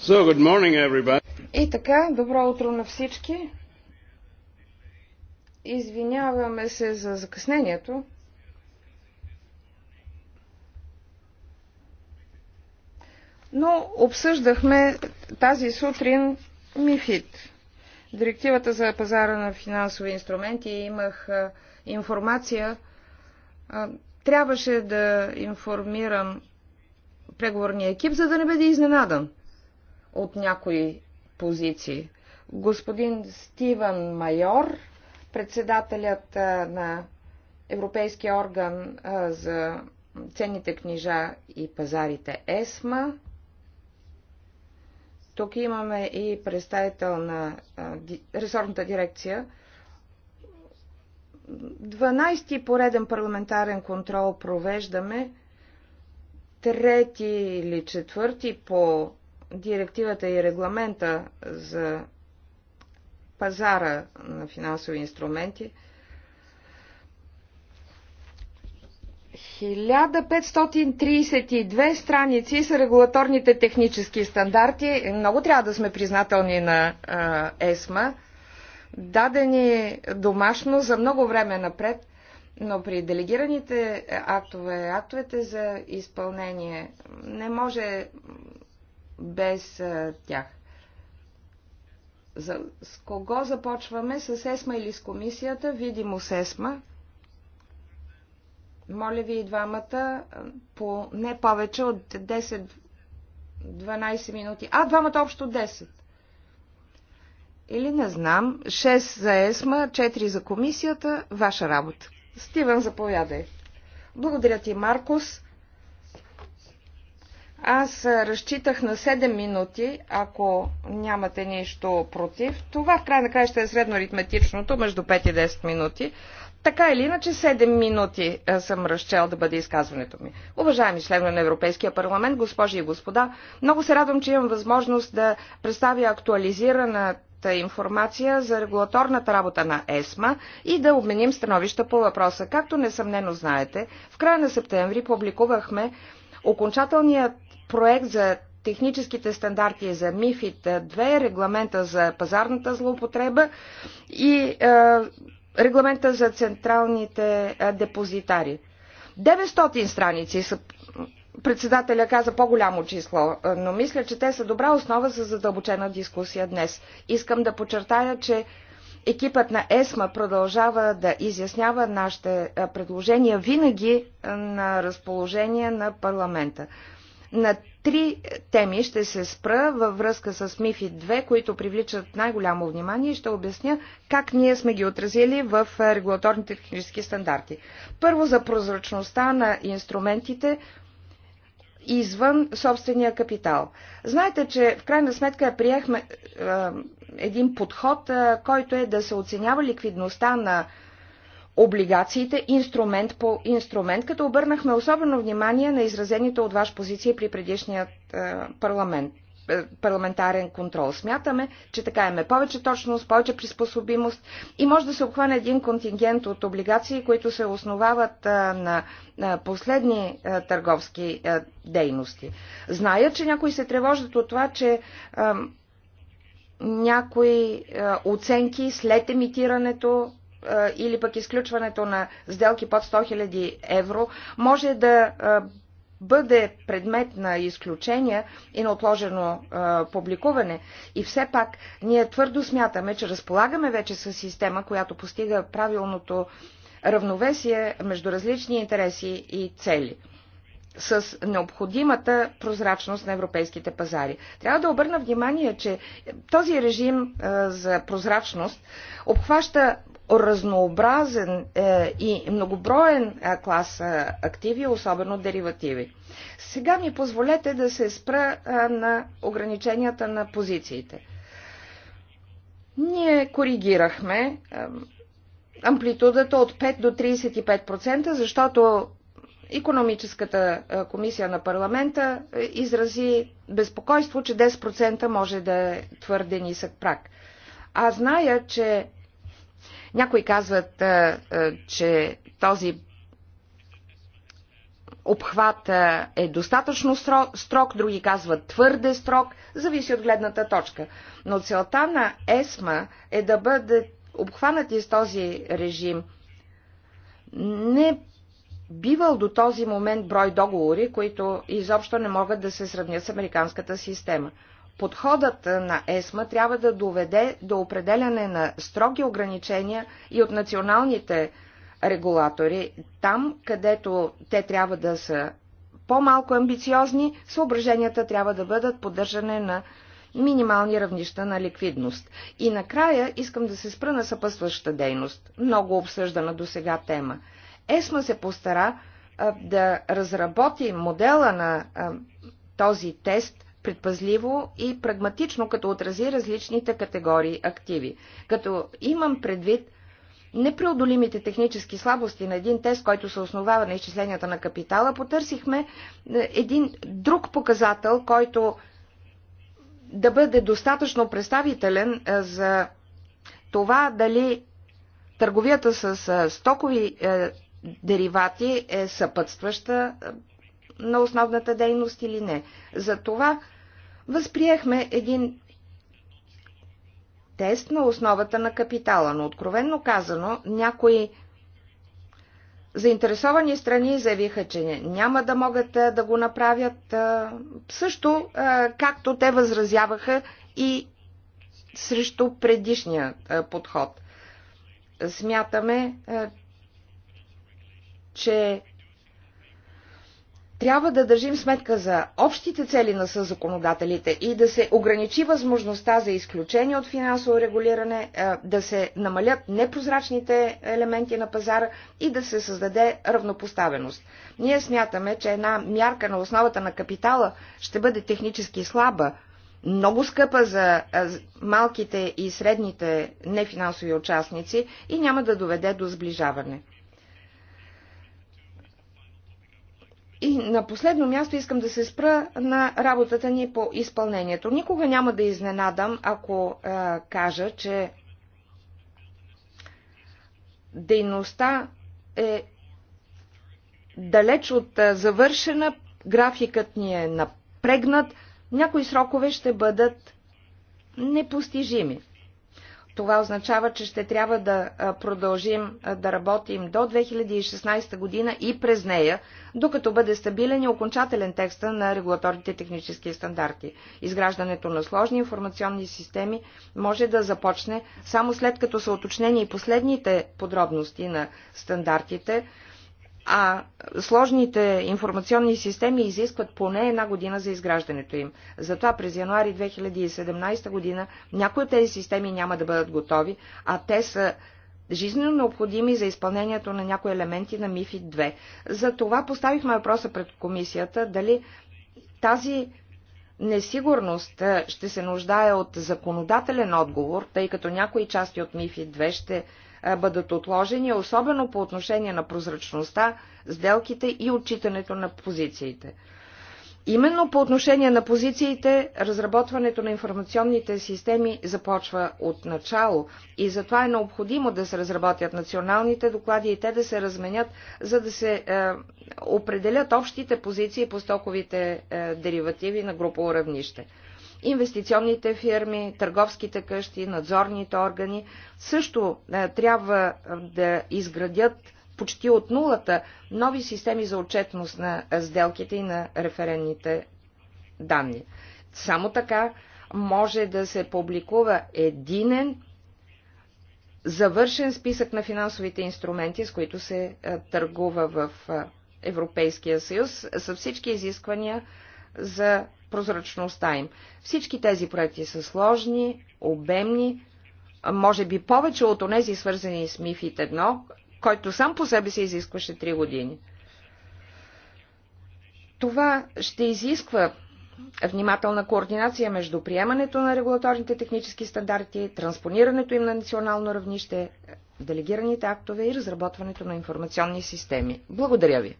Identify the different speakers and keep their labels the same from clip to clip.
Speaker 1: So, good morning, everybody. И
Speaker 2: така, добро утро на всички. Извиняваме се за закъснението. Но обсъждахме тази сутрин МИФИД. Директивата за пазара на финансови инструменти имах информация. Трябваше да информирам преговорния екип, за да не бъде изненадан от някои позиции. Господин Стивън Майор, председателят на Европейския орган за ценните книжа и пазарите ЕСМА. Тук имаме и представител на ресорната дирекция. 12-ти пореден парламентарен контрол провеждаме трети или четвърти по директивата и регламента за пазара на финансови инструменти, 1532 страници са регулаторните технически стандарти. Много трябва да сме признателни на ЕСМА. Дадени домашно за много време напред. Но при делегираните актове, актовете за изпълнение, не може без а, тях. За, с кого започваме? С ЕСМА или с комисията? Видимо с ЕСМА. Моля ви и двамата по не повече от 10-12 минути. А, двамата общо 10. Или не знам. 6 за ЕСМА, 4 за комисията. Ваша работа. Стивен, заповядай. Благодаря ти, Маркус. Аз разчитах на 7 минути, ако нямате нищо против. Това в край на края ще е средно аритметичното, между 5 и 10 минути. Така или иначе, 7 минути съм разчел да бъде изказването ми. Уважаеми членове на Европейския парламент, госпожи и господа, много се радвам, че имам възможност да представя актуализирана информация за регулаторната работа на ЕСМА и да обменим становища по въпроса. Както несъмнено знаете, в края на септември публикувахме окончателният проект за техническите стандарти за МИФИД 2, регламента за пазарната злоупотреба и е, регламента за централните е, депозитари. 900 страници са Председателя каза по-голямо число, но мисля, че те са добра основа за задълбочена дискусия днес. Искам да подчертая, че екипът на ЕСМА продължава да изяснява нашите предложения винаги на разположение на парламента. На три теми ще се спра във връзка с МИФИ 2, които привличат най-голямо внимание и ще обясня как ние сме ги отразили в регулаторните технически стандарти. Първо за прозрачността на инструментите, извън собствения капитал. Знаете, че в крайна сметка приехме а, един подход, а, който е да се оценява ликвидността на облигациите инструмент по инструмент, като обърнахме особено внимание на изразените от ваш позиция при предишният а, парламент. Е, парламентарен контрол. Смятаме, че така имаме повече точност, повече приспособимост и може да се обхване един контингент от облигации, които се основават е, на последни е, търговски дейности. Зная, че някои се тревожат от това, че някои оценки след емитирането или пък изключването на сделки под 100 000 евро може да бъде предмет на изключения и на отложено а, публикуване. И все пак ние твърдо смятаме, че разполагаме вече с система, която постига правилното равновесие между различни интереси и цели с необходимата прозрачност на европейските пазари. Трябва да обърна внимание, че този режим за прозрачност обхваща разнообразен е, и многоброен е, клас е, активи, особено деривативи. Сега ми позволете да се спра на ограниченията на позициите. Ние коригирахме амплитудата от 5 до 35%, защото Економическата комисия на парламента изрази безпокойство, че 10% може да е твърде нисък прак. А зная, че някои казват, че този обхват е достатъчно строг, други казват твърде строг, зависи от гледната точка. Но целта на ЕСМА е да бъде обхванати с този режим не бивал до този момент брой договори, които изобщо не могат да се сравнят с американската система подходът на ЕСМА трябва да доведе до определяне на строги ограничения и от националните регулатори, там където те трябва да са по-малко амбициозни, съображенията трябва да бъдат поддържане на минимални равнища на ликвидност. И накрая искам да се спра на съпъсваща дейност, много обсъждана до сега тема. ЕСМА се постара а, да разработи модела на а, този тест предпазливо и прагматично, като отрази различните категории активи. Като имам предвид непреодолимите технически слабости на един тест, който се основава на изчисленията на капитала, потърсихме е, един друг показател, който да бъде достатъчно представителен е, за това дали търговията с е, стокови деривати е съпътстваща на основната дейност или не. Затова възприехме един тест на основата на капитала, но откровенно казано някои заинтересовани страни заявиха, че няма да могат да го направят също, както те възразяваха и срещу предишния подход. Смятаме, че трябва да държим сметка за общите цели на съзаконодателите и да се ограничи възможността за изключение от финансово регулиране, е, да се намалят непрозрачните елементи на пазара и да се създаде равнопоставеност. Ние смятаме, че една мярка на основата на капитала ще бъде технически слаба, много скъпа за е, малките и средните нефинансови участници и няма да доведе до сближаване. И на последно място искам да се спра на работата ни по изпълнението. Никога няма да изненадам, ако е, кажа, че дейността е далеч от е, завършена, графикът ни е напрегнат, някои срокове ще бъдат непостижими. Това означава, че ще трябва да продължим да работим до 2016 година и през нея, докато бъде стабилен и окончателен текста на регулаторните технически стандарти. Изграждането на сложни информационни системи може да започне само след като са уточнени и последните подробности на стандартите, а сложните информационни системи изискват поне една година за изграждането им. Затова през януари 2017 година някои от тези системи няма да бъдат готови, а те са жизненно необходими за изпълнението на някои елементи на МИФИ 2. За това поставихме въпроса пред комисията дали тази несигурност ще се нуждае от законодателен отговор, тъй като някои части от МИФИ 2 ще бъдат отложени, особено по отношение на прозрачността, сделките и отчитането на позициите. Именно по отношение на позициите, разработването на информационните системи започва от начало и затова е необходимо да се разработят националните доклади и те да се разменят, за да се е, определят общите позиции по стоковите е, деривативи на групово равнище инвестиционните фирми, търговските къщи, надзорните органи също е, трябва е, да изградят почти от нулата нови системи за отчетност на сделките и на референните данни. Само така може да се публикува единен завършен списък на финансовите инструменти, с които се е, търгува в Европейския съюз, с всички изисквания за прозрачността им. Всички тези проекти са сложни, обемни, може би повече от онези свързани с МИФИТ 1, който сам по себе се изискваше 3 години. Това ще изисква внимателна координация между приемането на регулаторните технически стандарти, транспонирането им на национално равнище, делегираните актове и разработването на информационни системи. Благодаря ви.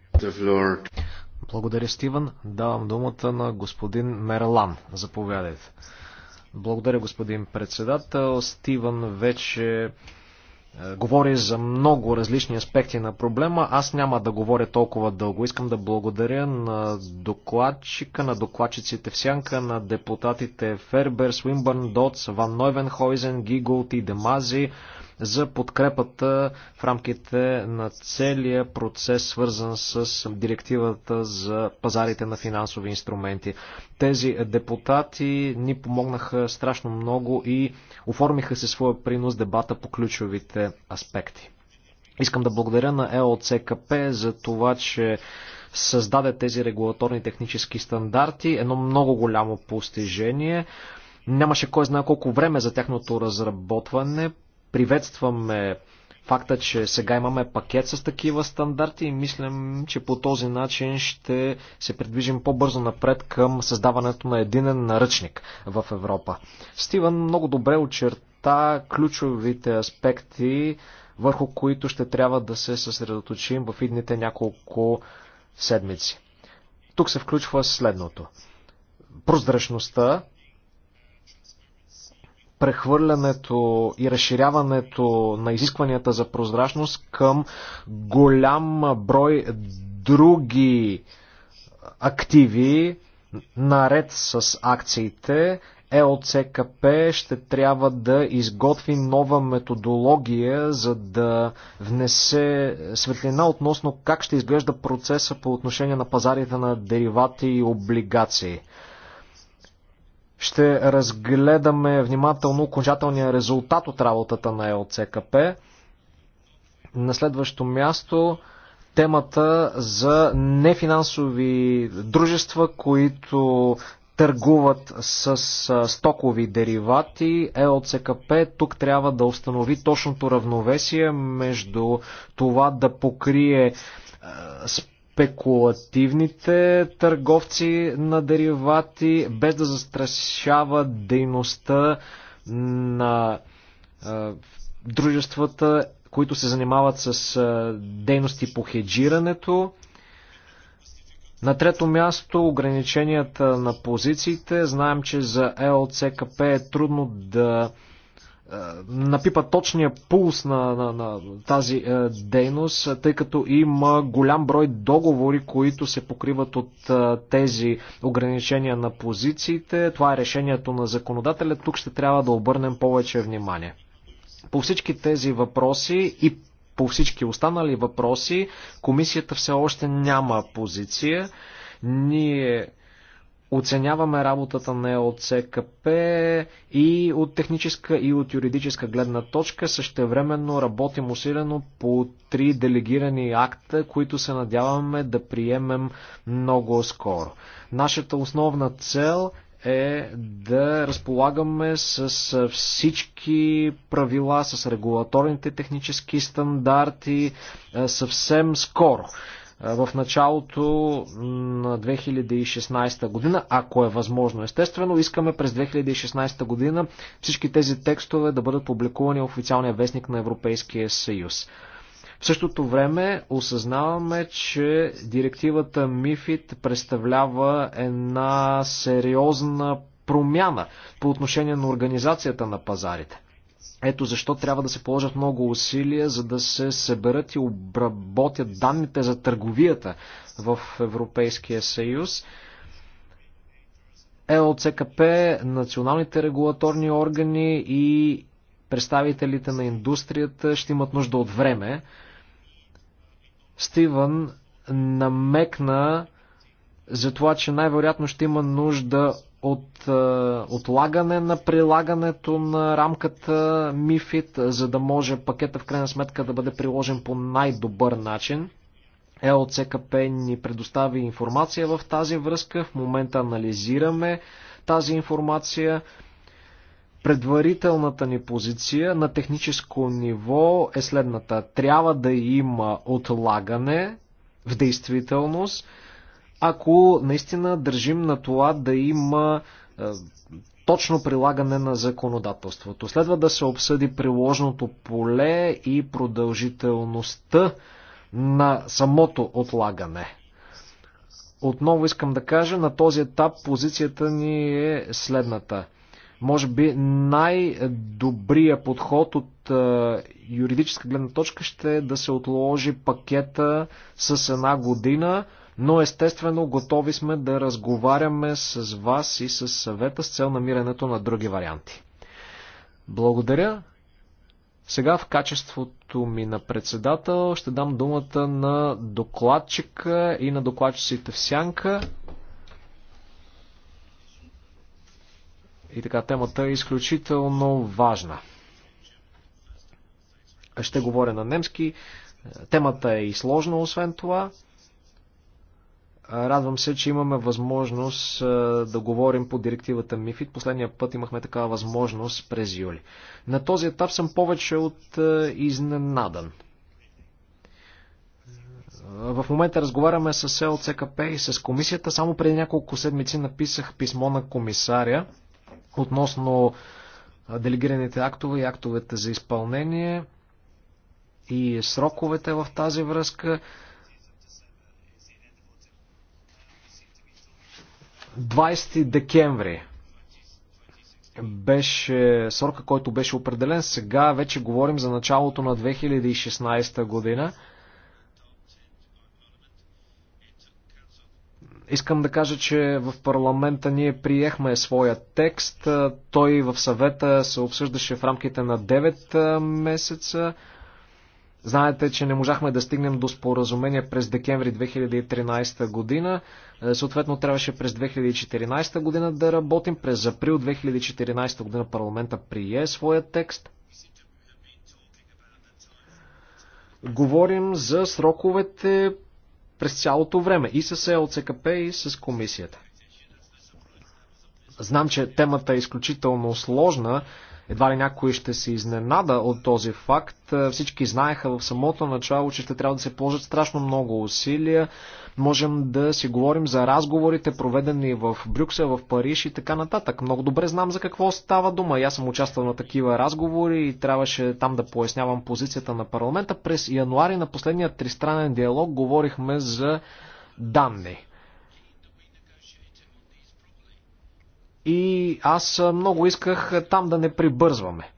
Speaker 1: Благодаря, Стиван. Давам думата на господин Мерлан. Заповядайте. Благодаря, господин председател. Стиван вече е, говори за много различни аспекти на проблема. Аз няма да говоря толкова дълго. Искам да благодаря на докладчика, на докладчиците в сянка, на депутатите Фербер, Свинбърн, Дотс, Ван Нойвенхойзен, Гиголт и Демази, за подкрепата в рамките на целия процес, свързан с директивата за пазарите на финансови инструменти. Тези депутати ни помогнаха страшно много и оформиха се своя принос дебата по ключовите аспекти. Искам да благодаря на ЕОЦКП за това, че създаде тези регулаторни технически стандарти. Едно много голямо постижение. Нямаше кой знае колко време за тяхното разработване. Приветстваме факта, че сега имаме пакет с такива стандарти и мислям, че по този начин ще се придвижим по-бързо напред към създаването на единен наръчник в Европа. Стивън много добре очерта ключовите аспекти, върху които ще трябва да се съсредоточим в идните няколко седмици. Тук се включва следното. Прозрачността, прехвърлянето и разширяването на изискванията за прозрачност към голям брой други активи, наред с акциите, ЕОЦКП ще трябва да изготви нова методология, за да внесе светлина относно как ще изглежда процеса по отношение на пазарите на деривати и облигации. Ще разгледаме внимателно окончателния резултат от работата на ЕОЦКП. На следващо място темата за нефинансови дружества, които търгуват с стокови деривати. ЕОЦКП тук трябва да установи точното равновесие между това да покрие спекулативните търговци на деривати, без да застрашава дейността на а, дружествата, които се занимават с а, дейности по хеджирането. На трето място ограниченията на позициите. Знаем, че за ЛЦКП е трудно да а, е, напипа точния пулс на, на, на тази е, дейност, тъй като има голям брой договори, които се покриват от е, тези ограничения на позициите. Това е решението на законодателя. Тук ще трябва да обърнем повече внимание. По всички тези въпроси и по всички останали въпроси, комисията все още няма позиция. Ние Оценяваме работата на ЕОЦКП и от техническа и от юридическа гледна точка. Същевременно работим усилено по три делегирани акта, които се надяваме да приемем много скоро. Нашата основна цел е да разполагаме с всички правила, с регулаторните технически стандарти съвсем скоро в началото на 2016 година, ако е възможно. Естествено, искаме през 2016 година всички тези текстове да бъдат публикувани в официалния вестник на Европейския съюз. В същото време осъзнаваме, че директивата Мифит представлява една сериозна промяна по отношение на организацията на пазарите. Ето защо трябва да се положат много усилия, за да се съберат и обработят данните за търговията в Европейския съюз. ЛЦКП, националните регулаторни органи и представителите на индустрията ще имат нужда от време. Стивън намекна за това, че най-вероятно ще има нужда от е, отлагане на прилагането на рамката МИФИТ, за да може пакета в крайна сметка да бъде приложен по най-добър начин. ЛЦКП ни предостави информация в тази връзка. В момента анализираме тази информация. Предварителната ни позиция на техническо ниво е следната. Трябва да има отлагане в действителност ако наистина държим на това да има е, точно прилагане на законодателството. Следва да се обсъди приложното поле и продължителността на самото отлагане. Отново искам да кажа, на този етап позицията ни е следната. Може би най добрият подход от е, юридическа гледна точка ще е да се отложи пакета с една година, но естествено готови сме да разговаряме с вас и с съвета с цел намирането на други варианти. Благодаря. Сега в качеството ми на председател ще дам думата на докладчика и на докладчиците в сянка. И така, темата е изключително важна. Ще говоря на немски. Темата е и сложна, освен това. Радвам се, че имаме възможност да говорим по директивата МИФИД. Последния път имахме такава възможност през юли. На този етап съм повече от изненадан. В момента разговаряме с ЛЦКП и с комисията. Само преди няколко седмици написах писмо на комисаря относно делегираните актове и актовете за изпълнение и сроковете в тази връзка. 20 декември беше срока, който беше определен. Сега вече говорим за началото на 2016 година. Искам да кажа, че в парламента ние приехме своя текст. Той в съвета се обсъждаше в рамките на 9 месеца. Знаете, че не можахме да стигнем до споразумение през декември 2013 година. Е, съответно, трябваше през 2014 година да работим. През април 2014 година парламента прие своя текст. Говорим за сроковете през цялото време и с ЛЦКП е и с комисията. Знам, че темата е изключително сложна, едва ли някой ще се изненада от този факт. Е, всички знаеха в самото начало, че ще трябва да се положат страшно много усилия. Можем да си говорим за разговорите, проведени в Брюксел, в Париж и така нататък. Много добре знам за какво става дума. Аз съм участвал на такива разговори и трябваше там да пояснявам позицията на парламента. През януари на последния тристранен диалог говорихме за данни. И аз много исках там да не прибързваме.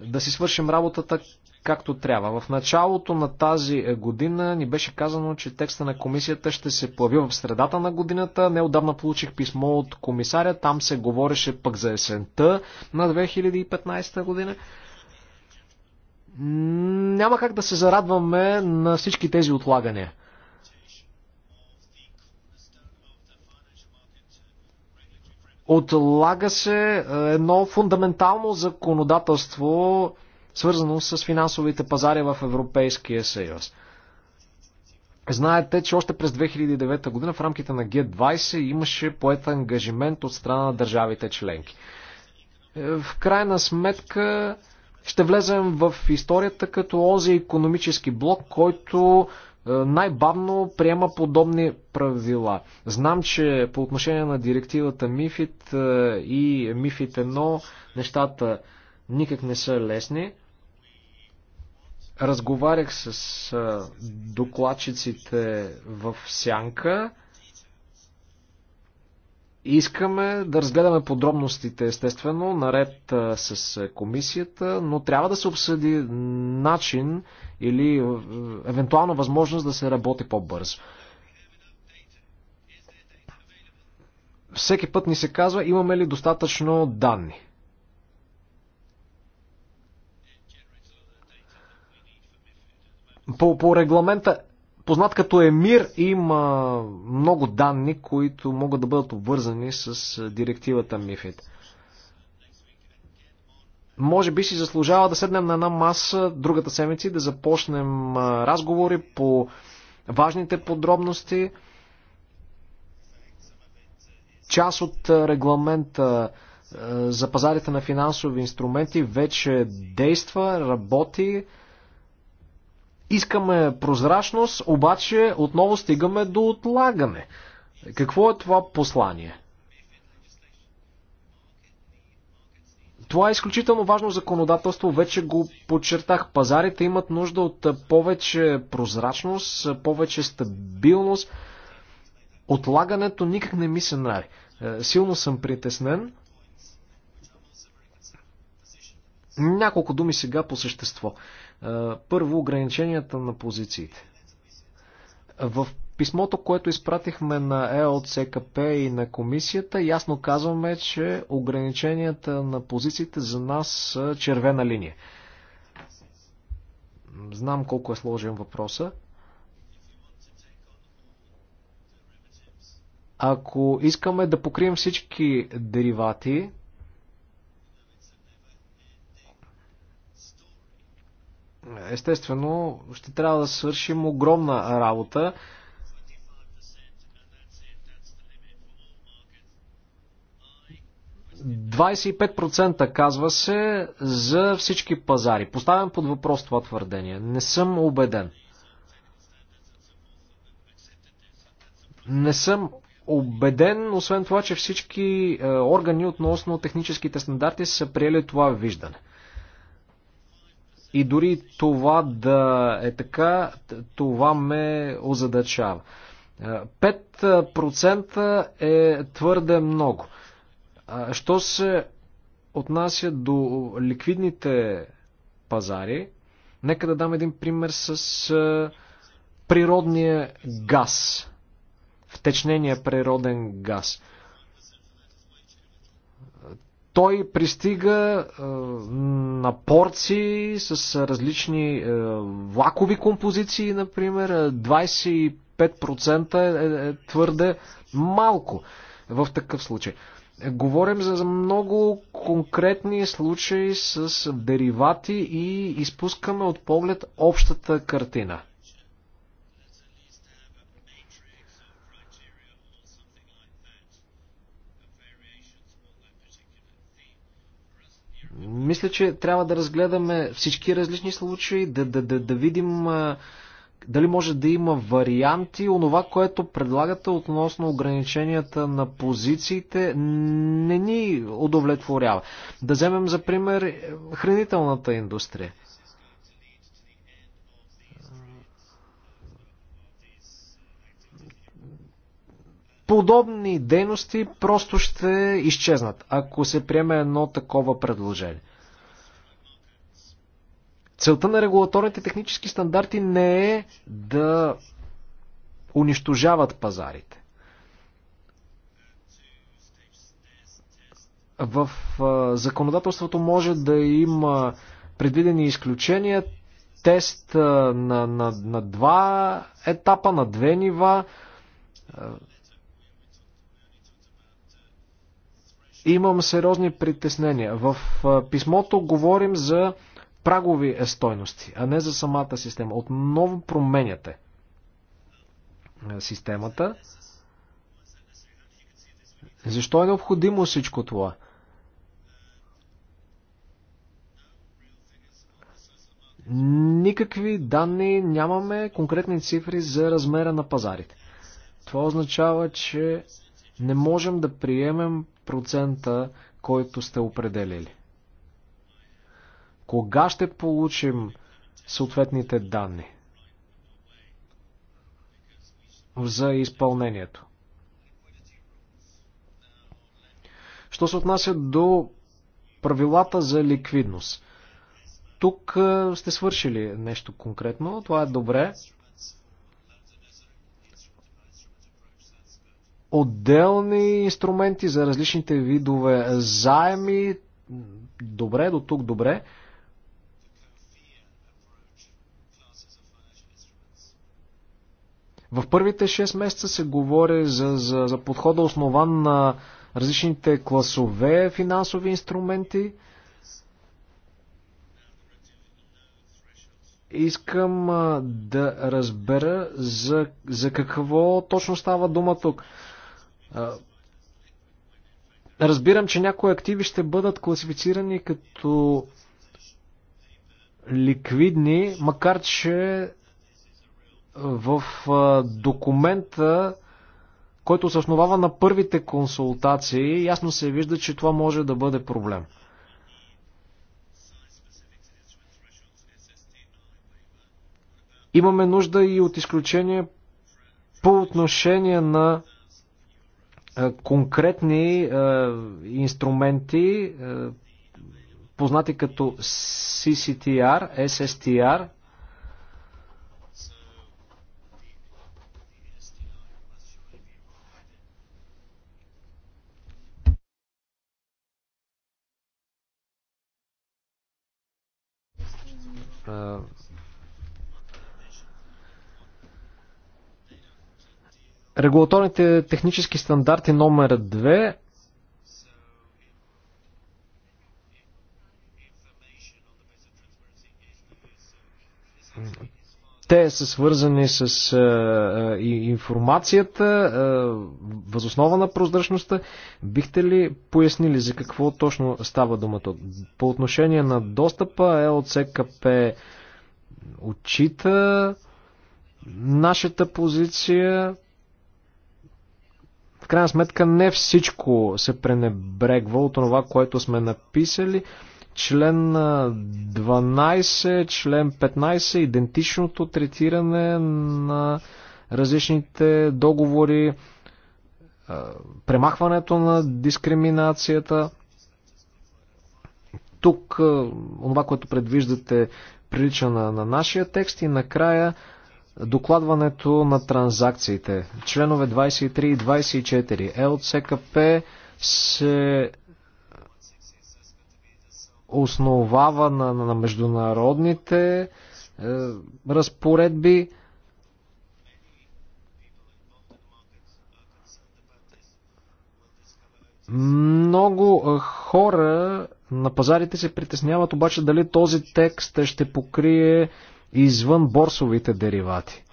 Speaker 1: Да си свършим работата както трябва. В началото на тази е, година ни беше казано, че текста на комисията ще се появи в средата на годината. Неодавна получих писмо от комисаря, там се говореше пък за есента на 2015 година. Няма как да се зарадваме на всички тези отлагания. Отлага се е, едно фундаментално законодателство, свързано с финансовите пазари в Европейския съюз. Знаете, че още през 2009 година в рамките на Г20 имаше поет ангажимент от страна на държавите членки. Е, в крайна сметка ще влезем в историята като онзи економически блок, който е, най-бавно приема подобни правила. Знам, че по отношение на директивата МИФИТ е, и МИФИТ 1 нещата никак не са лесни. Разговарях с е, докладчиците в Сянка Искаме да разгледаме подробностите, естествено, наред с комисията, но трябва да се обсъди начин или евентуална възможност да се работи по-бързо. Всеки път ни се казва, имаме ли достатъчно данни. По, по регламента познат като Емир, има много данни, които могат да бъдат обвързани с директивата МИФИД. Може би си заслужава да седнем на една маса другата седмица и да започнем разговори по важните подробности. Част от регламента за пазарите на финансови инструменти вече действа, работи. Искаме прозрачност, обаче отново стигаме до отлагане. Какво е това послание? Това е изключително важно законодателство, вече го подчертах. Пазарите имат нужда от повече прозрачност, повече стабилност. Отлагането никак не ми се нрави. Е, силно съм притеснен. Няколко думи сега по същество. Първо, ограниченията на позициите. В писмото, което изпратихме на ЕОЦКП и на комисията, ясно казваме, че ограниченията на позициите за нас са червена линия. Знам колко е сложен въпроса. Ако искаме да покрием всички деривати, Естествено, ще трябва да свършим огромна работа. 25% казва се за всички пазари. Поставям под въпрос това твърдение. Не съм убеден. Не съм убеден, освен това, че всички е, органи относно техническите стандарти са приели това виждане. И дори това да е така, това ме озадачава. 5% е, е, е твърде много. Що се отнася до ликвидните пазари, нека да дам един пример с е, природния газ. Втечнения природен газ. Той пристига е, на порции с различни е, влакови композиции, например. 25% е, е, е твърде малко в такъв случай. Говорим за много конкретни случаи с деривати и изпускаме от поглед общата картина. Мисля, че трябва да разгледаме всички различни случаи, да, да, да, да видим дали може да има варианти. Онова, което предлагате относно ограниченията на позициите, не ни удовлетворява. Да вземем за пример хранителната индустрия. подобни дейности просто ще изчезнат, ако се приеме едно такова предложение. Целта на регулаторните технически стандарти не е да унищожават пазарите. В законодателството може да има предвидени изключения, тест на, на, на два етапа, на две нива, имам сериозни притеснения. В писмото говорим за прагови е стойности, а не за самата система. Отново променяте системата. Защо е необходимо всичко това? Никакви данни нямаме, конкретни цифри за размера на пазарите. Това означава, че не можем да приемем процента, който сте определили. Кога ще получим съответните данни за изпълнението? Що се отнася до правилата за ликвидност? Тук сте свършили нещо конкретно, това е добре. отделни инструменти за различните видове заеми. Добре, до тук добре. В първите 6 месеца се говори за, за, за подхода основан на различните класове финансови инструменти. Искам да разбера за, за какво точно става дума тук. Разбирам, че някои активи ще бъдат класифицирани като ликвидни, макар че в документа, който се основава на първите консултации, ясно се вижда, че това може да бъде проблем. Имаме нужда и от изключение по отношение на конкретни инструменти, познати като CCTR, SSTR, Uh... Регулаторните технически стандарти номер 2 те са свързани с а, е, е, информацията, а, е, възоснова на прозрачността. Бихте ли пояснили за какво точно става думата? По отношение на достъпа, ЛЦКП отчита нашата позиция, в крайна сметка не всичко се пренебрегва от това, което сме написали. Член 12, член 15, идентичното третиране на различните договори, премахването на дискриминацията. Тук това, което предвиждате, прилича на, на нашия текст и накрая докладването на транзакциите. Членове 23 и 24. ЛЦКП се основава на, на международните е, разпоредби. Много хора на пазарите се притесняват обаче дали този текст ще покрие извън борсовите деривати.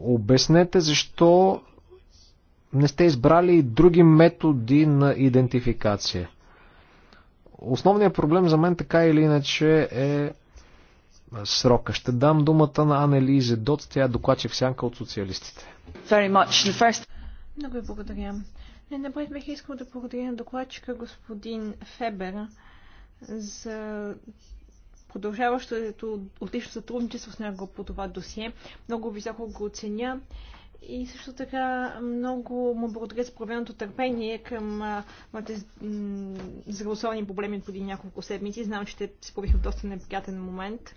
Speaker 1: Обяснете защо не сте избрали и други методи на идентификация. Основният проблем за мен така или иначе е срока. Ще дам думата на Анелизе Дот, тя е докладчик сянка от социалистите.
Speaker 3: Много ви благодаря. Не, напред бих искал да благодаря на докладчика господин Фебер за продължаващото отлично сътрудничество с него по това досие. Много високо го оценя и също така много му благодаря за проведеното търпение към моите здравословни проблеми преди няколко седмици. Знам, че те се в доста неприятен момент.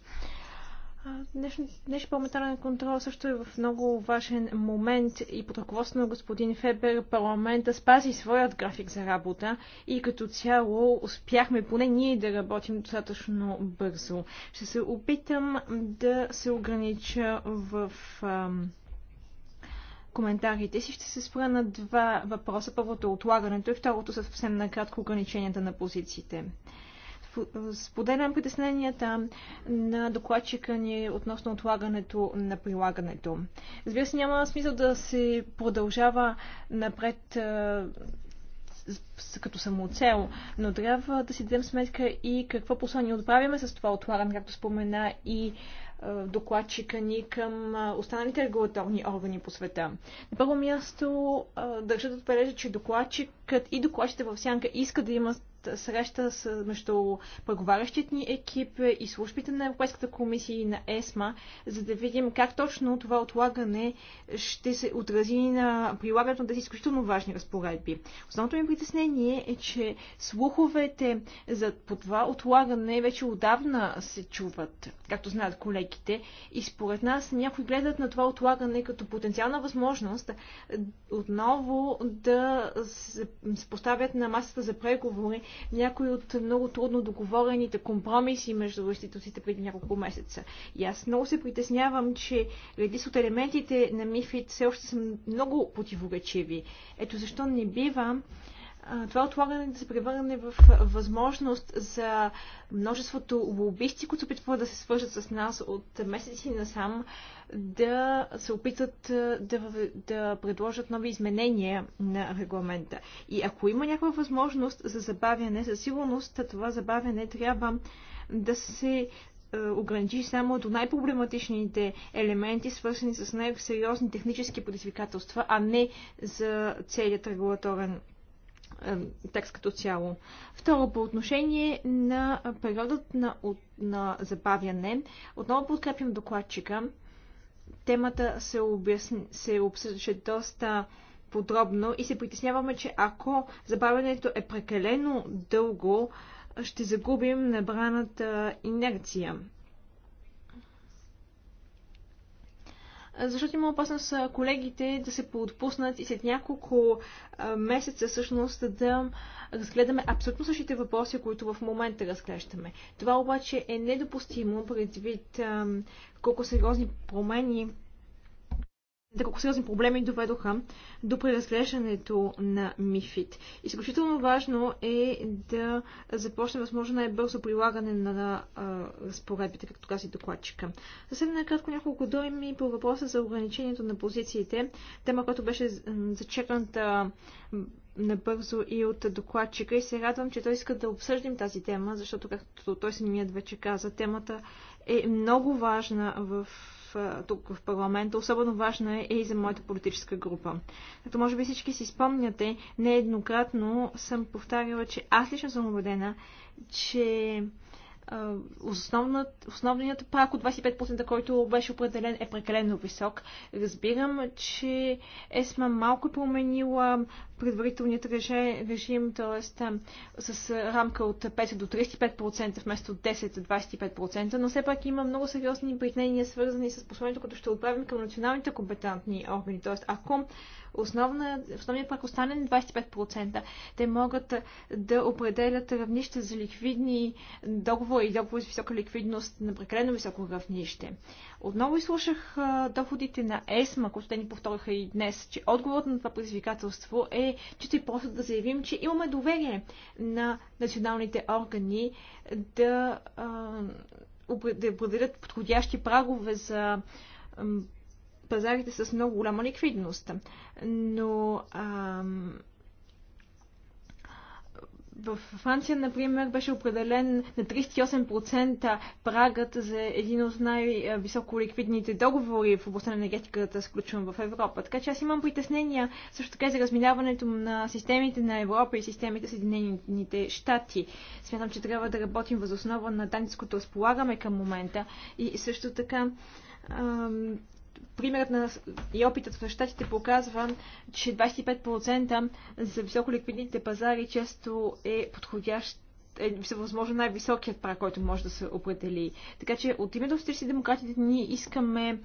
Speaker 3: Днеш парламентарен контрол също е в много важен момент и под ръководство на господин Фебер парламента спази своят график за работа и като цяло успяхме поне ние да работим достатъчно бързо. Ще се опитам да се огранича в ам, коментарите си. Ще се спра на два въпроса. Първото е отлагането и второто са съвсем накратко ограниченията на позициите. Споделям притесненията на докладчика ни относно отлагането на прилагането. Разбира се, няма смисъл да се продължава напред като самоцел, но трябва да си дадем сметка и какво послание отправяме с това отлагане, както спомена и докладчика ни към останалите регулаторни органи по света. На първо място държа да отбележа, че докладчикът и докладчите в сянка иска да има среща с, между преговарящите ни екип и службите на Европейската комисия и на ЕСМА, за да видим как точно това отлагане ще се отрази на прилагането на тези изключително важни разпоредби. Основното ми притеснение е, че слуховете за, по това отлагане вече отдавна се чуват, както знаят колегите, и според нас някои гледат на това отлагане като потенциална възможност отново да се поставят на масата за преговори някои от много трудно договорените компромиси между институциите преди няколко месеца. И аз много се притеснявам, че редис от елементите на МИФИД все още са много противоречиви. Ето защо не бива това отлагане да се превърне в възможност за множеството лобисти, които опитват да се свържат с нас от месеци насам, да се опитат да, да предложат нови изменения на регламента. И ако има някаква възможност за забавяне, със сигурност това забавяне трябва да се ограничи само до най-проблематичните елементи, свързани с най-сериозни технически предизвикателства, а не за целият регулаторен е, текст като цяло. Второ, по отношение на периодът на, на забавяне, отново подкрепям докладчика. Темата се, обясни, се обсъждаше доста подробно и се притесняваме, че ако забавянето е прекалено дълго, ще загубим набраната инерция. защото има опасност колегите да се поотпуснат и след няколко месеца всъщност да разгледаме абсолютно същите въпроси, които в момента разглеждаме. Това обаче е недопустимо предвид колко сериозни промени да колко сериозни проблеми доведоха до преразглеждането на МИФИД. Изключително важно е да започне възможно най-бързо прилагане на а, разпоредбите, както каза и докладчика. Съвсем накратко няколко думи по въпроса за ограничението на позициите, тема, която беше зачекната набързо и от докладчика и се радвам, че той иска да обсъждим тази тема, защото, както той самият вече каза, темата е много важна в тук в парламента, особено важна е и за моята политическа група. Като може би всички си спомняте, нееднократно съм повтаряла, че аз лично съм убедена, че основнат, основният прак от 25%, който беше определен, е прекалено висок. Разбирам, че ЕСМА малко е променила предварителният режим, т.е. с рамка от 5 до 35% вместо 10 до 25%, но все пак има много сериозни притнения, свързани с посланието, което ще отправим към националните компетентни органи. Т.е. ако основна, основният пак остане 25%. Те могат да определят равнище за ликвидни договори и договори с висока ликвидност на прекалено високо равнище. Отново изслушах доходите на ЕСМА, които те ни повториха и днес, че отговорът на това предизвикателство е чисто и просто да заявим, че имаме доверие на националните органи да, да определят подходящи прагове за пазарите с много голяма ликвидност. Но ам, в Франция, например, беше определен на 38% прагът за един от най-високо ликвидните договори в областта на енергетиката, сключен в Европа. Така че аз имам притеснения също така и за разминаването на системите на Европа и системите Съединените щати. Смятам, че трябва да работим възоснова на данните, с които разполагаме към момента и също така примерът на, и опитът в щатите показва, че 25% за високоликвидните пазари често е подходящ е възможно най-високият прак, който може да се определи. Така че от името на демократите ние искаме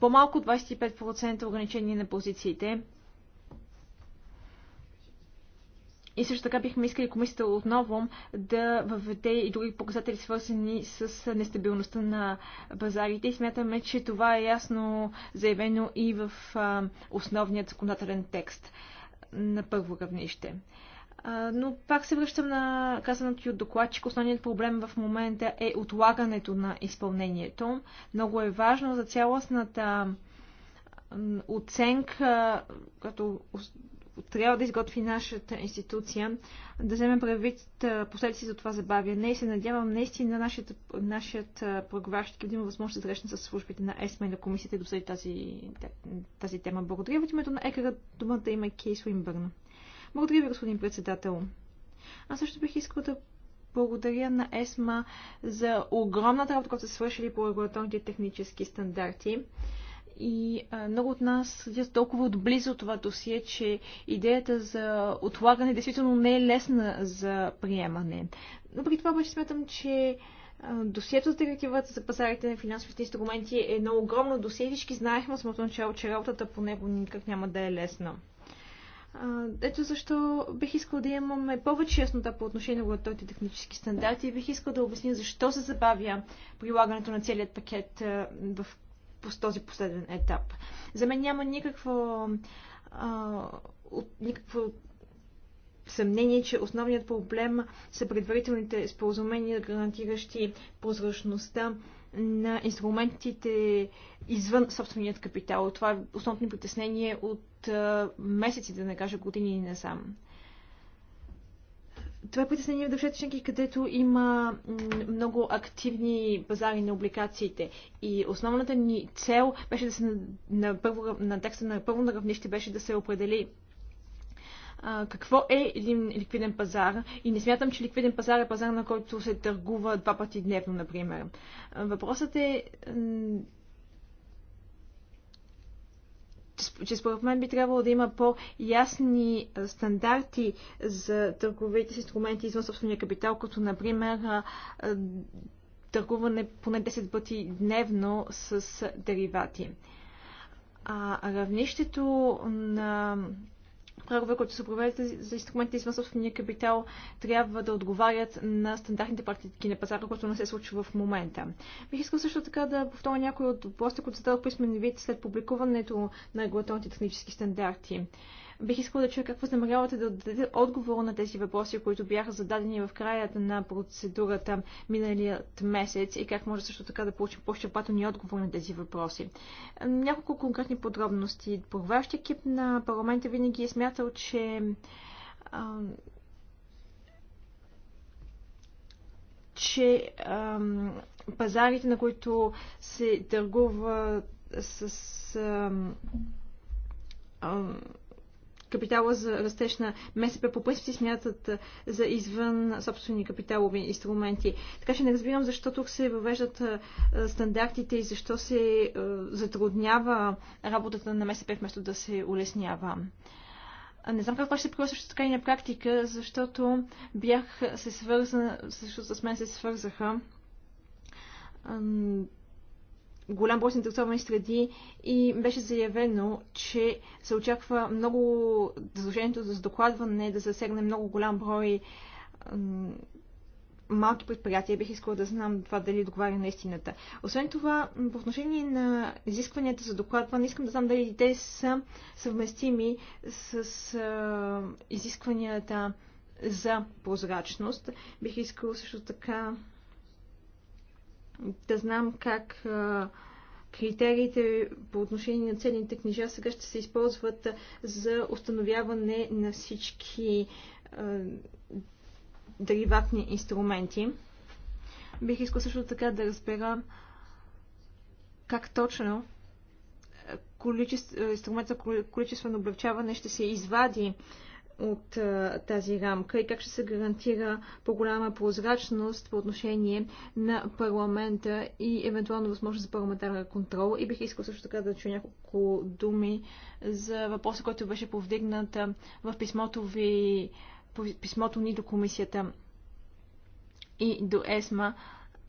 Speaker 3: по-малко 25% ограничение на позициите, И също така бихме искали комисията отново да въведе и други показатели, свързани с нестабилността на базарите И смятаме, че това е ясно заявено и в основният законодателен текст на първо равнище. Но пак се връщам на казаното и от докладчик. Основният проблем в момента е отлагането на изпълнението. Много е важно за цялостната оценка, като трябва да изготви нашата институция, да вземем предвид последици за това забавяне и се надявам наистина нашият, нашият проговарящ да има възможност да срещне с службите на ЕСМА и на комисията и да обсъди тази, тази тема. Благодаря ви от името на ЕКРА, думата има Кейс Уинбърн. Благодаря ви, господин председател. Аз също бих искал да благодаря на ЕСМА за огромната работа, която са свършили по регулаторните технически стандарти. И а, много от нас са толкова отблизо това досие, че идеята за отлагане действително не е лесна за приемане. Но при това обаче смятам, че Досието с директивата за пазарите на финансовите инструменти е едно огромно досие. Всички знаехме от самото начало, че работата по него никак няма да е лесна. Ето защо бих искал да имаме повече яснота по отношение на готовите технически стандарти и бих искал да обясня защо се забавя прилагането на целият пакет в по този последен етап. За мен няма никакво, а, никакво съмнение, че основният проблем са предварителните споразумения, гарантиращи прозрачността на инструментите извън собственият капитал. Това е основно притеснение от а, месеци, да не кажа години не сам. Това е притеснение в държавите членки, където има много активни пазари на обликациите. И основната ни цел беше да се на, на, първо, на текста на първо на равнище беше да се определи а, какво е един ликвиден пазар и не смятам, че ликвиден пазар е пазар, на който се търгува два пъти дневно, например. Въпросът е че според мен би трябвало да има по-ясни стандарти за търговите с инструменти извън собствения капитал, като например търгуване поне 10 пъти дневно с деривати. А равнището на прагове, които се проведат за инструментите извън собствения капитал, трябва да отговарят на стандартните практики на пазара, което не се случва в момента. Бих искал също така да повторя някои от въпросите, които зададох писмен вид след публикуването на регулаторните технически стандарти. Бих искала да чуя как възнамерявате да дадете отговор на тези въпроси, които бяха зададени в краята на процедурата миналият месец и как може също така да получим по-щепателни отговори на тези въпроси. Няколко конкретни подробности. Проващ екип на парламента винаги е смятал, че че ам, пазарите, на които се търгува с ам, ам, капитала за растеж на МСП по принцип си смятат за извън собствени капиталови инструменти. Така че не разбирам защо тук се въвеждат стандартите и защо се затруднява работата на МСП вместо да се улеснява. Не знам как това ще се прилага също така и на практика, защото бях се свързана, защото с мен се свързаха голям брой заинтересовани среди и беше заявено, че се очаква много задължението за докладване да засегне много голям брой малки предприятия. Бих искала да знам това дали договаря на истината. Освен това, по отношение на изискванията за докладване, искам да знам дали те са съвместими с а, изискванията за прозрачност. Бих искала също така да знам как критериите по отношение на ценните книжа сега ще се използват за установяване на всички а, дериватни инструменти. Бих искал също така да разбера как точно количество, инструмент за количествено облегчаване ще се извади от тази рамка и как ще се гарантира по-голяма прозрачност по отношение на парламента и евентуално възможност за парламентарна контрол. И бих искал също така да чуя няколко думи за въпроса, който беше повдигнат в писмото ви, писмото ни до комисията и до ЕСМА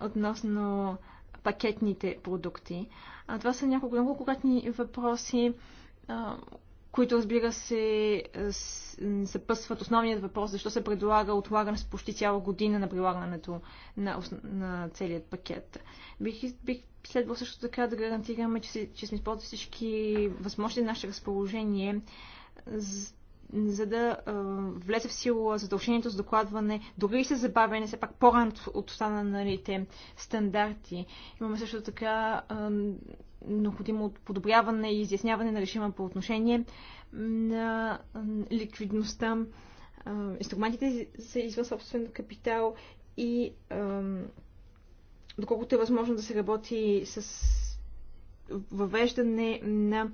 Speaker 3: относно пакетните продукти. А, това са няколко много конкретни въпроси, които разбира се е, съпъсват основният въпрос, защо се предлага отлагане с почти цяла година на прилагането на, на целият пакет. Бих, бих следвал също така да гарантираме, че, че сме използвали всички възможности на наше разположение за да а, влезе в сила задължението за докладване, дори и с забавяне, все пак по-рано от останалите нали, стандарти. Имаме също така а, необходимо подобряване и изясняване на режима по отношение на ликвидността, инструментите са извън собствен капитал и а, доколкото е възможно да се работи с въвеждане на а,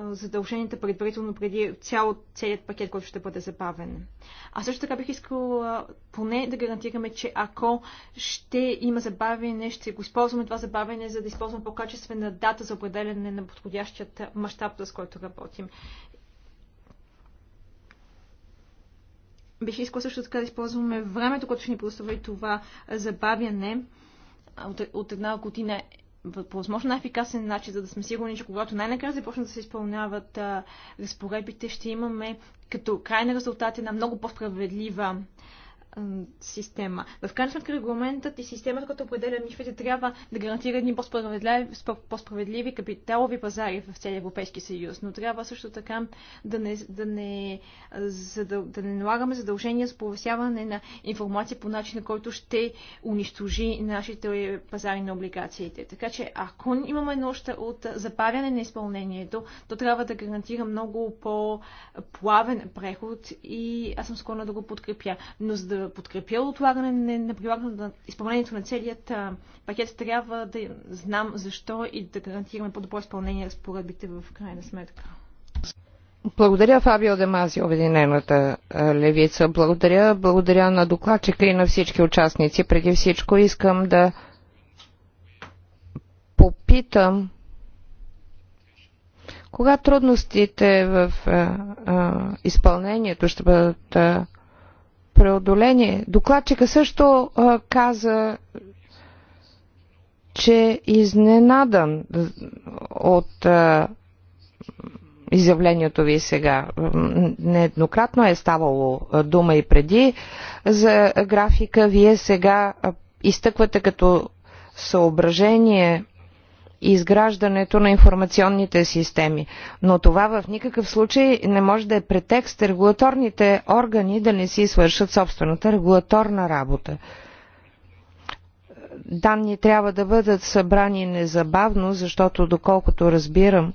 Speaker 3: задълженията предварително преди цял, целият пакет, който ще бъде забавен. А също така бих искала поне да гарантираме, че ако ще има забавене, ще го използваме това забавене, за да използваме по-качествена дата за определене на подходящият мащаб, с който работим. Бих искала също така да използваме времето, което ще ни предостави това забавяне от една година по възможно най-ефикасен начин, за да сме сигурни, че когато най-накрая започнат да се изпълняват разпоредбите, ще имаме като крайен резултат една много по-справедлива система. В крайна сметка регламентът и системата, която определя мифите, трябва да гарантира едни по-справедливи, по капиталови пазари в целия Европейски съюз. Но трябва също така да не, да не, за да не налагаме задължения за повесяване на информация по начин, който ще унищожи нашите пазари на облигациите. Така че ако имаме нужда от забавяне на изпълнението, то трябва да гарантира много по-плавен преход и аз съм склонна да го подкрепя. Но за да подкрепя отлагане на прилагането на изпълнението на целият пакет, трябва да знам защо и да гарантираме по-добро изпълнение разпоредбите в крайна сметка.
Speaker 2: Благодаря Фабио Демази, Обединената левица. Благодаря, благодаря на докладчика и на всички участници. Преди всичко искам да попитам кога трудностите в а, а, изпълнението ще бъдат а, Преодоление. Докладчика също а, каза, че е изненадан от а, изявлението ви сега. Нееднократно е ставало дума и преди за графика. Вие сега изтъквате като съображение изграждането на информационните системи. Но това в никакъв случай не може да е претекст регулаторните органи да не си свършат собствената регулаторна работа. Данни трябва да бъдат събрани незабавно, защото доколкото разбирам,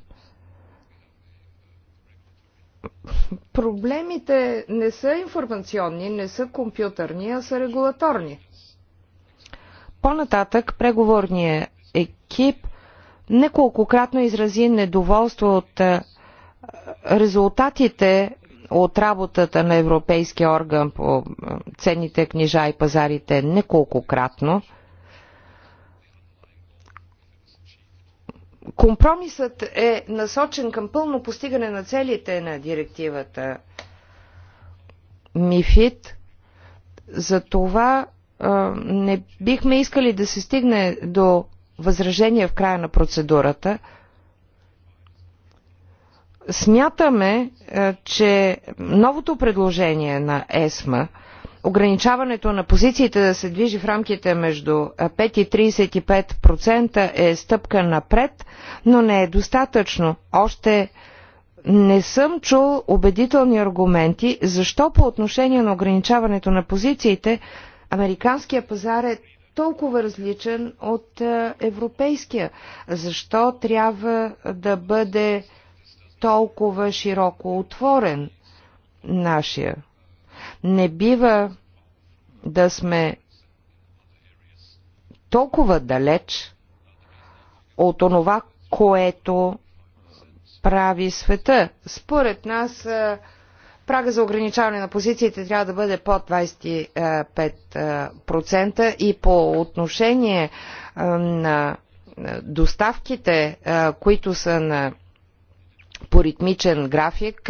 Speaker 2: проблемите не са информационни, не са компютърни, а са регулаторни. По-нататък преговорният екип неколкократно изрази недоволство от е, резултатите от работата на Европейския орган по е, ценните книжа и пазарите неколкократно. Компромисът е насочен към пълно постигане на целите на директивата МИФИТ, За това е, не бихме искали да се стигне до възражение в края на процедурата. Смятаме, е, че новото предложение на ЕСМА, ограничаването на позициите да се движи в рамките между 5 и 35% е стъпка напред, но не е достатъчно. Още не съм чул убедителни аргументи защо по отношение на ограничаването на позициите американския пазар е толкова различен от е, европейския? Защо трябва да бъде толкова широко отворен нашия? Не бива да сме толкова далеч от онова, което прави света. Според нас е, Прага за ограничаване на позициите трябва да бъде под 25% и по отношение е, на е, доставките, е, които са на по ритмичен график,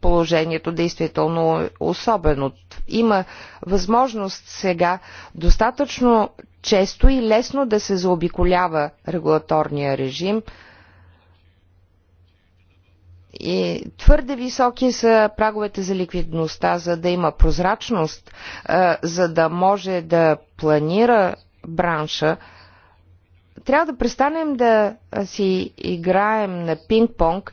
Speaker 2: положението действително е особено. Има възможност сега достатъчно често и лесно да се заобиколява регулаторния режим – и твърде високи са праговете за ликвидността, за да има прозрачност, е, за да може да планира бранша. Трябва да престанем да си играем на пинг-понг,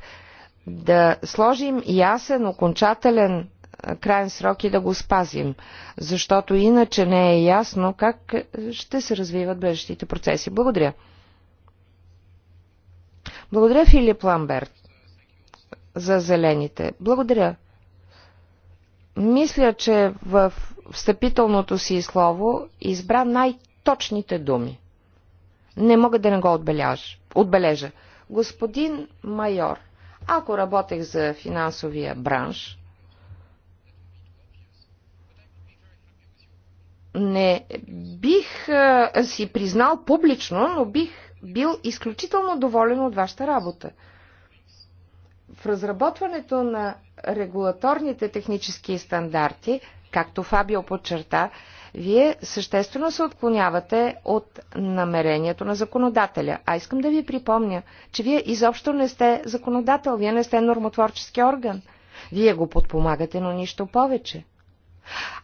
Speaker 2: да сложим ясен, окончателен е, крайен срок и да го спазим, защото иначе не е ясно как ще се развиват бъдещите процеси. Благодаря. Благодаря, Филип Ламберт за зелените. Благодаря. Мисля, че в встъпителното си слово избра най-точните думи. Не мога да не го отбележа. отбележа. Господин майор, ако работех за финансовия бранш, не бих а, си признал публично, но бих бил изключително доволен от вашата работа. В разработването на регулаторните технически стандарти, както Фабио подчерта, вие съществено се отклонявате от намерението на законодателя. А искам да ви припомня, че вие изобщо не сте законодател, вие не сте нормотворчески орган. Вие го подпомагате, но нищо повече.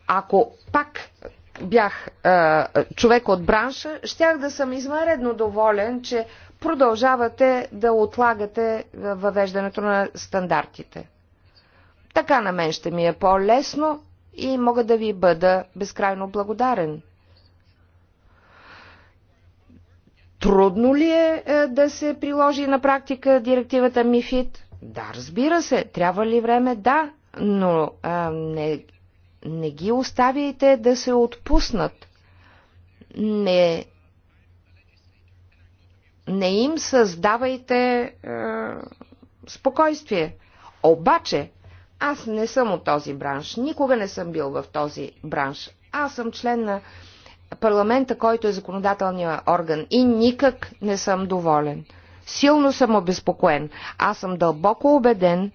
Speaker 2: Ако пак бях е, човек от бранша, щях да съм измаредно доволен, че продължавате да отлагате въвеждането на стандартите. Така на мен ще ми е по-лесно и мога да ви бъда безкрайно благодарен. Трудно ли е, е да се приложи на практика директивата МИФИД? Да, разбира се. Трябва ли време? Да, но а, не, не ги оставяйте да се отпуснат. Не не им създавайте е, спокойствие. Обаче, аз не съм от този бранш, никога не съм бил в този бранш. Аз съм член на парламента, който е законодателният орган и никак не съм доволен. Силно съм обезпокоен. Аз съм дълбоко убеден,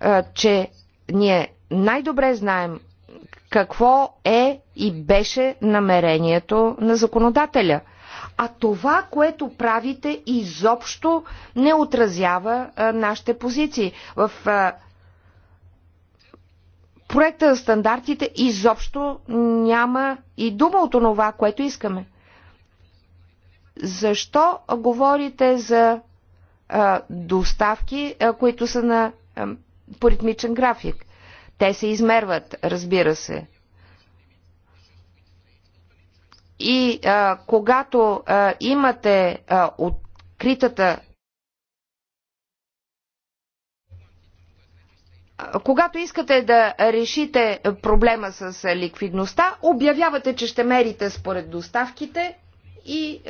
Speaker 2: е, че ние най-добре знаем какво е и беше намерението на законодателя – а това, което правите, изобщо не отразява а, нашите позиции. В а, проекта за стандартите изобщо няма и дума от това, което искаме. Защо говорите за а, доставки, а, които са на а, по ритмичен график? Те се измерват, разбира се, и а, когато а, имате а, откритата когато искате да решите проблема с ликвидността, обявявате, че ще мерите според доставките и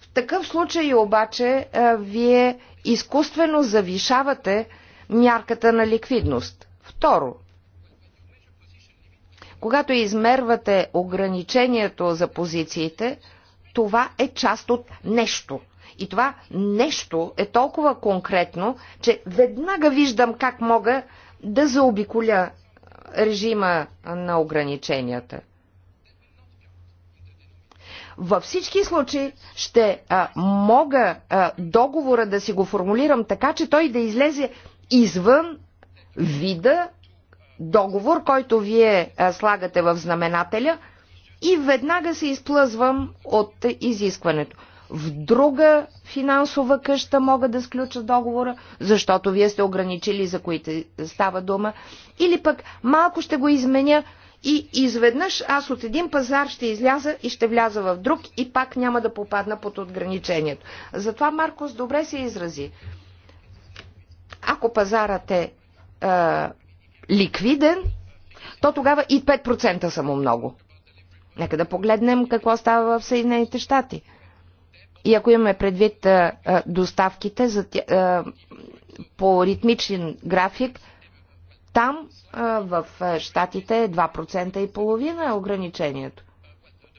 Speaker 2: в такъв случай обаче вие изкуствено завишавате мярката на ликвидност. Второ, когато измервате ограничението за позициите, това е част от нещо. И това нещо е толкова конкретно, че веднага виждам как мога да заобиколя режима на ограниченията. Във всички случаи ще а, мога а, договора да си го формулирам така, че той да излезе извън вида договор, който вие слагате в знаменателя и веднага се изплъзвам от изискването. В друга финансова къща мога да сключа договора, защото вие сте ограничили за които става дума. Или пък малко ще го изменя и изведнъж аз от един пазар ще изляза и ще вляза в друг и пак няма да попадна под ограничението. Затова Маркос добре се изрази. Ако пазарът е, е ликвиден, то тогава и 5% са му много. Нека да погледнем какво става в Съединените щати. И ако имаме предвид а, доставките за, а, по ритмичен график, там а, в щатите е 2% и половина е ограничението,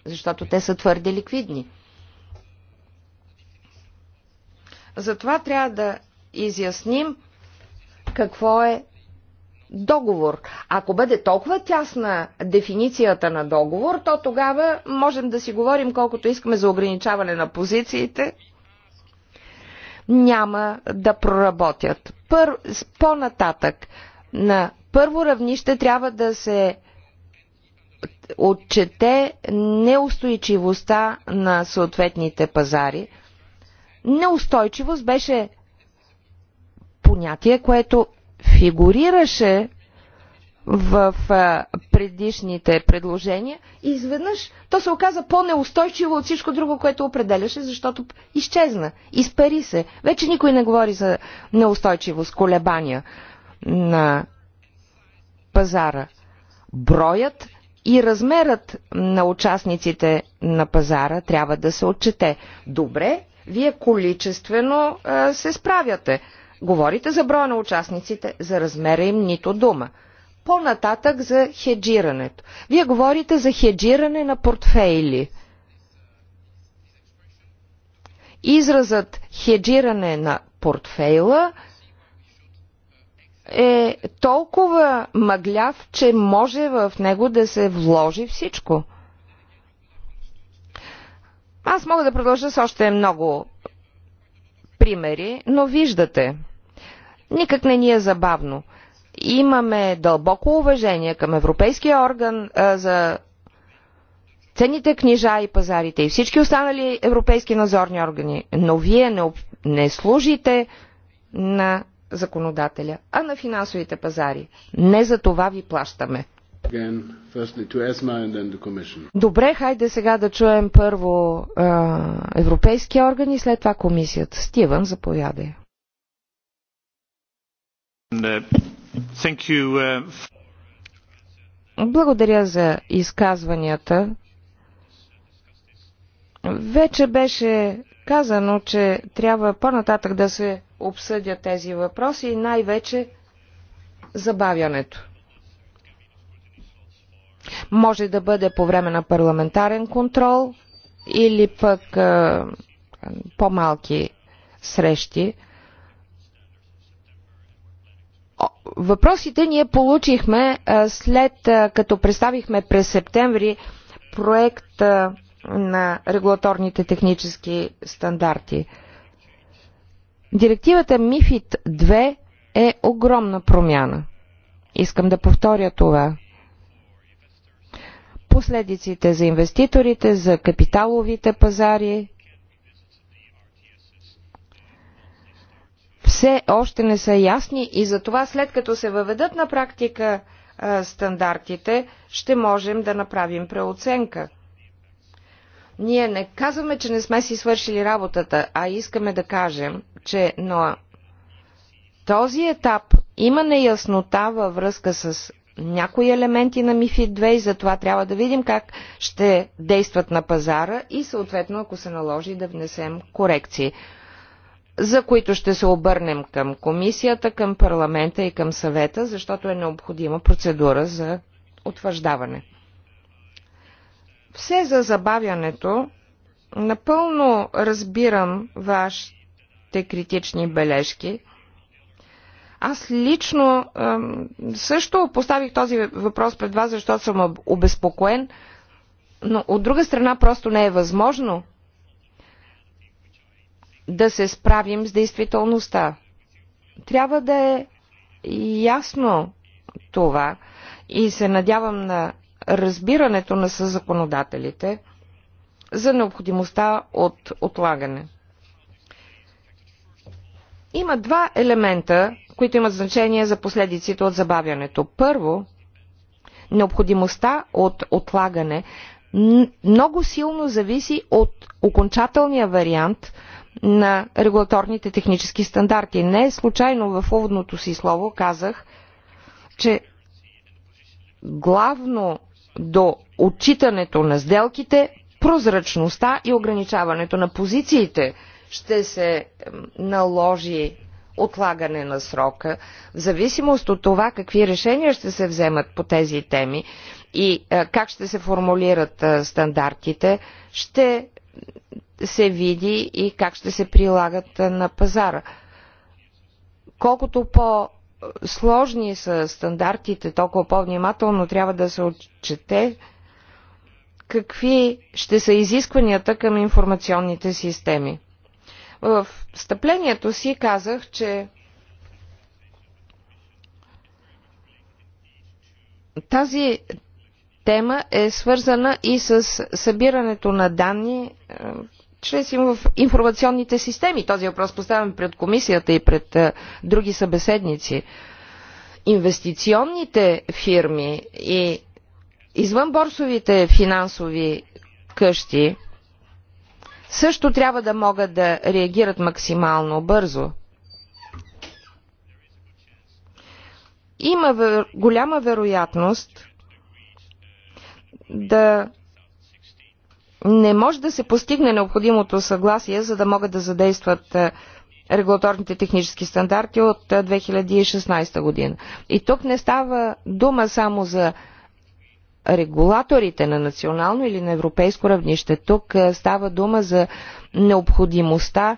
Speaker 2: защото те са твърде ликвидни. Затова трябва да изясним какво е договор. Ако бъде толкова тясна дефиницията на договор, то тогава можем да си говорим колкото искаме за ограничаване на позициите. Няма да проработят. Пър... По-нататък, на първо равнище трябва да се отчете неустойчивостта на съответните пазари. Неустойчивост беше понятие, което фигурираше в предишните предложения и изведнъж то се оказа по-неустойчиво от всичко друго, което определяше, защото изчезна, изпари се. Вече никой не говори за неустойчивост, колебания на пазара. Броят и размерът на участниците на пазара трябва да се отчете. Добре, вие количествено а, се справяте. Говорите за броя на участниците, за размера им нито дума. По-нататък за хеджирането. Вие говорите за хеджиране на портфейли. Изразът хеджиране на портфейла е толкова мъгляв, че може в него да се вложи всичко. Аз мога да продължа с още много примери, но виждате – никак не ни е забавно. Имаме дълбоко уважение към Европейския орган а, за ценните книжа и пазарите и всички останали европейски надзорни органи, но вие не, не служите на законодателя, а на финансовите пазари. Не за това ви плащаме. Добре, хайде сега да чуем първо а, европейски органи, след това комисията. Стивън, заповядай.
Speaker 3: Uh, uh,
Speaker 2: Благодаря за изказванията. Вече беше казано, че трябва по-нататък да се обсъдят тези въпроси и най-вече забавянето. Може да бъде по време на парламентарен контрол или пък по-малки срещи въпросите ние получихме след като представихме през септември проект на регулаторните технически стандарти. Директивата МИФИД 2 е огромна промяна. Искам да повторя това. Последиците за инвеститорите, за капиталовите пазари, все още не са ясни и затова след като се въведат на практика стандартите, ще можем да направим преоценка. Ние не казваме, че не сме си свършили работата, а искаме да кажем, че на този етап има неяснота във връзка с някои елементи на МИФИД 2 и затова трябва да видим как ще действат на пазара и съответно, ако се наложи, да внесем корекции за които ще се обърнем към комисията, към парламента и към съвета, защото е необходима процедура за утвърждаване. Все за забавянето напълно разбирам вашите критични бележки. Аз лично също поставих този въпрос пред вас, защото съм обезпокоен, но от друга страна просто не е възможно да се справим с действителността. Трябва да е ясно това и се надявам на разбирането на съзаконодателите за необходимостта от отлагане. Има два елемента, които имат значение за последиците от забавянето. Първо, необходимостта от отлагане много силно зависи от окончателния вариант – на регулаторните технически стандарти. Не е случайно в уводното си слово казах, че главно до отчитането на сделките, прозрачността и ограничаването на позициите ще се наложи отлагане на срока, в зависимост от това какви решения ще се вземат по тези теми и е, как ще се формулират е, стандартите, ще се види и как ще се прилагат на пазара. Колкото по-сложни са стандартите, толкова по-внимателно трябва да се отчете какви ще са изискванията към информационните системи. В встъплението си казах, че тази тема е свързана и с събирането на данни е, чрез информационните системи. Този въпрос поставям пред комисията и пред е, други събеседници. Инвестиционните фирми и извънборсовите финансови къщи също трябва да могат да реагират максимално бързо. Има голяма вероятност да не може да се постигне необходимото съгласие, за да могат да задействат е, регулаторните технически стандарти от 2016 е, година. И тук не става дума само за регулаторите на национално или на европейско равнище. Тук е, става дума за необходимостта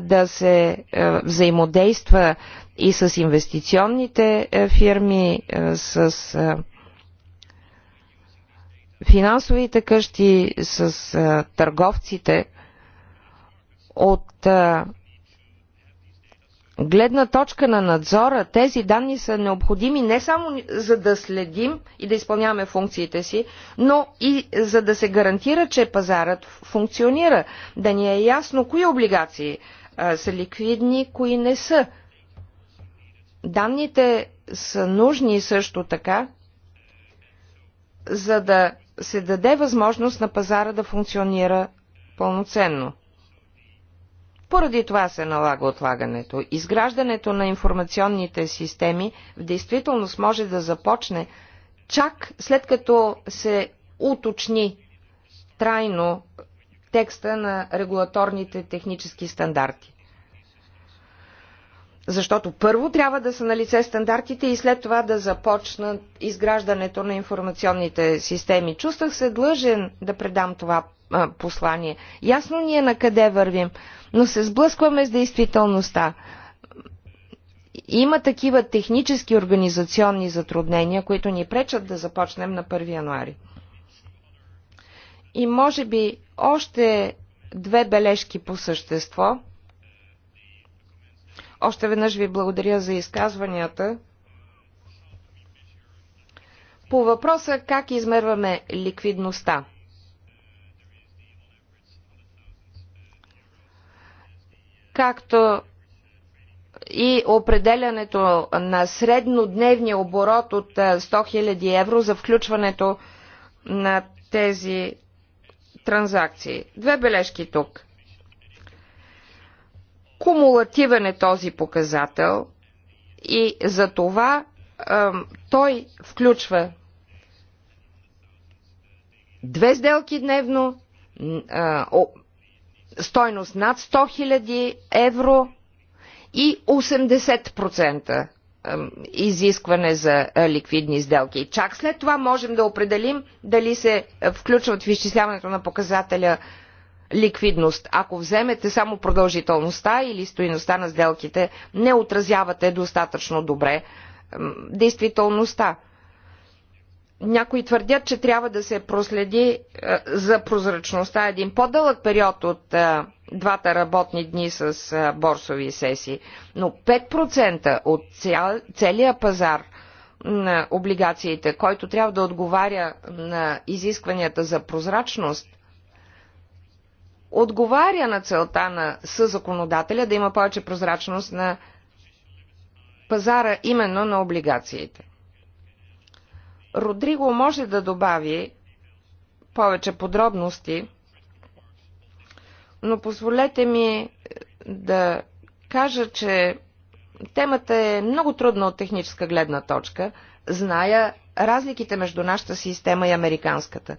Speaker 2: да се взаимодейства и с инвестиционните фирми, с финансовите къщи с а, търговците от а, гледна точка на надзора тези данни са необходими не само за да следим и да изпълняваме функциите си, но и за да се гарантира, че пазарът функционира, да ни е ясно кои облигации а, са ликвидни, кои не са. Данните са нужни също така, за да се даде възможност на пазара да функционира пълноценно. Поради това се налага отлагането. Изграждането на информационните системи в действителност може да започне чак след като се уточни трайно текста на регулаторните технически стандарти. Защото първо трябва да са на лице стандартите и след това да започнат изграждането на информационните системи. Чувствах се длъжен да предам това а, послание. Ясно ни е на къде вървим, но се сблъскваме с действителността. Има такива технически организационни затруднения, които ни пречат да започнем на 1 януари. И може би още две бележки по същество – още веднъж ви благодаря за изказванията. По въпроса как измерваме ликвидността. Както и определянето на среднодневния оборот от 100 е, 000 евро за включването на тези транзакции. Две бележки тук. Кумулативен е този показател и за това той включва две сделки дневно, стойност над 100 000 евро и 80% изискване за ликвидни сделки. Чак след това можем да определим дали се включват в изчисляването на показателя ликвидност. Ако вземете само продължителността или стоиността на сделките, не отразявате достатъчно добре действителността. Някои твърдят, че трябва да се проследи е, за прозрачността един по-дълъг период от е, двата работни дни с е, борсови сесии, но 5% от цял, целия пазар на облигациите, който трябва да отговаря на изискванията за прозрачност, отговаря на целта на съзаконодателя да има повече прозрачност на пазара именно на облигациите. Родриго може да добави повече подробности, но позволете ми да кажа, че темата е много трудна от техническа гледна точка. Зная разликите между нашата система и американската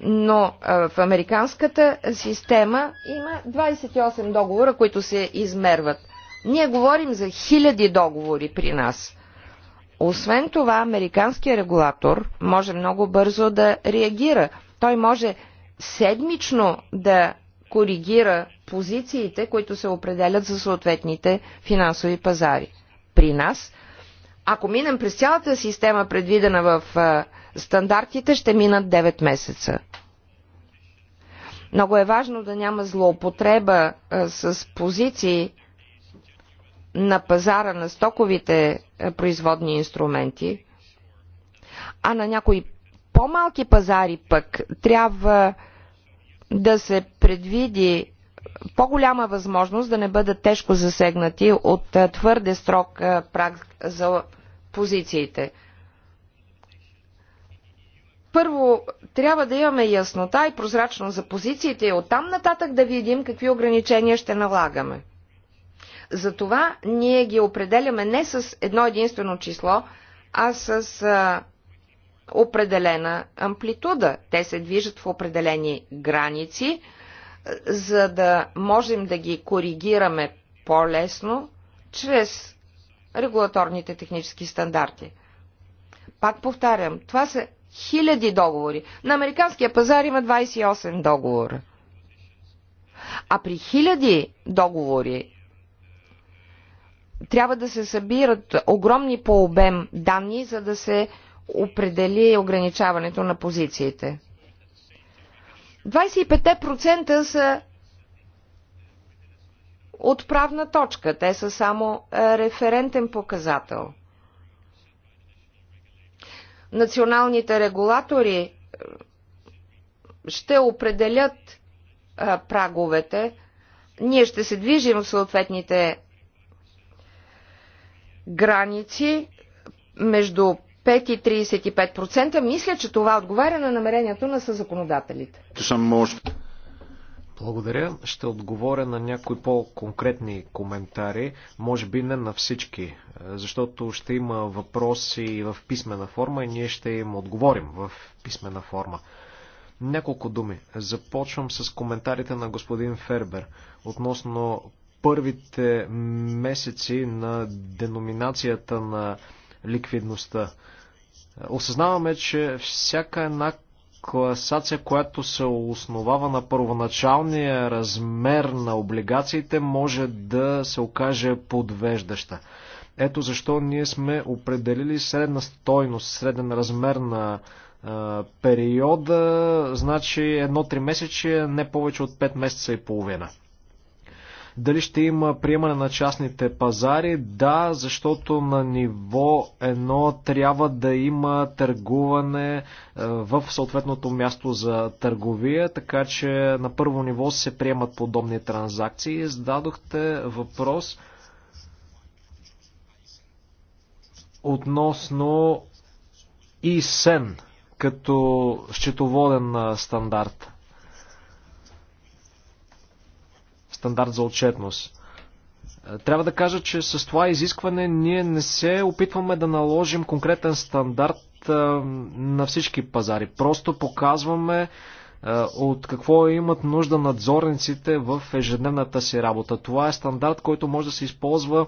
Speaker 2: но в американската система има 28 договора, които се измерват. Ние говорим за хиляди договори при нас. Освен това, американският регулатор може много бързо да реагира. Той може седмично да коригира позициите, които се определят за съответните финансови пазари. При нас, ако минем през цялата система, предвидена в стандартите, ще минат 9 месеца. Много е важно да няма злоупотреба с позиции на пазара на стоковите производни инструменти, а на някои по-малки пазари пък трябва да се предвиди по-голяма възможност да не бъдат тежко засегнати от твърде строг праг за позициите първо трябва да имаме яснота и прозрачност за позициите и оттам нататък да видим какви ограничения ще налагаме. Затова ние ги определяме не с едно единствено число, а с а, определена амплитуда. Те се движат в определени граници, за да можем да ги коригираме по-лесно чрез регулаторните технически стандарти. Пак повтарям, това са хиляди договори. На американския пазар има 28 договора. А при хиляди договори трябва да се събират огромни по обем данни, за да се определи ограничаването на позициите. 25% са отправна точка. Те са само е, референтен показател националните регулатори е, ще определят е, праговете. Ние ще се движим в съответните граници между 5 и 35%. Мисля, че това отговаря на намерението на съзаконодателите.
Speaker 1: Благодаря. Ще отговоря на някои по-конкретни коментари, може би не на всички, е, защото ще има въпроси в писмена форма и ние ще им отговорим в писмена форма. Няколко думи. Започвам с коментарите на господин Фербер относно първите месеци на деноминацията на ликвидността. Осъзнаваме, че всяка една класация, която се основава на първоначалния размер на облигациите, може да се окаже подвеждаща. Ето защо ние сме определили средна стойност, среден размер на периода, значи едно три месече, не повече от 5 месеца и половина. Дали ще има приемане на частните пазари? Да, защото на ниво едно трябва да има търгуване е, в съответното място за търговия, така че на първо ниво се приемат подобни транзакции. Зададохте въпрос относно ИСЕН като счетоводен е, стандарт. стандарт за отчетност. Е, трябва да кажа, че с това изискване ние не се опитваме да наложим конкретен стандарт е, на всички пазари. Просто показваме е, от какво имат нужда надзорниците в ежедневната си работа. Това е стандарт, който може да се използва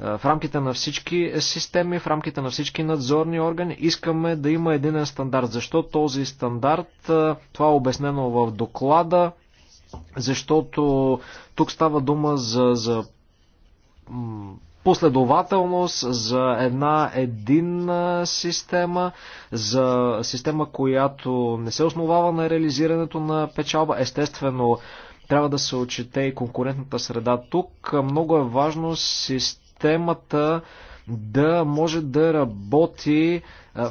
Speaker 1: в рамките на всички системи, в рамките на всички надзорни органи. Искаме да има един стандарт. Защо този стандарт? Това е обяснено в доклада защото тук става дума за, за последователност, за една единна система, за система, която не се основава на реализирането на печалба. Естествено, трябва да се отчете и конкурентната среда. Тук много е важно системата да може да работи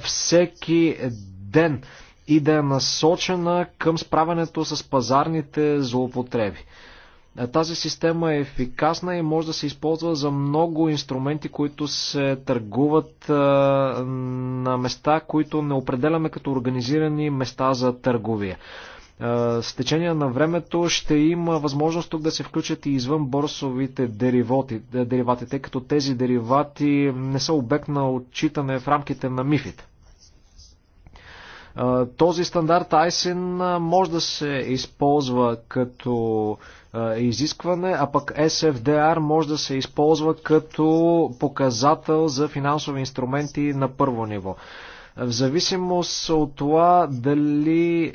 Speaker 1: всеки ден и да е насочена към справянето с пазарните злоупотреби. Тази система е ефикасна и може да се използва за много инструменти, които се търгуват на места, които не определяме като организирани места за търговия. С течение на времето ще има възможност тук да се включат и извън борсовите деривати, деривати тъй като тези деривати не са обект на отчитане в рамките на мифите. Този стандарт ISIN може да се използва като изискване, а пък SFDR може да се използва като показател за финансови инструменти на първо ниво. В зависимост от това дали.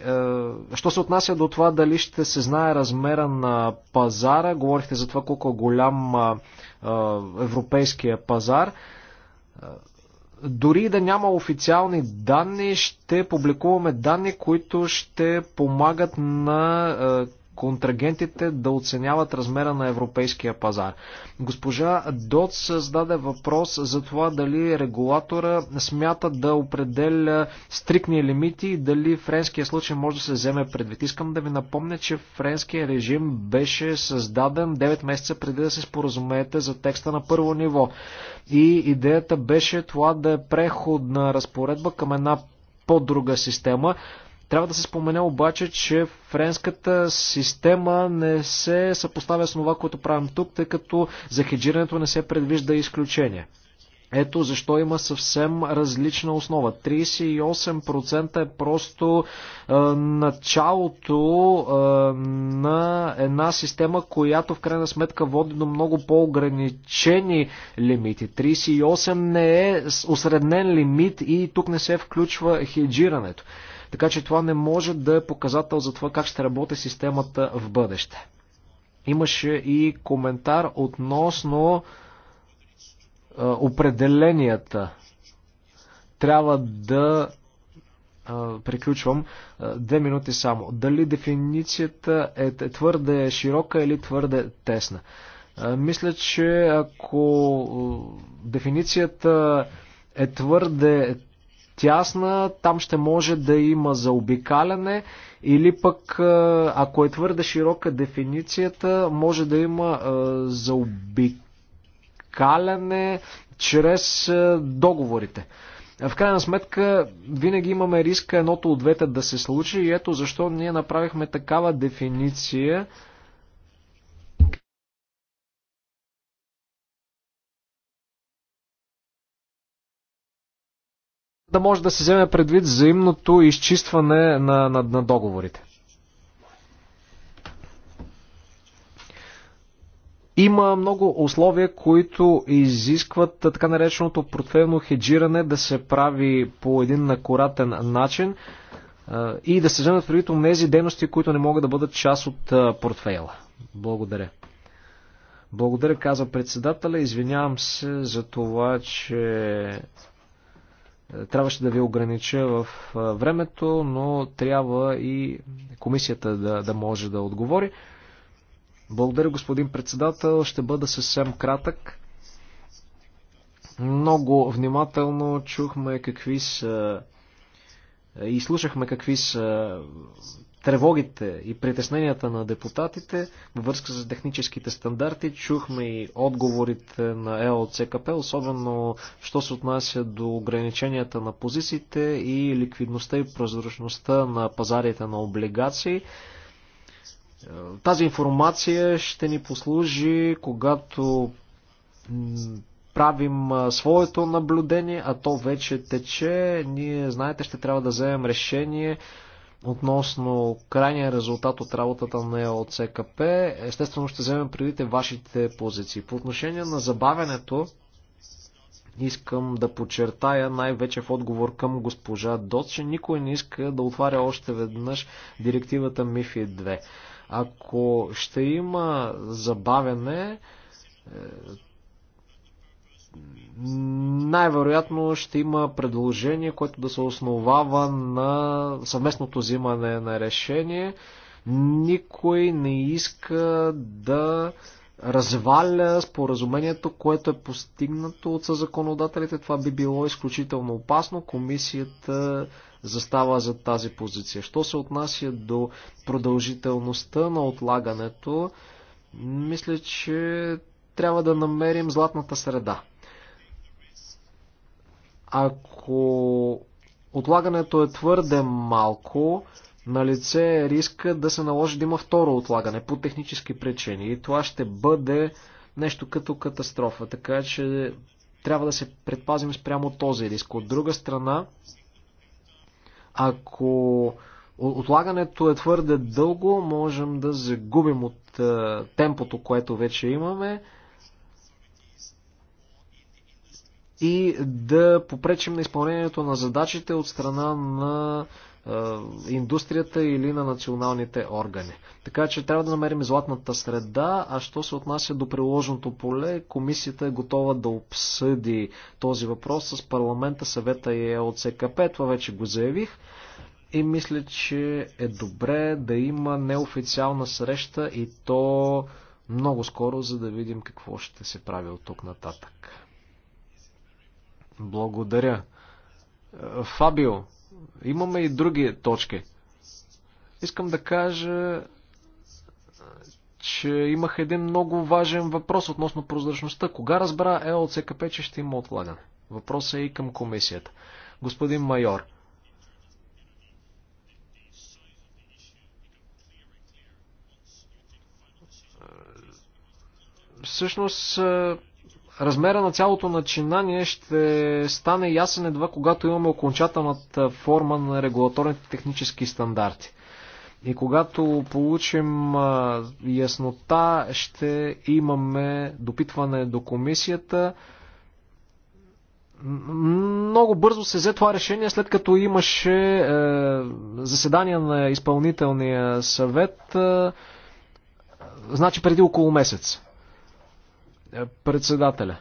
Speaker 1: що се отнася до това дали ще се знае размера на пазара, говорихте за това колко голям европейския пазар дори да няма официални данни, ще публикуваме данни, които ще помагат на е, контрагентите да оценяват размера на европейския пазар. Госпожа Доц създаде въпрос за това дали регулатора смята да определя стрикни лимити и дали френския случай може да се вземе предвид. Искам да ви напомня, че френския режим беше създаден 9 месеца преди да се споразумеете за текста на първо ниво. И идеята беше това да е преходна разпоредба към една по-друга система. Трябва да се спомене обаче, че френската система не се съпоставя с това, което правим тук, тъй като за хеджирането не се предвижда изключение. Ето защо има съвсем различна основа. 38% е просто е, началото е, на една система, която в крайна сметка води до много по-ограничени лимити. 38 не е осреднен лимит и тук не се включва хеджирането. Така че това не може да е показател за това как ще работи системата в бъдеще. Имаше и коментар относно е, определенията. Трябва да приключвам. Две минути само. Дали дефиницията е твърде широка или твърде тесна? Мисля, че ако дефиницията е твърде тясна, там ще може да има заобикаляне или пък, е, ако е твърде широка дефиницията, може да има е, заобикаляне чрез е, договорите. В крайна сметка, винаги имаме риска едното от двете да се случи и ето защо ние направихме такава дефиниция, да може да се вземе предвид взаимното изчистване на, на, на договорите. Има много условия, които изискват така нареченото портфелно хеджиране да се прави по един накоратен начин и да се вземат предвид тези дейности, които не могат да бъдат част от портфейла. Благодаря. Благодаря, каза председателя. Извинявам се за това, че Трябваше да ви огранича в времето, но трябва и комисията да, да може да отговори. Благодаря, господин председател. Ще бъда съвсем кратък. Много внимателно чухме какви са и слушахме какви са тревогите и притесненията на депутатите във връзка с техническите стандарти. Чухме и отговорите на ЕОЦКП, особено що се отнася до ограниченията на позициите и ликвидността и прозрачността на пазарите на облигации. Тази информация ще ни послужи, когато правим своето наблюдение, а то вече тече. Ние, знаете, ще трябва да вземем решение относно крайния резултат от работата на ЕОЦКП, естествено ще вземем предвид вашите позиции. По отношение на забавянето, искам да подчертая най-вече в отговор към госпожа Дот, че никой не иска да отваря още веднъж директивата МИФИ 2. Ако ще има забавяне, най-вероятно ще има предложение, което да се основава на съвместното взимане на решение. Никой не иска да разваля споразумението, което е постигнато от съзаконодателите. Това би било изключително опасно. Комисията застава за тази позиция. Що се отнася до продължителността на отлагането, мисля, че трябва да намерим златната среда. Ако отлагането е твърде малко, на лице е риска да се наложи да има второ отлагане по технически причини. И това ще бъде нещо като катастрофа. Така че трябва да се предпазим спрямо този риск. От друга страна, ако отлагането е твърде дълго, можем да загубим от е, темпото, което вече имаме. и да попречим на изпълнението на задачите от страна на индустрията или на националните органи. Така че трябва да намерим златната среда, а що се отнася до приложното поле, комисията е готова да обсъди този въпрос с парламента, съвета и ЕОЦКП. Това вече го заявих. И мисля, че е добре да има неофициална среща и то много скоро, за да видим какво ще се прави от тук нататък. Благодаря. Е, Фабио, имаме и други точки. Искам да кажа, че имах един много важен въпрос относно прозрачността. Кога разбра ЕОЦКП, че ще има отлагане? Въпросът е и към комисията. Господин майор, всъщност е, Размера на цялото начинание ще стане ясен едва когато имаме окончателната форма на регулаторните технически стандарти. И когато получим яснота, ще имаме допитване до комисията. Много бързо се взе това решение, след като имаше е, заседание на изпълнителния съвет, е, значи преди около месец. Е, председателя.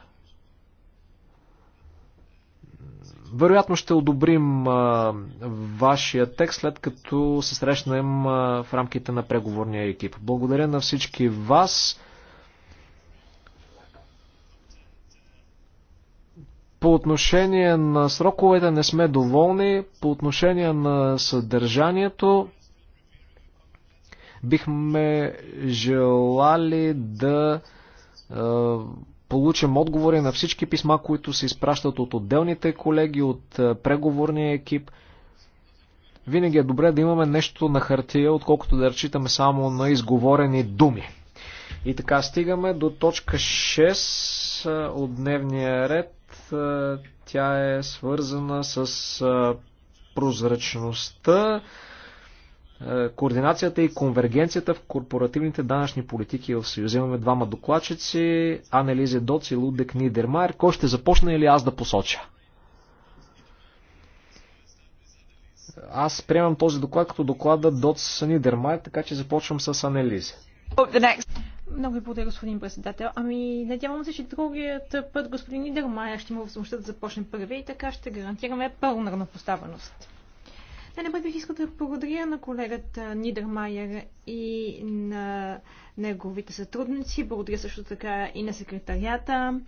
Speaker 1: Вероятно ще одобрим а, вашия текст, след като се срещнем а, в рамките на преговорния екип. Благодаря на всички вас. По отношение на сроковете не сме доволни. По отношение на съдържанието бихме желали да а, е, получим отговори на всички писма, които се изпращат от отделните колеги, от е, преговорния екип. Винаги е добре да имаме нещо на хартия, отколкото да разчитаме само на изговорени думи. И така стигаме до точка 6 е, от дневния ред. Тя е свързана с прозрачността е, координацията и конвергенцията в корпоративните данъчни политики в Съюза. Имаме двама докладчици, Анелизе Доц и Лудек Нидермайер. Кой ще започне или аз да посоча? Аз приемам този доклад като доклада Доц Нидермайер, така че започвам с Анелизе.
Speaker 3: Много ви благодаря, господин председател. Ами, надявам се, че другият път господин Нидермайер ще му възможността да започне първи и така ще гарантираме пълна равнопоставеност. Е, не бих искал да благодаря на колегата Нидермайер и на неговите сътрудници. Благодаря също така и на секретарията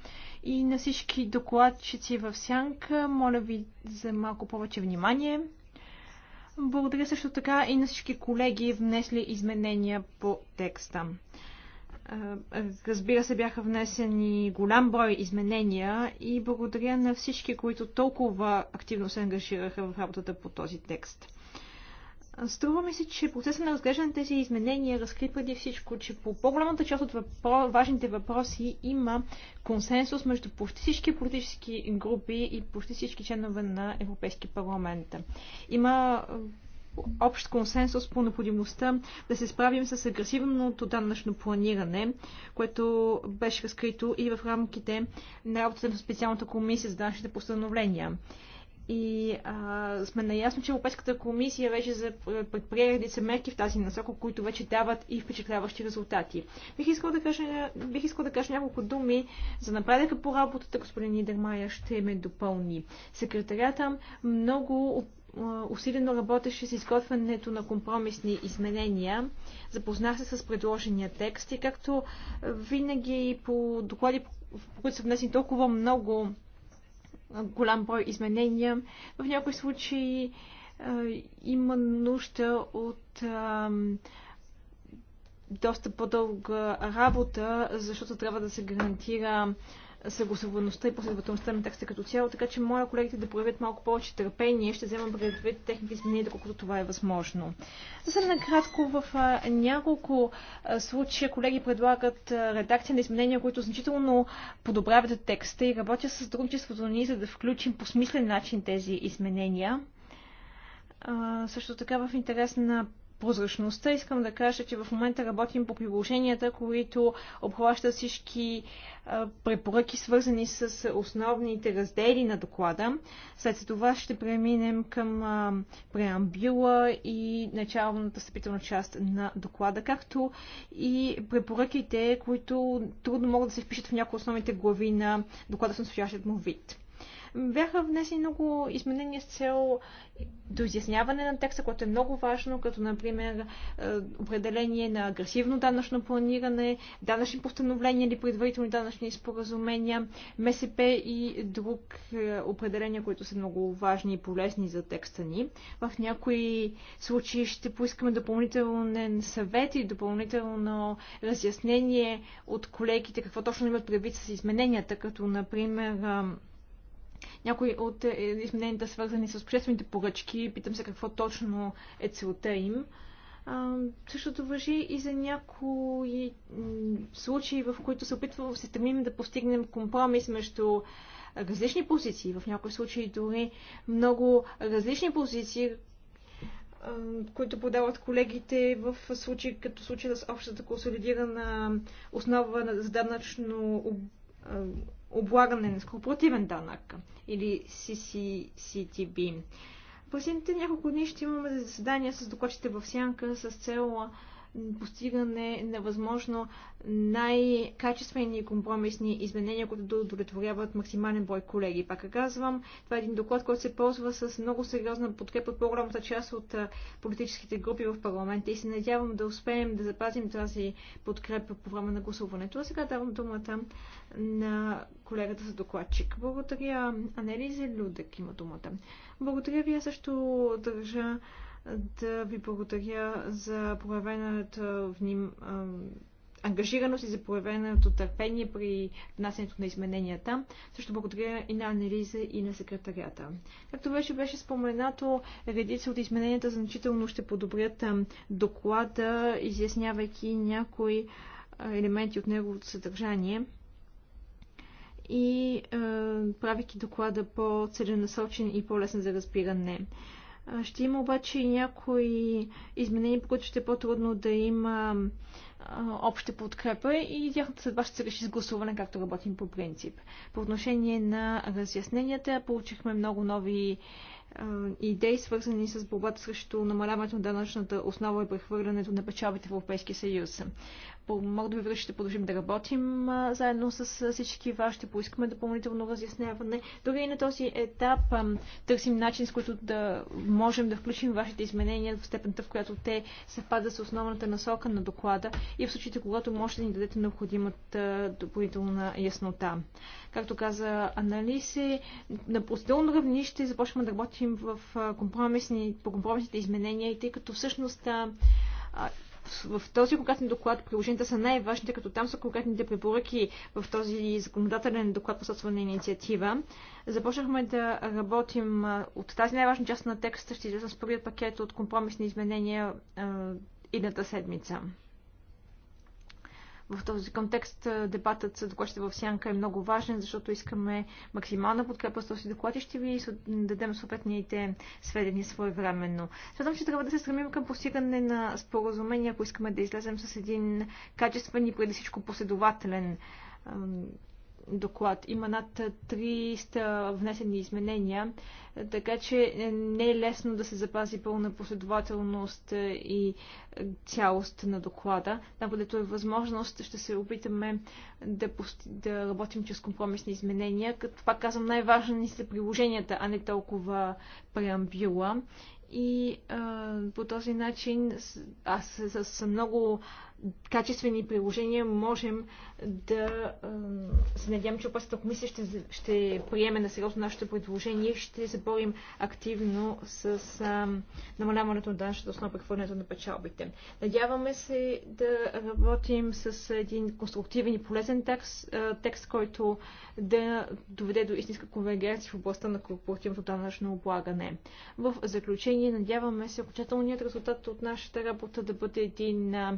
Speaker 3: и на всички докладчици в Сянка. Моля ви за малко повече внимание. Благодаря също така и на всички колеги, внесли изменения по текста. Разбира се, бяха внесени голям брой изменения и благодаря на всички, които толкова активно се ангажираха в работата по този текст. Струва ми се, че процесът на разглеждане на тези изменения разкри преди всичко, че по по-голямата част от въпро... важните въпроси има консенсус между почти всички политически групи и почти всички членове на Европейски парламент. Има общ консенсус по необходимостта да се справим с агресивното данъчно планиране, което беше разкрито и в рамките на работата на специалната комисия за данъчните постановления. И а, сме наясно, че Европейската комисия вече за редица мерки в тази насока, които вече дават и впечатляващи резултати. Бих искал да кажа, бих искал да кажа няколко думи за напредъка по работата. Господин Нидермайер ще ме допълни. Секретарята много усилено работеше с изготвянето на компромисни изменения. Запознах се с предложения текст и както винаги по доклади, по които са внесени толкова много голям брой изменения, в някои случаи има нужда от доста по-дълга работа, защото трябва да се гарантира съгласуваността и последователността на текста като цяло, така че моля колегите да проявят малко повече търпение, ще вземам предвид техните изменения, доколкото това е възможно. Съвсем накратко, в няколко случая колеги предлагат редакция на изменения, които значително подобряват текста и работя с сътрудничеството ни, за да включим по смислен начин тези изменения. Също така в интерес на прозрачността. Искам да кажа, че в момента работим по приложенията, които обхващат всички препоръки, свързани с основните раздели на доклада. След това ще преминем към преамбюла и началната стъпителна част на доклада, както и препоръките, които трудно могат да се впишат в някои основните глави на доклада с настоящият му вид бяха внесени много изменения с цел до изясняване на текста, което е много важно, като например е, определение на агресивно данъчно планиране, данъчни постановления или предварителни данъчни споразумения, МСП и друг е, определения, които са много важни и полезни за текста ни. В някои случаи ще поискаме допълнителен съвет и допълнително разяснение от колегите какво точно имат предвид с измененията, като например е, някои от е, измененията, свързани с обществените поръчки. Питам се какво точно е целта им. А, същото въжи и за някои случаи, в които се опитвам се стремим да постигнем компромис между различни позиции, в някои случаи дори много различни позиции, които подават колегите в случай, като случай с общата консолидирана основа за данъчно облагане на корпоративен данък или CCCTB. последните няколко дни ще имаме заседания с докладчите в сянка с цел постигане на възможно най-качествени компромисни изменения, които да удовлетворяват максимален брой колеги. Пак казвам, това е един доклад, който се ползва с много сериозна подкрепа от по-голямата част от политическите групи в парламента и се надявам да успеем да запазим тази подкрепа по време на гласуването. А сега давам думата на колегата за докладчик. Благодаря. Анелизе Людък има думата. Благодаря ви. Аз също държа да ви благодаря за проявената вним... ангажираност и за проявеното търпение при внасянето на измененията. Също благодаря и на анализа и на секретарията. Както вече беше споменато, редица от измененията значително ще подобрят доклада, изяснявайки някои елементи от неговото съдържание и е, доклада по-целенасочен и по-лесен за разбиране. Ще има обаче и някои изменения, по които ще е по-трудно да има обща подкрепа и тяхната съдба ще се реши с гласуване, както работим по принцип. По отношение на разясненията, получихме много нови идеи, свързани с борбата срещу намаляването на данъчната основа и прехвърлянето на печалбите в Европейския съюз мога да ви уверя, ще продължим да работим заедно с всички вас, ще поискаме допълнително разясняване. Дори и на този етап търсим начин, с който да можем да включим вашите изменения в степента, в която те съвпадат с основната насока на доклада и в случаите, когато можете да ни дадете необходимата допълнителна яснота. Както каза Аналиси, на процедурно равнище започваме да работим в компромисни, по компромисните изменения и тъй като всъщност в този конкретен доклад приложенията са най-важните, като там са конкретните препоръки в този законодателен доклад по собствена инициатива. Започнахме да работим от тази най-важна част на текста, ще излезем с първият пакет от компромисни изменения едната седмица. В този контекст дебатът с докладите в Сянка е много важен, защото искаме максимална подкрепа с този доклад и ще ви дадем съответните сведения своевременно. Смятам, че трябва да се стремим към постигане на споразумение, ако искаме да излезем с един качествен и преди всичко последователен доклад. Има над 300 внесени изменения, така че не е лесно да се запази пълна последователност и цялост на доклада. Там, където е възможност, ще се опитаме да, пост... да работим чрез компромисни изменения. Като пак казвам, най-важни са приложенията, а не толкова преамбюла. И а, по този начин аз с, с, с много качествени приложения можем да се надявам, че опасната комисия ще, ще приеме на сериозно нашето предложение и ще се борим активно с а, намаляването на данъчната основа, прехвърлянето на печалбите. Надяваме се да работим с един конструктивен и полезен текст, текст който да доведе до истинска конвергенция в областта на корпоративното данъчно облагане. В заключение, надяваме се окончателният резултат от нашата работа да бъде един а,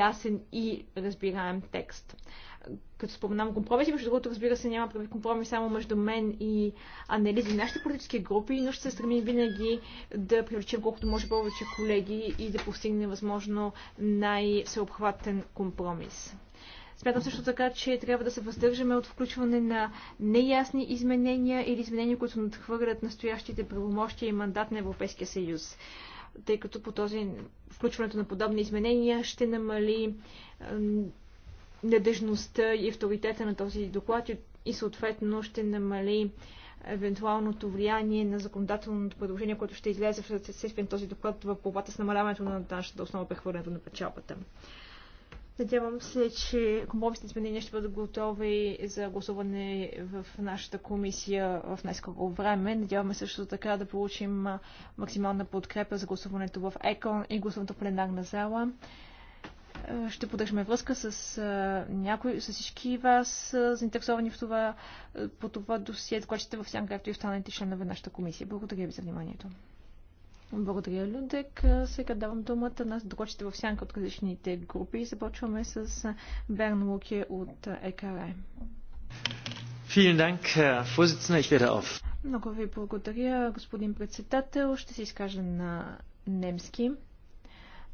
Speaker 3: ясен и разбираем текст. Като споменам компромиси, между другото, разбира се, няма прави компромис само между мен и анализи нашите политически групи, но ще се стремим винаги да привлечем колкото може повече колеги и да постигнем възможно най-всеобхватен компромис. Смятам също така, че трябва да се въздържаме от включване на неясни изменения или изменения, които надхвърлят настоящите правомощия и мандат на Европейския съюз тъй като по този включването на подобни изменения ще намали надежността и авторитета на този доклад и съответно ще намали евентуалното влияние на законодателното предложение, което ще излезе в следствие на този доклад в борбата с намаляването на данъчната основа прехвърлянето на печалбата. Надявам се, че комбовите изменения ще бъдат готови за гласуване в нашата комисия в най-скоро време. Надяваме също така да получим максимална подкрепа за гласуването в ЕКОН и гласуването в пленарна зала. Ще поддържаме връзка с някои, с всички вас, заинтересовани в това, по това досие, което ще във всяка, както и останалите членове на нашата комисия. Благодаря ви за вниманието. Благодаря, Людек. Сега давам думата на докладчите в сянка от различните групи. Започваме с Берн Луке от ЕКР. Много ви благодаря, господин председател. Ще се изкажа на немски.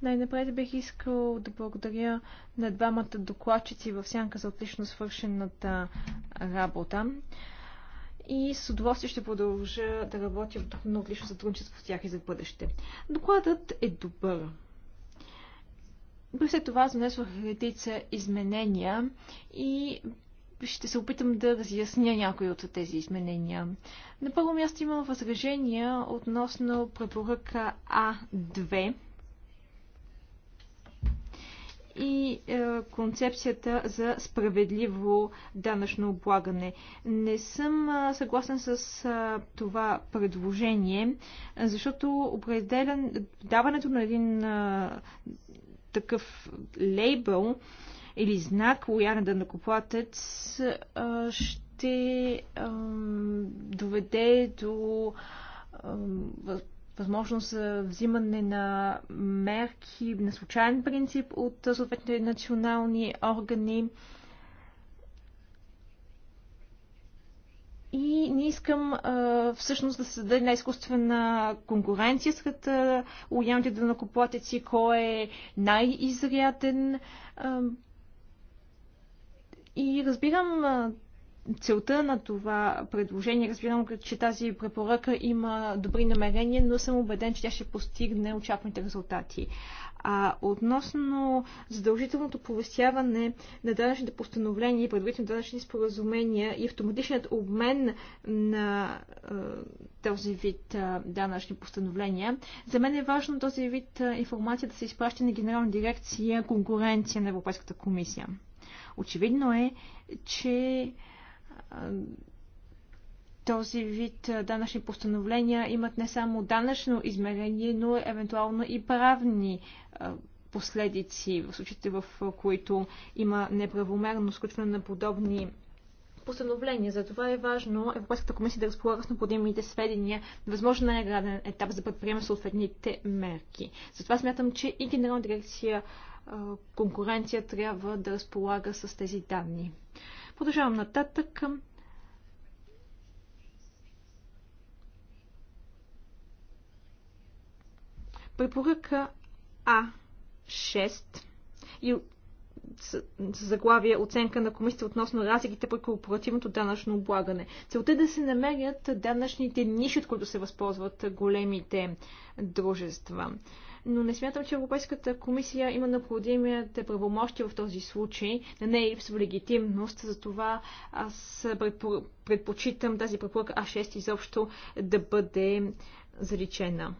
Speaker 3: Най-напред бих искал да благодаря на двамата докладчици в сянка за отлично свършената работа и с удоволствие ще продължа да работя в на отлично сътрудничество с тях и за бъдеще. Докладът е добър. При след това занесох редица изменения и ще се опитам да разясня някои от тези изменения. На първо място имам възражения относно препоръка А2 и е, концепцията за справедливо данъчно облагане. Не съм е, съгласен с е, това предложение, защото определен, даването на един такъв лейбъл или знак Лояна да накоплатец ще доведе до възможност за взимане на мерки на случайен принцип от съответните национални органи. И не искам а, всъщност да се създаде една изкуствена конкуренция сред уявните данакоплатеци, кой е най-изряден. и разбирам целта на това предложение. Разбирам, че тази препоръка има добри намерения, но съм убеден, че тя ще постигне очакваните резултати. А относно задължителното повестяване на данъчните постановления и предварително данъчни споразумения и автоматичният обмен на е, този вид е, данъчни постановления, за мен е важно този вид е, информация да се изпраща на Генерална дирекция конкуренция на Европейската комисия. Очевидно е, че този вид данъчни постановления имат не само данъчно измерение, но евентуално и правни последици в случаите, в които има неправомерно сключване на подобни постановления. Затова е важно Европейската комисия да разполага с необходимите сведения, възможно най-граден етап, за да предприеме съответните мерки. Затова смятам, че и Генерална дирекция конкуренция трябва да разполага с тези данни. Продължавам нататък. Препоръка А6 и заглавия, оценка на комисията относно разликите при корпоративното данъчно облагане. Целта е да се намерят данъчните ниши, от които се възползват големите дружества но не смятам, че Европейската комисия има необходимите правомощия в този случай. На нея липсва легитимност, затова аз предпочитам тази препоръка А6 изобщо да бъде заличена.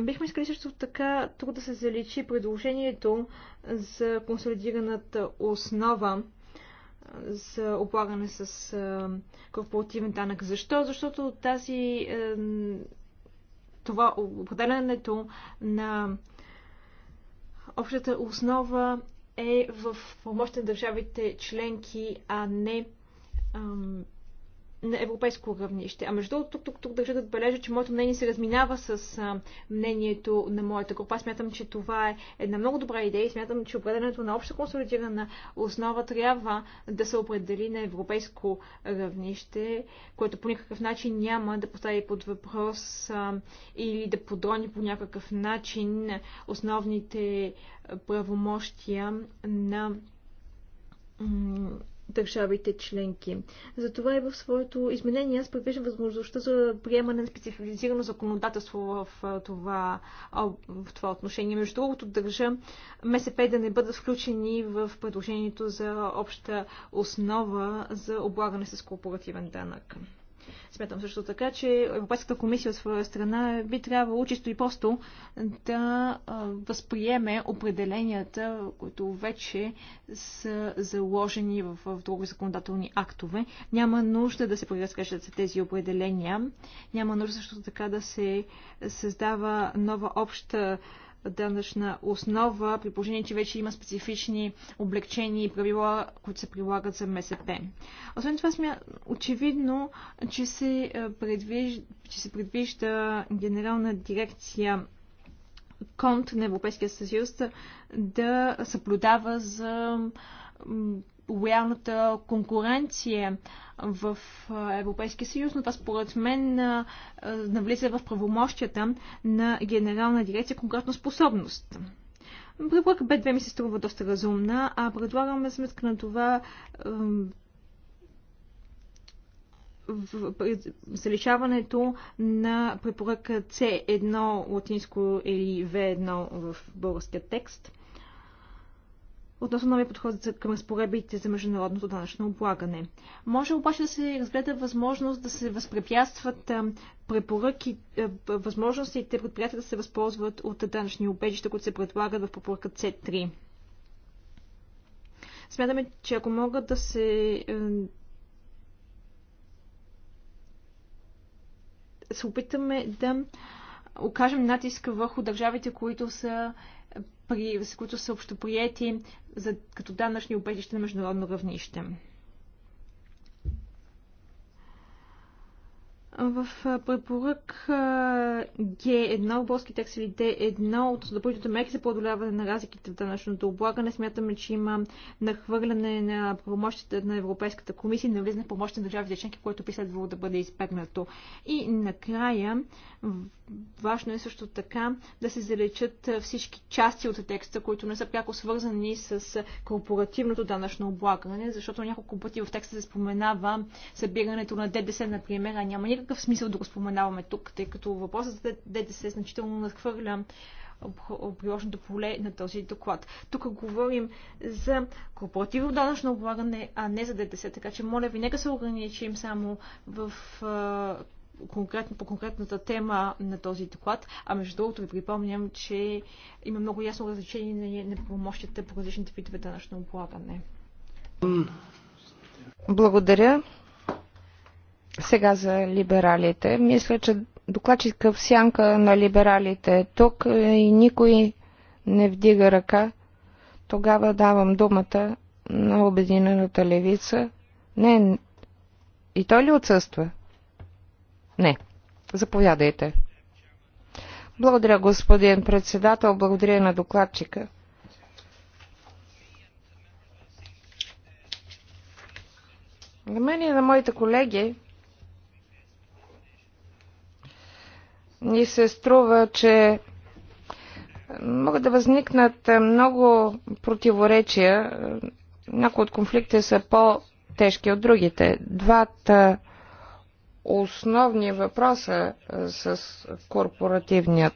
Speaker 3: Бихме искали също така тук да се заличи предложението за консолидираната основа за облагане с корпоративен данък. Защо? Защото тази е, това определенето на общата основа е в помощ на държавите членки, а не на европейско равнище. А между другото, тук, тук, тук държа да отбележа, че моето мнение се разминава с а, мнението на моята група. Смятам, че това е една много добра идея и смятам, че определенето на обща консолидирана основа трябва да се определи на европейско равнище, което по никакъв начин няма да постави под въпрос а, или да подрони по някакъв начин основните правомощия на държавите членки. Затова и в своето изменение аз предвиждам възможността за приемане на специализирано законодателство в това, в това отношение. Между другото, държа МСП да не бъдат включени в предложението за обща основа за облагане с корпоративен данък. Смятам също така, че Европейската комисия от своя страна би трябвало чисто и просто да възприеме определенията, които вече са заложени в, в други законодателни актове. Няма нужда да се преразкажат тези определения. Няма нужда също така да се създава нова обща данъчна основа, при положение, че вече има специфични облегчения и правила, които се прилагат за МСП. Освен това, сме очевидно, че се е, предвижда, че се предвижда генерална дирекция конт на Европейския съюз да съблюдава за лоялната конкуренция в Европейския съюз, но това според мен навлиза в правомощията на Генерална дирекция конкретно способност. Препоръка Б2 ми се струва доста разумна, а предлагаме сметка на това заличаването на препоръка С 1 латинско или В 1 в българския текст – относно новия подход към разпоредбите за международното данъчно облагане. Може обаче да се разгледа възможност да се възпрепятстват препоръки, е, възможностите предприятия да се възползват от данъчни обежища, които се предлагат в препоръка C3. Смятаме, че ако могат да се е, се опитаме да окажем натиск върху държавите, които са при, които са общоприети за, като данъчни обежища на международно равнище. В препорък Г1, български текст или Д1 от допълнителните мерки за преодоляване на разликите в данъчното облагане, смятаме, че има нахвърляне на помощите на Европейската комисия, не влизане в помощите на държавите членки, което би следвало да бъде избегнато. И накрая, важно е също така да се залечат всички части от текста, които не са пряко свързани с корпоративното данъчно облагане, защото няколко пъти в текста се споменава събирането на ДДС, например, а няма никак никакъв смисъл да го споменаваме тук, тъй като въпросът за ДДС значително надхвърля приложното поле на този доклад. Тук говорим за корпоративно данъчно облагане, а не за ДДС, така че моля ви, нека се ограничим само в конкретно, по конкретната тема на този доклад, а между другото ви припомням, че има много ясно различение на непомощите по различните видове данъчно облагане.
Speaker 2: Благодаря. Сега за либералите. Мисля, че докладчика в сянка на либералите е тук и никой не вдига ръка. Тогава давам думата на Обединената левица. Не, и той ли отсъства? Не. Заповядайте. Благодаря, господин председател. Благодаря на докладчика. На мен и на моите колеги ни се струва, че могат да възникнат много противоречия. Някои от конфликти са по-тежки от другите. Двата основни въпроса с корпоративният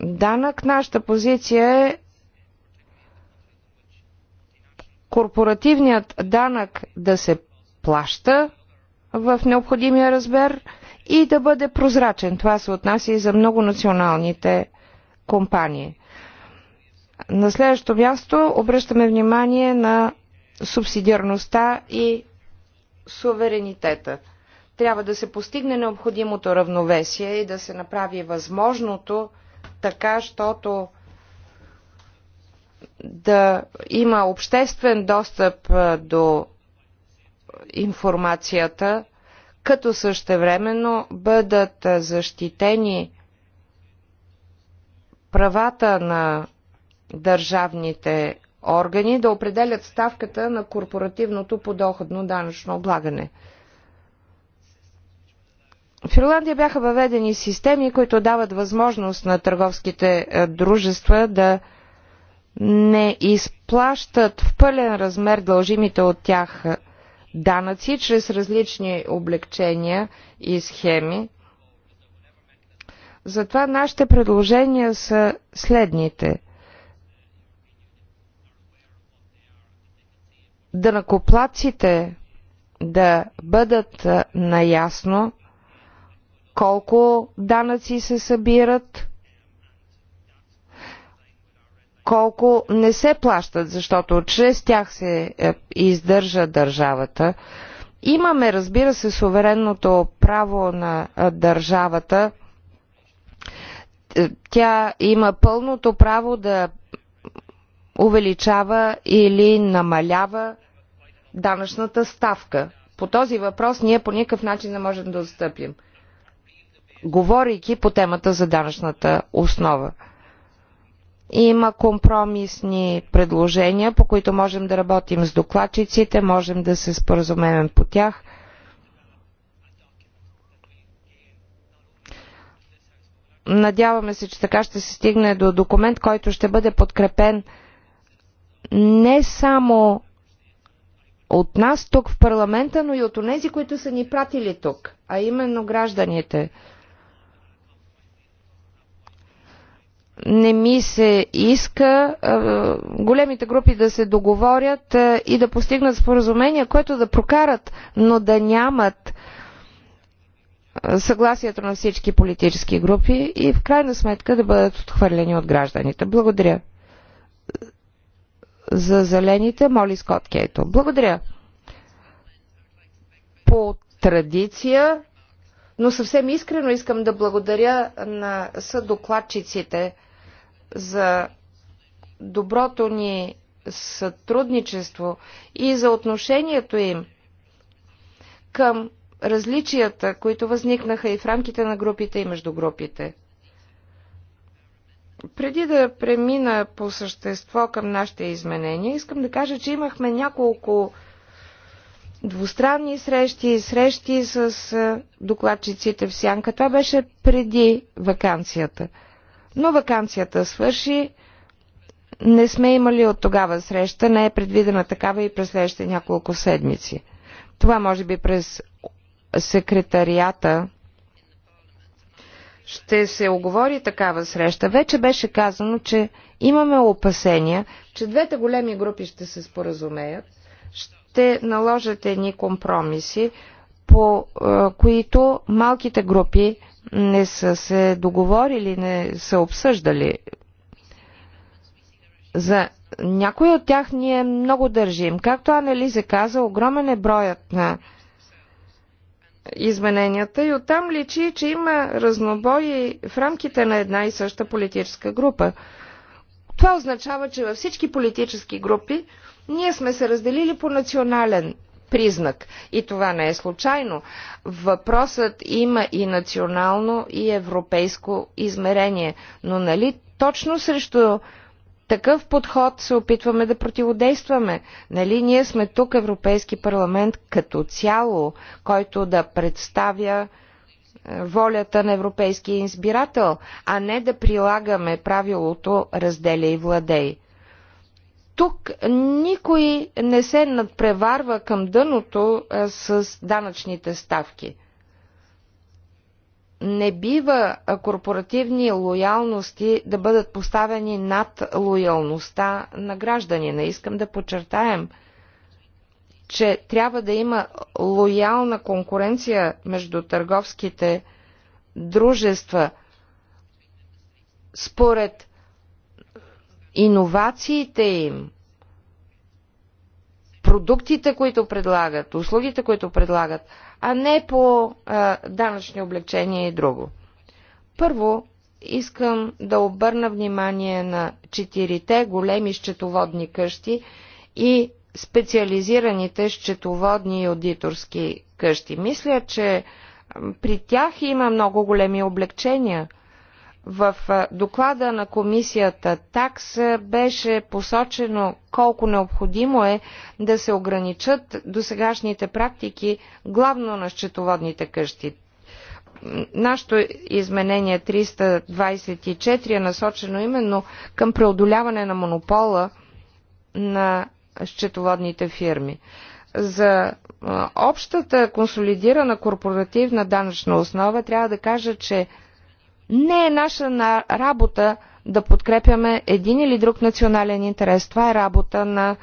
Speaker 2: данък, нашата позиция е корпоративният данък да се плаща в необходимия размер и да бъде прозрачен. Това се отнася и за многонационалните компании. На следващо място обръщаме внимание на субсидиарността и суверенитета. Трябва да се постигне необходимото равновесие и да се направи възможното така, щото да има обществен достъп до информацията, като същевременно бъдат защитени правата на държавните органи да определят ставката на корпоративното подоходно данъчно облагане. В Ирландия бяха въведени системи, които дават възможност на търговските е, дружества да не изплащат в пълен размер дължимите от тях е, данъци чрез различни облегчения и схеми. Затова нашите предложения са следните. Дънакоплаците да бъдат наясно колко данъци се събират, колко не се плащат, защото чрез тях се е, издържа държавата. Имаме, разбира се, суверенното право на държавата. Е, тя има пълното право да увеличава или намалява данъчната ставка. По този въпрос ние по никакъв начин не можем да отстъпим, говорейки по темата за данъчната основа. Има компромисни предложения, по които можем да работим с докладчиците, можем да се споразумеем по тях. Надяваме се, че така ще се стигне до документ, който ще бъде подкрепен не само от нас тук в парламента, но и от тези, които са ни пратили тук, а именно гражданите – не ми се иска големите групи да се договорят и да постигнат споразумения, което да прокарат, но да нямат съгласието на всички политически групи и в крайна сметка да бъдат отхвърлени от гражданите. Благодаря. За зелените, моли Скот Кейто. Благодаря. По традиция, но съвсем искрено искам да благодаря на съдокладчиците за доброто ни сътрудничество и за отношението им към различията, които възникнаха и в рамките на групите и между групите. Преди да премина по същество към нашите изменения, искам да кажа, че имахме няколко двустранни срещи и срещи с докладчиците в Сянка. Това беше преди вакансията. Но вакансията свърши. Не сме имали от тогава среща, не е предвидена такава и през следващите няколко седмици. Това може би през секретарията ще се оговори такава среща. Вече беше казано, че имаме опасения, че двете големи групи ще се споразумеят, ще наложат едни компромиси, по е, които малките групи не са се договорили, не са обсъждали. За някои от тях ние много държим. Както Анелизе каза, огромен е броят на измененията и оттам личи, че има разнобои в рамките на една и съща политическа група. Това означава, че във всички политически групи ние сме се разделили по национален признак. И това не е случайно. Въпросът има и национално, и европейско измерение. Но нали точно срещу такъв подход се опитваме да противодействаме. Нали ние сме тук Европейски парламент като цяло, който да представя е, волята на европейския избирател, а не да прилагаме правилото разделя и владей. Тук никой не се надпреварва към дъното с данъчните ставки. Не бива корпоративни лоялности да бъдат поставени над лоялността на гражданина. Искам да подчертаем, че трябва да има лоялна конкуренция между търговските дружества. Според иновациите им, продуктите, които предлагат, услугите, които предлагат, а не по а, данъчни облегчения и друго. Първо, искам да обърна внимание на четирите големи счетоводни къщи и специализираните счетоводни и аудиторски къщи. Мисля, че при тях има много големи облегчения – в доклада на комисията ТАКС беше посочено колко необходимо е да се ограничат досегашните практики, главно на счетоводните къщи. Нашето изменение 324 е насочено именно към преодоляване на монопола на счетоводните фирми. За общата консолидирана корпоративна данъчна основа трябва да кажа, че не е наша работа да подкрепяме един или друг национален интерес. Това е работа на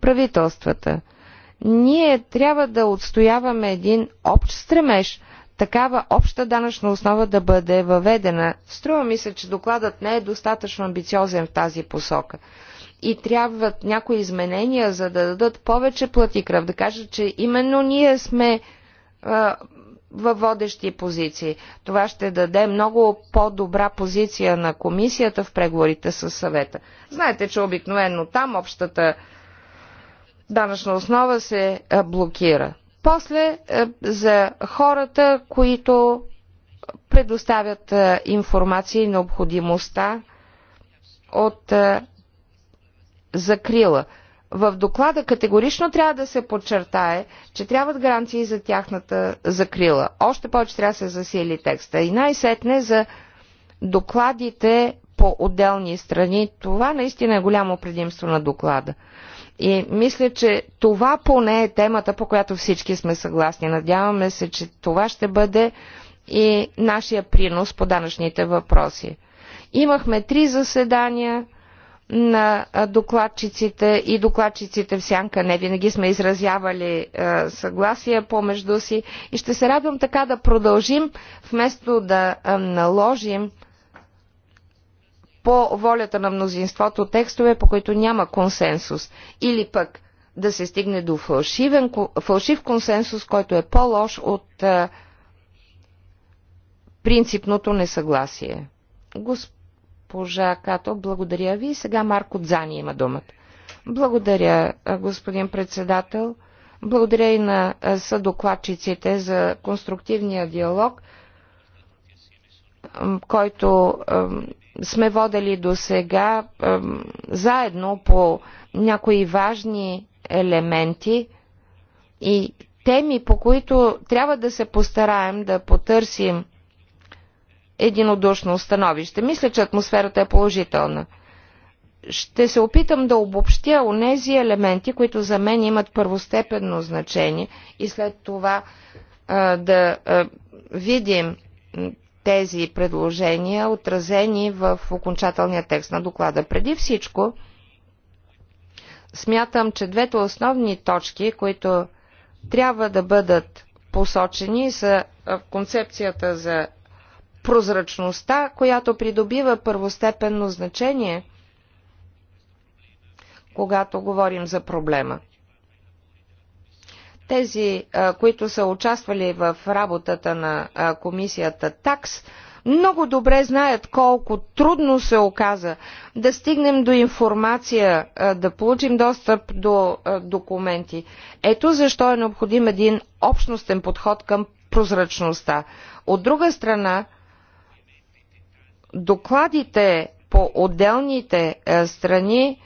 Speaker 2: правителствата. Ние трябва да отстояваме един общ стремеж такава обща данъчна основа да бъде въведена. Струва ми се, че докладът не е достатъчно амбициозен в тази посока. И трябват някои изменения, за да дадат повече плати кръв. да кажат, че именно ние сме във водещи позиции. Това ще даде много по-добра позиция на комисията в преговорите с съвета. Знаете, че обикновено там общата данъчна основа се е, блокира. После е, за хората, които предоставят е, информация и необходимостта от закрила. В доклада категорично трябва да се подчертае, че трябват гаранции за тяхната закрила. Още повече трябва да се засили текста. И най-сетне за докладите по отделни страни. Това наистина е голямо предимство на доклада. И мисля, че това поне е темата, по която всички сме съгласни. Надяваме се, че това ще бъде и нашия принос по данъчните въпроси. Имахме три заседания на докладчиците и докладчиците в сянка. Не винаги сме изразявали е, съгласие помежду си и ще се радвам така да продължим, вместо да е, наложим по волята на мнозинството текстове, по които няма консенсус. Или пък да се стигне до фалшивен, фалшив консенсус, който е по-лош от е, принципното несъгласие. Господи госпожа Като. Благодаря ви. Сега Марко Дзани има думата. Благодаря, господин председател. Благодаря и на съдокладчиците за конструктивния диалог, който сме водели до сега заедно по някои важни елементи и теми, по които трябва да се постараем да потърсим единодушно становище. Мисля, че атмосферата е положителна. Ще се опитам да обобщя онези елементи, които за мен имат първостепенно значение и след това а, да а, видим тези предложения, отразени в окончателния текст на доклада. Преди всичко, смятам, че двете основни точки, които трябва да бъдат посочени, са концепцията за прозрачността, която придобива първостепенно значение, когато говорим за проблема. Тези, които са участвали в работата на комисията ТАКС, много добре знаят колко трудно се оказа да стигнем до информация, да получим достъп до документи. Ето защо е необходим един общностен подход към прозрачността. От друга страна, докладите по отделните е, страни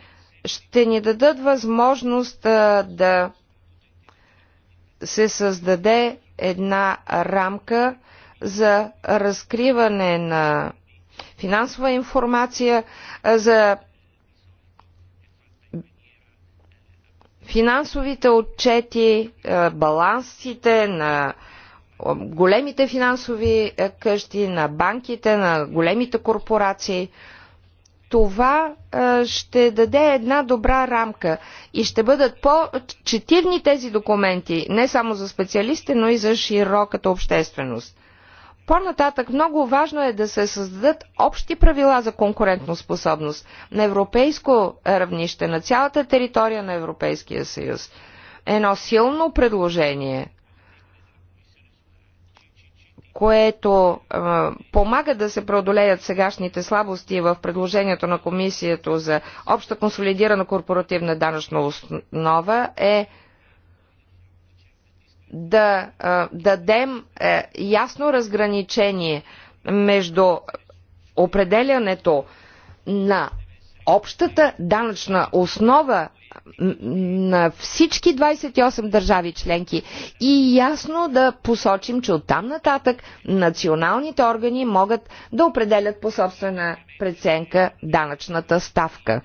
Speaker 2: ще ни дадат възможност е, да се създаде една рамка за разкриване на финансова информация, е, за финансовите отчети, балансите на големите финансови е, къщи, на банките, на големите корпорации. Това е, ще даде една добра рамка и ще бъдат по-четивни тези документи, не само за специалисти, но и за широката общественост. По-нататък много важно е да се създадат общи правила за конкурентоспособност на европейско равнище, на цялата територия на Европейския съюз. Едно силно предложение което а, помага да се преодолеят сегашните слабости в предложението на комисията за обща консолидирана корпоративна данъчна основа е да а, дадем а, е, ясно разграничение между определянето на общата данъчна основа на всички 28 държави членки и ясно да посочим, че оттам нататък националните органи могат да определят по собствена преценка данъчната ставка.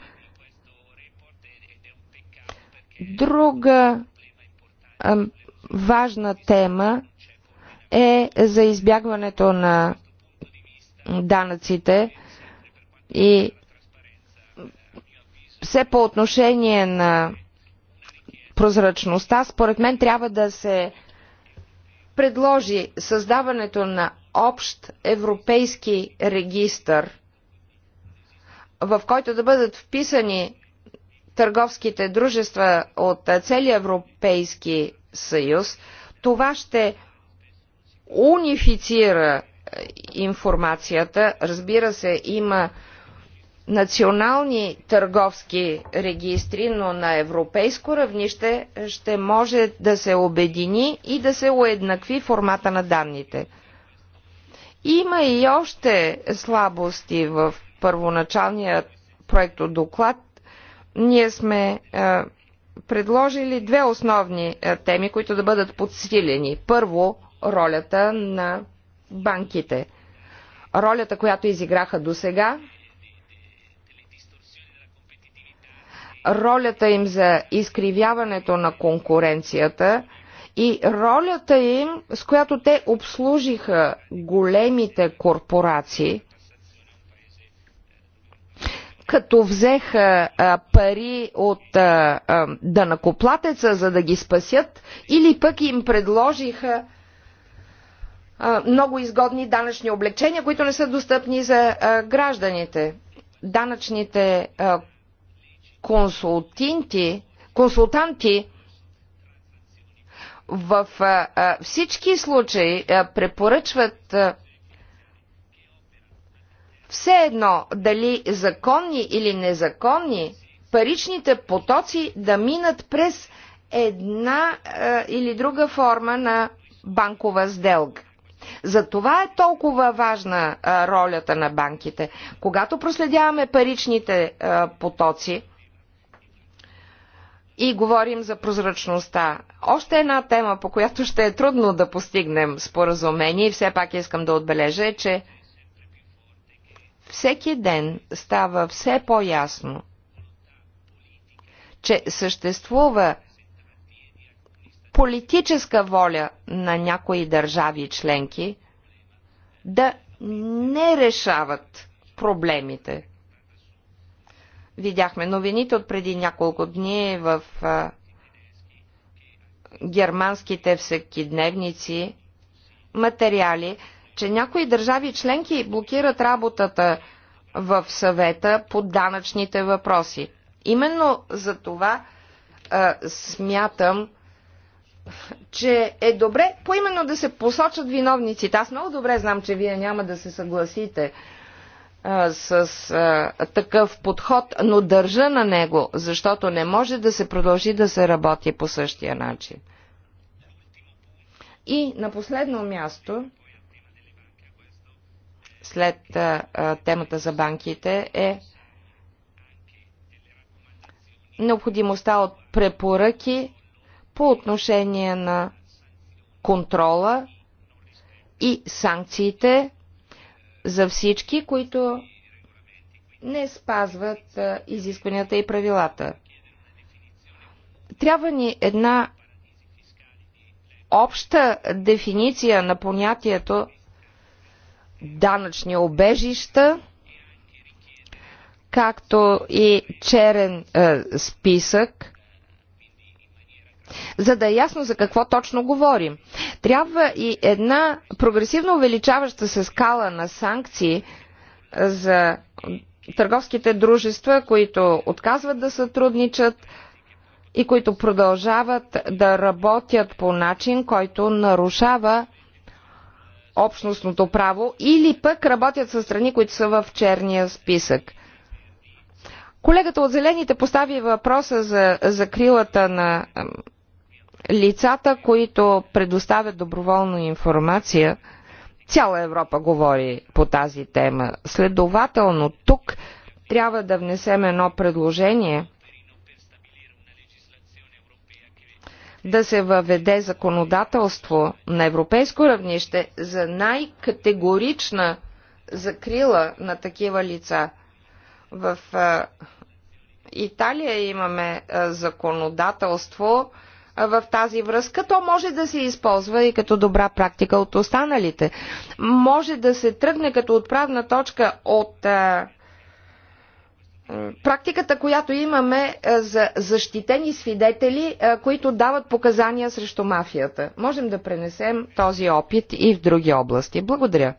Speaker 2: Друга а, важна тема е за избягването на данъците и все по отношение на прозрачността, според мен трябва да се предложи създаването на общ европейски регистър, в който да бъдат вписани търговските дружества от целия Европейски съюз. Това ще унифицира е, информацията. Разбира се, има национални търговски регистри, но на европейско равнище ще може да се обедини и да се уеднакви формата на данните. Има и още слабости в първоначалния проект от доклад. Ние сме е, предложили две основни е, теми, които да бъдат подсилени. Първо, ролята на банките. Ролята, която изиграха до сега, ролята им за изкривяването на конкуренцията и ролята им, с която те обслужиха големите корпорации, като взеха а, пари от а, а, дънакоплатеца, за да ги спасят, или пък им предложиха а, много изгодни данъчни облегчения, които не са достъпни за а, гражданите. Данъчните а, консултанти, консултанти в всички случаи препоръчват все едно дали законни или незаконни паричните потоци да минат през една или друга форма на банкова сделка. За това е толкова важна ролята на банките. Когато проследяваме паричните потоци, и говорим за прозрачността. Още една тема, по която ще е трудно да постигнем споразумение и все пак искам да отбележа, е, че всеки ден става все по-ясно, че съществува политическа воля на някои държави и членки да не решават проблемите Видяхме новините от преди няколко дни в германските всекидневници материали, че някои държави членки блокират работата в съвета по данъчните въпроси. Именно за това а, смятам, че е добре поименно да се посочат виновниците. Аз много добре знам, че вие няма да се съгласите с а, такъв подход, но държа на него, защото не може да се продължи да се работи по същия начин. И на последно място, след а, а, темата за банките, е необходимостта от препоръки по отношение на контрола и санкциите за всички, които не спазват изискванията и правилата. Трябва ни една обща дефиниция на понятието данъчни обежища, както и черен е, списък за да е ясно за какво точно говорим. Трябва и една прогресивно увеличаваща се скала на санкции за търговските дружества, които отказват да сътрудничат и които продължават да работят по начин, който нарушава общностното право или пък работят с страни, които са в черния списък. Колегата от Зелените постави въпроса за закрилата на лицата, които предоставят доброволно информация, цяла Европа говори по тази тема. Следователно, тук трябва да внесем едно предложение да се въведе законодателство на европейско равнище за най-категорична закрила на такива лица. В Италия имаме законодателство, в тази връзка, то може да се използва и като добра практика от останалите. Може да се тръгне като отправна точка от а, практиката, която имаме за защитени свидетели, които дават показания срещу мафията. Можем да пренесем този опит и в други области. Благодаря.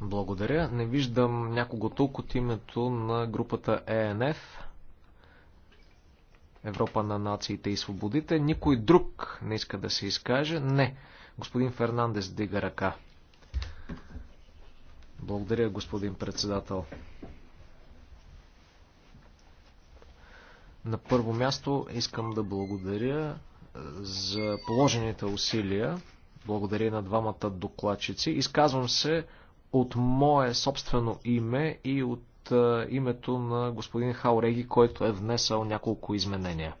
Speaker 1: Благодаря. Не виждам някого тук от името на групата ЕНФ. Европа на нациите и свободите. Никой друг не иска да се изкаже. Не. Господин Фернандес дига ръка. Благодаря, господин председател. На първо място искам да благодаря е, за положените усилия. Благодаря на двамата докладчици. Изказвам се от мое собствено име и от е, името на господин Хауреги, който е внесъл няколко изменения.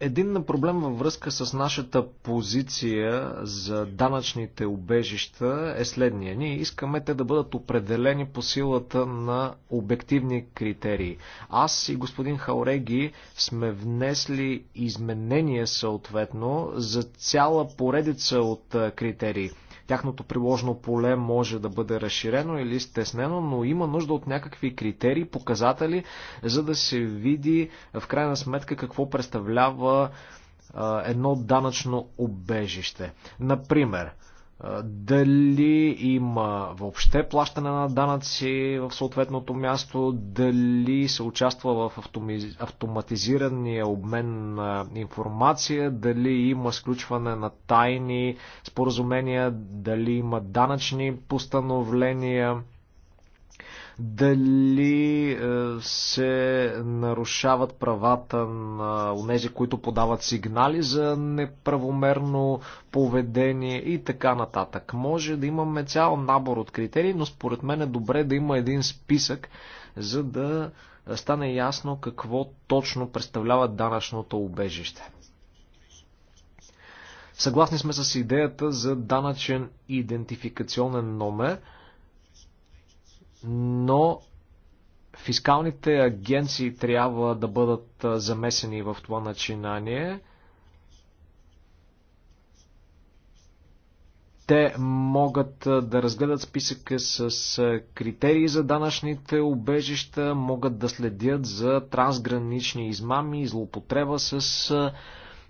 Speaker 1: Един проблем във връзка с нашата позиция за данъчните убежища е следния. Ние искаме те да бъдат определени по силата на обективни критерии. Аз и господин Хауреги сме внесли изменения съответно за цяла поредица от е, критерии. Тяхното приложно поле може да бъде разширено или стеснено, но има нужда от някакви критерии, показатели, за да се види в крайна сметка какво представлява едно данъчно обежище. Например, дали има въобще плащане на данъци в съответното място, дали се участва в автоматизирания обмен на информация, дали има сключване на тайни споразумения, дали има данъчни постановления дали е, се нарушават правата на тези, които подават сигнали за неправомерно поведение и така нататък. Може да имаме цял набор от критерии, но според мен е добре да има един списък, за да стане ясно какво точно представлява данъчното убежище. Съгласни сме с идеята за данъчен идентификационен номер – но фискалните агенции трябва да бъдат замесени в това начинание. Те могат да разгледат списъка с критерии за данъчните убежища, могат да следят за трансгранични измами злоупотреба с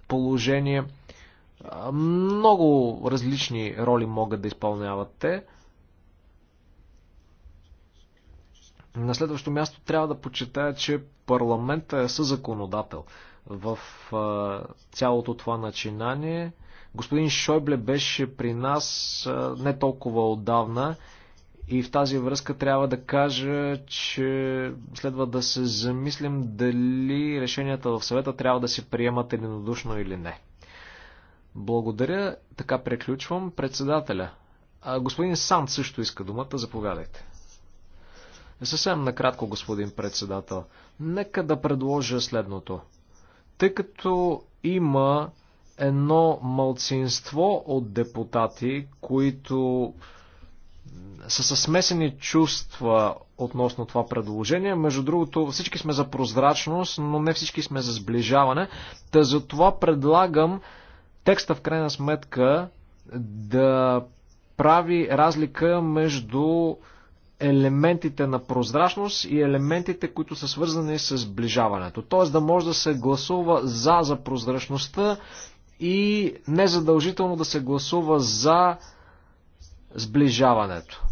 Speaker 1: положение. Много различни роли могат да изпълняват те. На следващо място трябва да почитая, че парламента е съзаконодател в цялото това начинание. Господин Шойбле беше при нас не толкова отдавна и в тази връзка трябва да кажа, че следва да се замислим дали решенията в съвета трябва да се приемат единодушно или не. Благодаря, така приключвам. Председателя. Господин Санд също иска думата, заповядайте. Съвсем накратко, господин председател. Нека да предложа следното. Тъй като има едно мълцинство от депутати, които са със смесени чувства относно това предложение. Между другото, всички сме за прозрачност, но не всички сме за сближаване. Та за това предлагам текста в крайна сметка да прави разлика между елементите на прозрачност и елементите, които са свързани с сближаването. Т.е. да може да се гласува за за прозрачността и незадължително да се гласува за сближаването.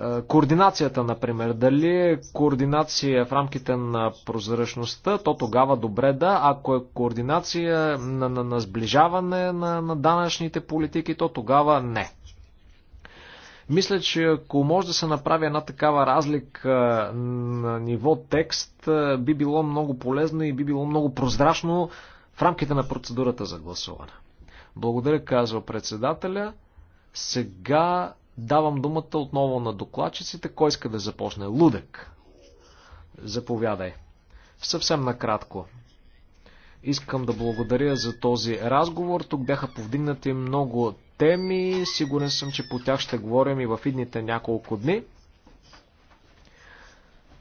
Speaker 1: Е, координацията, например, дали е координация в рамките на прозрачността, то тогава добре да. Ако е координация на, на, на сближаване на, на данъчните политики, то тогава не. Мисля, че ако може да се направи една такава разлика е, на ниво текст, е, би било много полезно и би било много прозрачно в рамките на процедурата за гласуване. Благодаря, казва председателя. Сега давам думата отново на докладчиците. Кой иска да започне? Лудък. Заповядай. Съвсем накратко. Искам да благодаря за този разговор. Тук бяха повдигнати много теми. Сигурен съм, че по тях ще говорим и в идните няколко дни.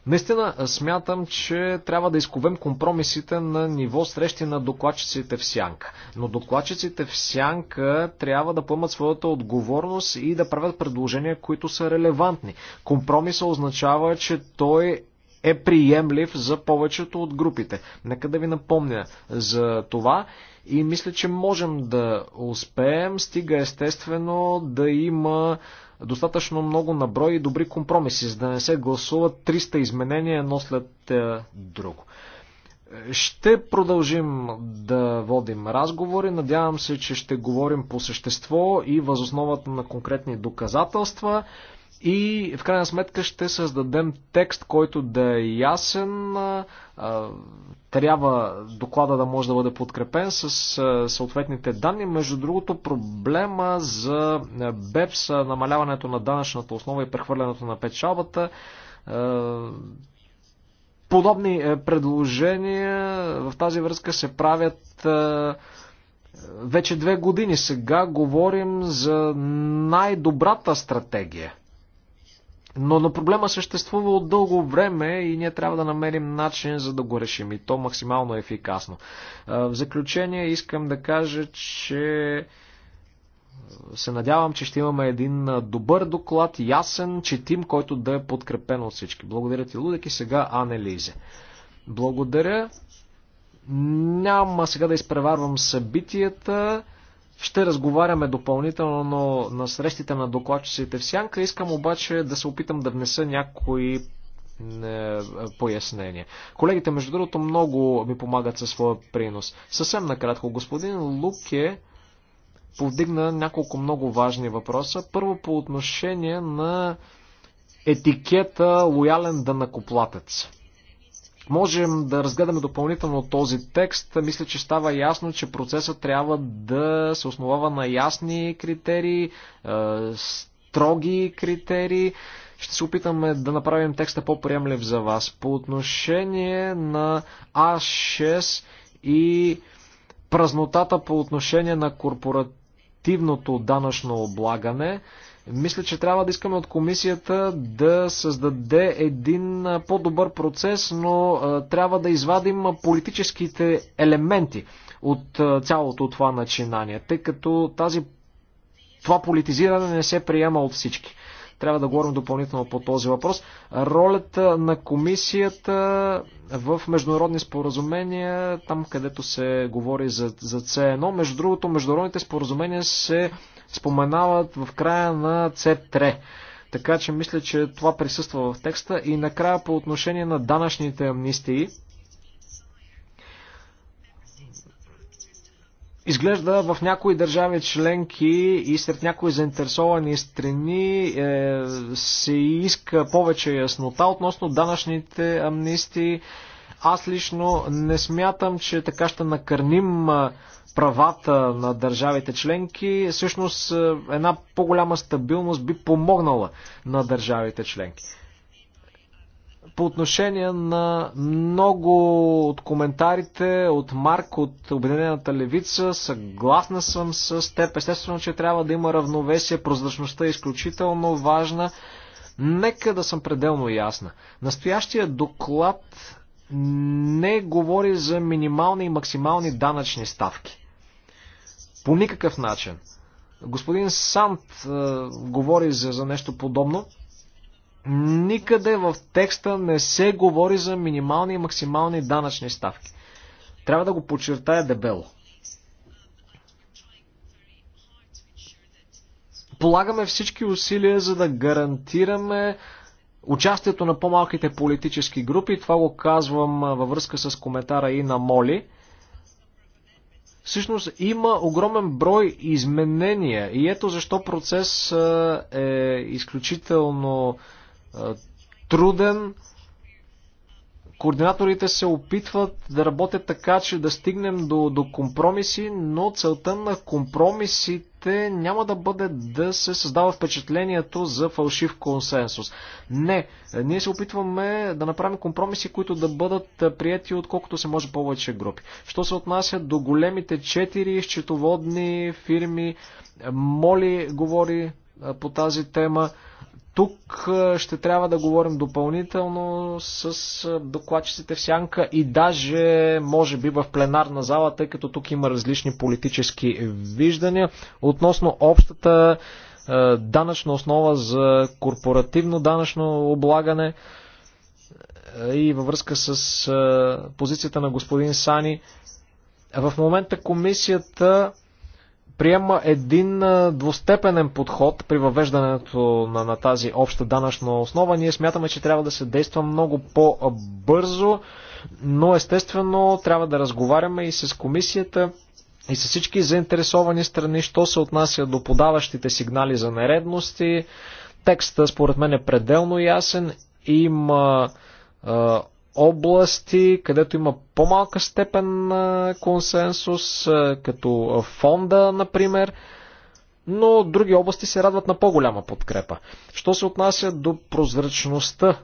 Speaker 1: Наистина смятам, че трябва да изковем компромисите на ниво срещи на докладчиците в сянка. Но докладчиците в сянка трябва да поемат своята отговорност и да правят предложения, които са релевантни. Компромиса означава, че той е приемлив за повечето от групите. Нека да ви напомня за това и мисля, че можем да успеем, стига естествено да има достатъчно много наброи и добри компромиси, за да не се гласуват 300 изменения едно след е, друго. Ще продължим да водим разговори. Надявам се, че ще говорим по същество и възосновата на конкретни доказателства. И в крайна сметка ще създадем текст, който да е ясен. Трябва доклада да може да бъде подкрепен с съответните данни. Между другото, проблема за БЕПС, намаляването на данъчната основа и прехвърлянето на печалбата, подобни е, предложения в тази връзка се правят вече две години. Сега говорим за най-добрата стратегия. Но, но проблема съществува от дълго време и ние трябва да намерим начин за да го решим и то максимално ефикасно. В заключение искам да кажа, че се надявам, че ще имаме един добър доклад, ясен, четим, който да е подкрепен от всички. Благодаря ти, Лудек, и сега Анелизе. Благодаря. Няма сега да изпреварвам събитията. Ще разговаряме допълнително на срещите на докладчиците в Сянка. Искам обаче да се опитам да внеса някои е, пояснения. Колегите, между другото, много ми помагат със своя принос. Съвсем накратко, господин Луке повдигна няколко много важни въпроса. Първо по отношение на етикета лоялен данакоплатец можем да разгледаме допълнително този текст. Мисля, че става ясно, че процесът трябва да се основава на ясни критерии, е, строги критерии. Ще се опитаме да направим текста по-приемлив за вас. По отношение на А6 и празнотата по отношение на корпоративното данъчно облагане, мисля, че трябва да искаме от комисията да създаде един по-добър процес, но трябва да извадим политическите елементи от цялото това начинание, тъй като тази, това политизиране не се приема от всички. Трябва да говорим допълнително по този въпрос. Ролята на комисията в международни споразумения, там където се говори за, за ЦНО, между другото, международните споразумения се споменават в края на C3. Така че мисля, че това присъства в текста. И накрая по отношение на данъчните амнистии. Изглежда в някои държави членки и сред някои заинтересовани страни е, се иска повече яснота относно данъчните амнистии. Аз лично не смятам, че така ще накърним правата на държавите членки. Всъщност една по-голяма стабилност би помогнала на държавите членки. По отношение на много от коментарите от Марк от Обединената левица, съгласна съм с теб. Естествено, че трябва да има равновесие. Прозрачността е изключително важна. Нека да съм пределно ясна. Настоящия доклад не говори за минимални и максимални данъчни ставки. По никакъв начин. Господин Сант е, говори за, за нещо подобно. Никъде в текста не се говори за минимални и максимални данъчни ставки. Трябва да го подчертая дебело. Полагаме всички усилия, за да гарантираме участието на по-малките политически групи. Това го казвам във връзка с коментара и на Моли. Всъщност има огромен брой изменения и ето защо процес е изключително труден. Координаторите се опитват да работят така, че да стигнем до, до компромиси, но целта на компромисите няма да бъде да се създава впечатлението за фалшив консенсус. Не, ние се опитваме да направим компромиси, които да бъдат прияти отколкото се може повече групи. Що се отнася до големите четири счетоводни фирми, Моли говори по тази тема. Тук ще трябва да говорим допълнително с докладчиците в сянка и даже, може би, в пленарна зала, тъй като тук има различни политически виждания относно общата данъчна основа за корпоративно данъчно облагане и във връзка с позицията на господин Сани. В момента комисията приема един двустепенен подход при въвеждането на, на тази обща данъчна основа. Ние смятаме, че трябва да се действа много по-бързо, но естествено трябва да разговаряме и с комисията и с всички заинтересовани страни, що се отнася до подаващите сигнали за нередности. Текстът според мен е пределно ясен. Има области, където има по-малка степен на консенсус, е, като фонда, например, но други области се радват на по-голяма подкрепа. Що се отнася до прозрачността,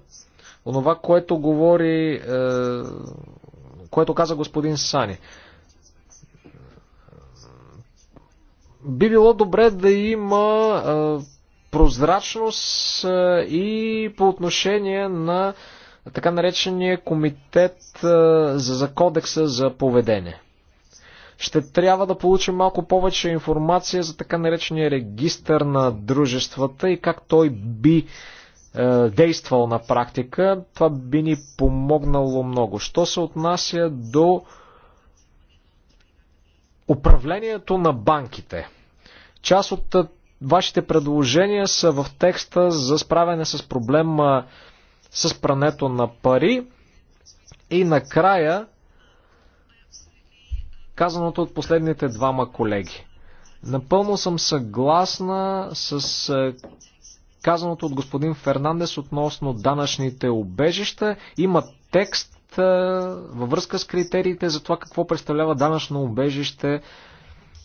Speaker 1: онова, което говори, е, което каза господин Сани, би било добре да има е, прозрачност и по отношение на така наречения комитет за, за кодекса за поведение. Ще трябва да получим малко повече информация за така наречения регистър на дружествата и как той би е, действал на практика. Това би ни помогнало много. Що се отнася до управлението на банките? Част от е, вашите предложения са в текста за справяне с проблема е, с прането на пари и накрая казаното от последните двама колеги. Напълно съм съгласна с е, казаното от господин Фернандес относно данъчните обежища. Има текст е, във връзка с критериите за това какво представлява данъчно обежище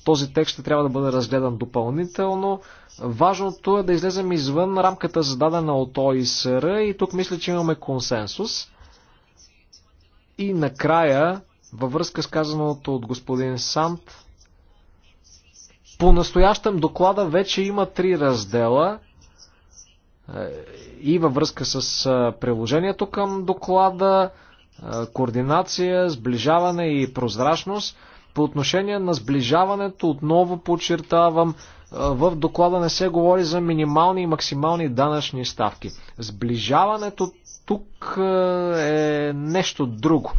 Speaker 1: този текст ще трябва да бъде разгледан допълнително. Важното е да излезем извън рамката зададена от ОИСР и тук мисля, че имаме консенсус. И накрая, във връзка с казаното от господин Сант, по настоящем доклада вече има три раздела е, и във връзка с е, приложението към доклада, е, координация, сближаване и прозрачност – по отношение на сближаването, отново подчертавам, в доклада не се говори за минимални и максимални данъчни ставки. Сближаването тук е нещо друго.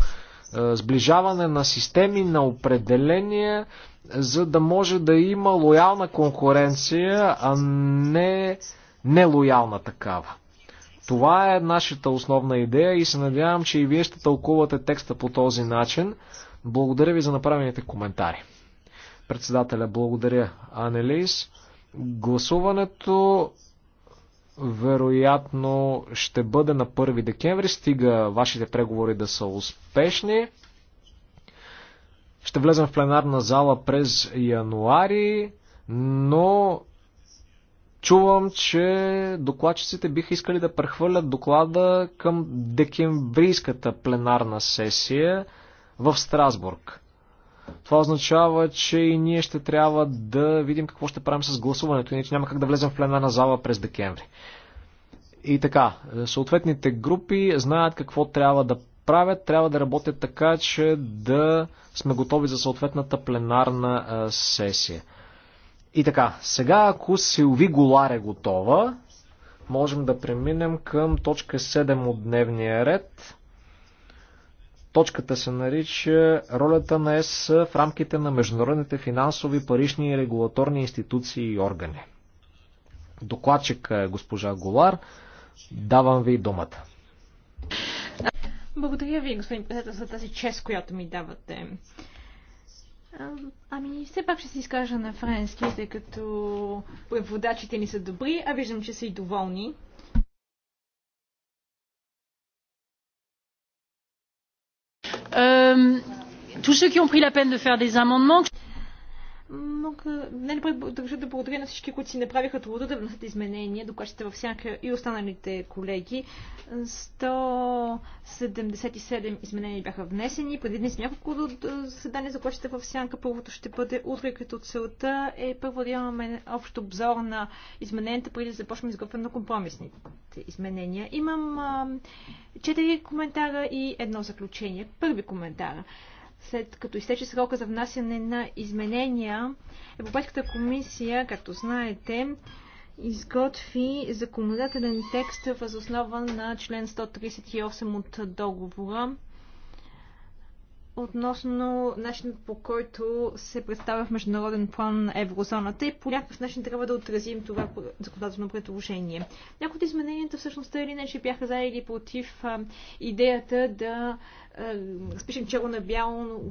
Speaker 1: Сближаване на системи, на определения, за да може да има лоялна конкуренция, а не нелоялна такава. Това е нашата основна идея и се надявам, че и вие ще тълкувате текста по този начин. Благодаря ви за направените коментари. Председателя, благодаря. Анелис, гласуването вероятно ще бъде на 1 декември, стига вашите преговори да са успешни. Ще влезем в пленарна зала през януари, но чувам, че докладчиците биха искали да прехвърлят доклада към декембрийската пленарна сесия в Страсбург. Това означава, че и ние ще трябва да видим какво ще правим с гласуването, иначе няма как да влезем в пленарна зала през декември. И така, съответните групи знаят какво трябва да правят, трябва да работят така, че да сме готови за съответната пленарна сесия. И така, сега ако Силви Голар е готова, можем да преминем към точка 7 от дневния ред. Точката се нарича ролята на ЕС в рамките на международните финансови, парични и регулаторни институции и органи. Докладчик е госпожа Голар. Давам ви думата.
Speaker 3: Благодаря ви, господин председател, за тази чест, която ми давате. Ами, все пак ще се изкажа на френски, тъй като преводачите ни са добри, а виждам, че са и доволни. tous ceux qui ont pris la peine de faire des amendements. Мога не добре държа да благодаря на всички, които си направиха труда да внесат изменения, докладчите във всяка и останалите колеги. 177 изменения бяха внесени. Преди днес няколко заседания, за докладчите във всяка. Първото ще бъде утре, като целта е първо да имаме общ обзор на измененията, преди да започнем изготвяне на компромисните изменения. Имам четири коментара и едно заключение. Първи коментар след като изтече срока за внасяне на изменения, Европейската комисия, както знаете, изготви законодателен текст въз основа на член 138 от договора относно начинът по който се представя в международен план на еврозоната и по някакъв начин трябва да отразим това законодателно предложение. Някои от измененията всъщност или не, че бяха за или против идеята да е, спишем черно на бяло,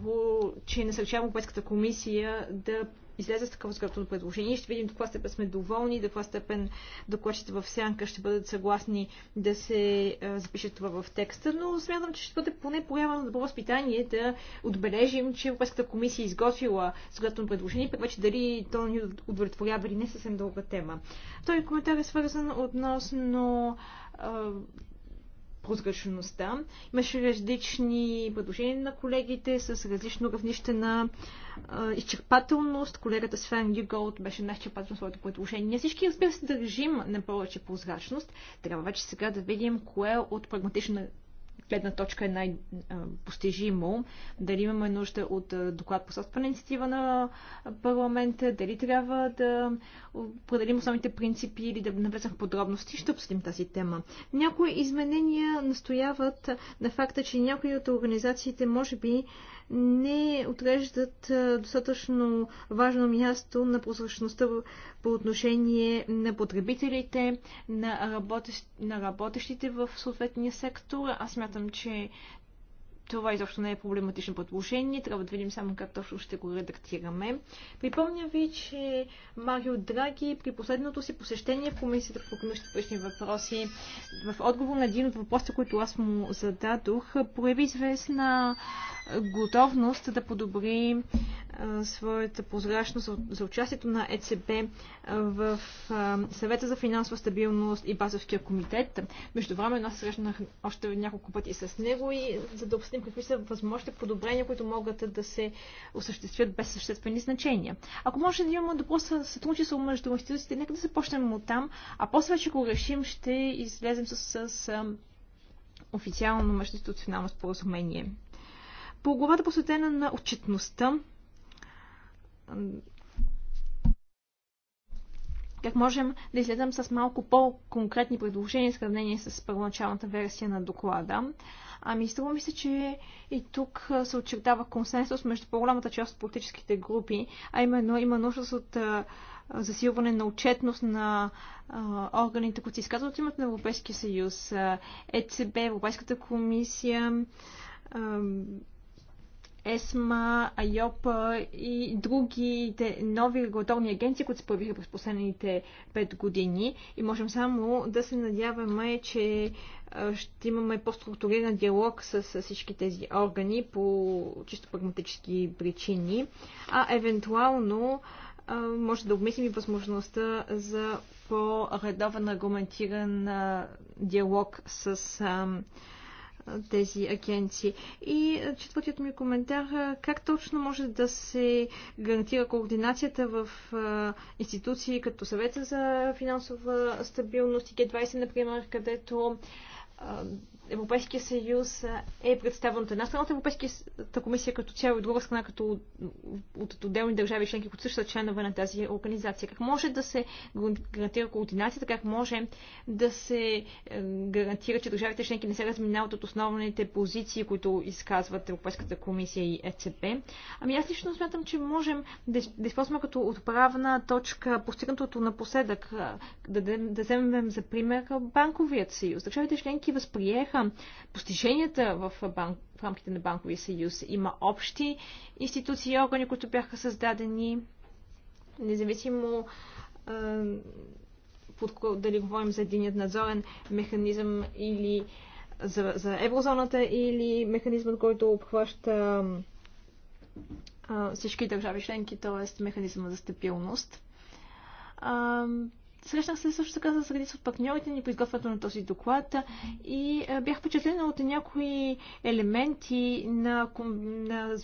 Speaker 3: че насърчавам Европейската комисия да излезе с такова скръпно предложение. Ще видим до каква степен сме доволни, до каква степен докладчите в сянка ще бъдат съгласни да се е, запише това в текста, но смятам, че ще бъде поне появано на добро възпитание да отбележим, че Европейската комисия е изготвила скръпно предложение, пък вече дали то ни удовлетворява или не съвсем дълга тема. Той коментар е свързан относно прозрачността. Имаше различни предложения на колегите с различно равнище на изчерпателност. Колегата Свен Гиголд беше най-изчерпателно своето предложение. Не всички, разбира се, държим на повече прозрачност. Трябва вече сега да видим кое е от прагматична гледна точка е най-постижимо. Дали имаме нужда от доклад по собствена инициатива на парламента, дали трябва да определим основните принципи или да навлезем в подробности, ще обсъдим тази тема. Някои изменения настояват на факта, че някои от организациите може би не отреждат достатъчно важно място на прозрачността по отношение на потребителите, на, работещ, на работещите в съответния сектор. Аз смятам, че това изобщо не е проблематично предложение. Трябва да видим само как точно ще го редактираме. Припомня ви, че Марио Драги при последното си посещение в Комисията по економически въпроси, в отговор на един от въпросите, които аз му зададох, прояви известна готовност да подобри своята прозрачност за участието на ЕЦБ в съвета за финансова стабилност и базовския комитет. Между време аз срещнах още няколко пъти с него и за да обясним какви са възможните подобрения, които могат да се осъществят без съществени значения. Ако може да имаме добро сътрудничество между институциите, нека да започнем от там, а после вече го решим, ще излезем с, с официално междуинституционално споразумение по главата посветена на отчетността, как можем да изследвам с малко по-конкретни предложения в сравнение с първоначалната версия на доклада. Ами, струва ми се, че и тук се очертава консенсус между по-голямата част от политическите групи, а именно има нужда от засилване на отчетност на органите, които се изказват от името на Европейския съюз, ЕЦБ, Европейската комисия, ЕСМА, АЙОПА и другите нови регулаторни агенции, които се появиха през последните 5 години. И можем само да се надяваме, че ще имаме по-структуриран диалог с всички тези органи по чисто прагматически причини. А евентуално може да обмислим и възможността за по-редовен аргументиран диалог с тези агенции. И четвъртият ми коментар, как точно може да се гарантира координацията в институции като съвета за финансова стабилност и Г20, например, където Европейския съюз е представен от една страна от Европейската комисия като цяло и друга страна като от, от отделни държави членки, които също са членове на тази организация. Как може да се гарантира координацията, как може да се е, гарантира, че държавите членки не се разминават от основните позиции, които изказват Европейската комисия и ЕЦП? Ами аз лично смятам, че можем да, да използваме като отправна точка постигнатото напоследък, да, да, да вземем за пример банковият съюз. Държавите членки банки възприеха постиженията в, банк, в рамките на Банковия съюз. Има общи институции и органи, които бяха създадени, независимо под, дали говорим за единият надзорен механизъм или за, за еврозоната или механизмът, който обхваща а, всички държави членки, т.е. механизма за стабилност. А, Срещнах се също така с редица от партньорите ни по изготвянето на този доклад и е, бях впечатлена от някои елементи на, на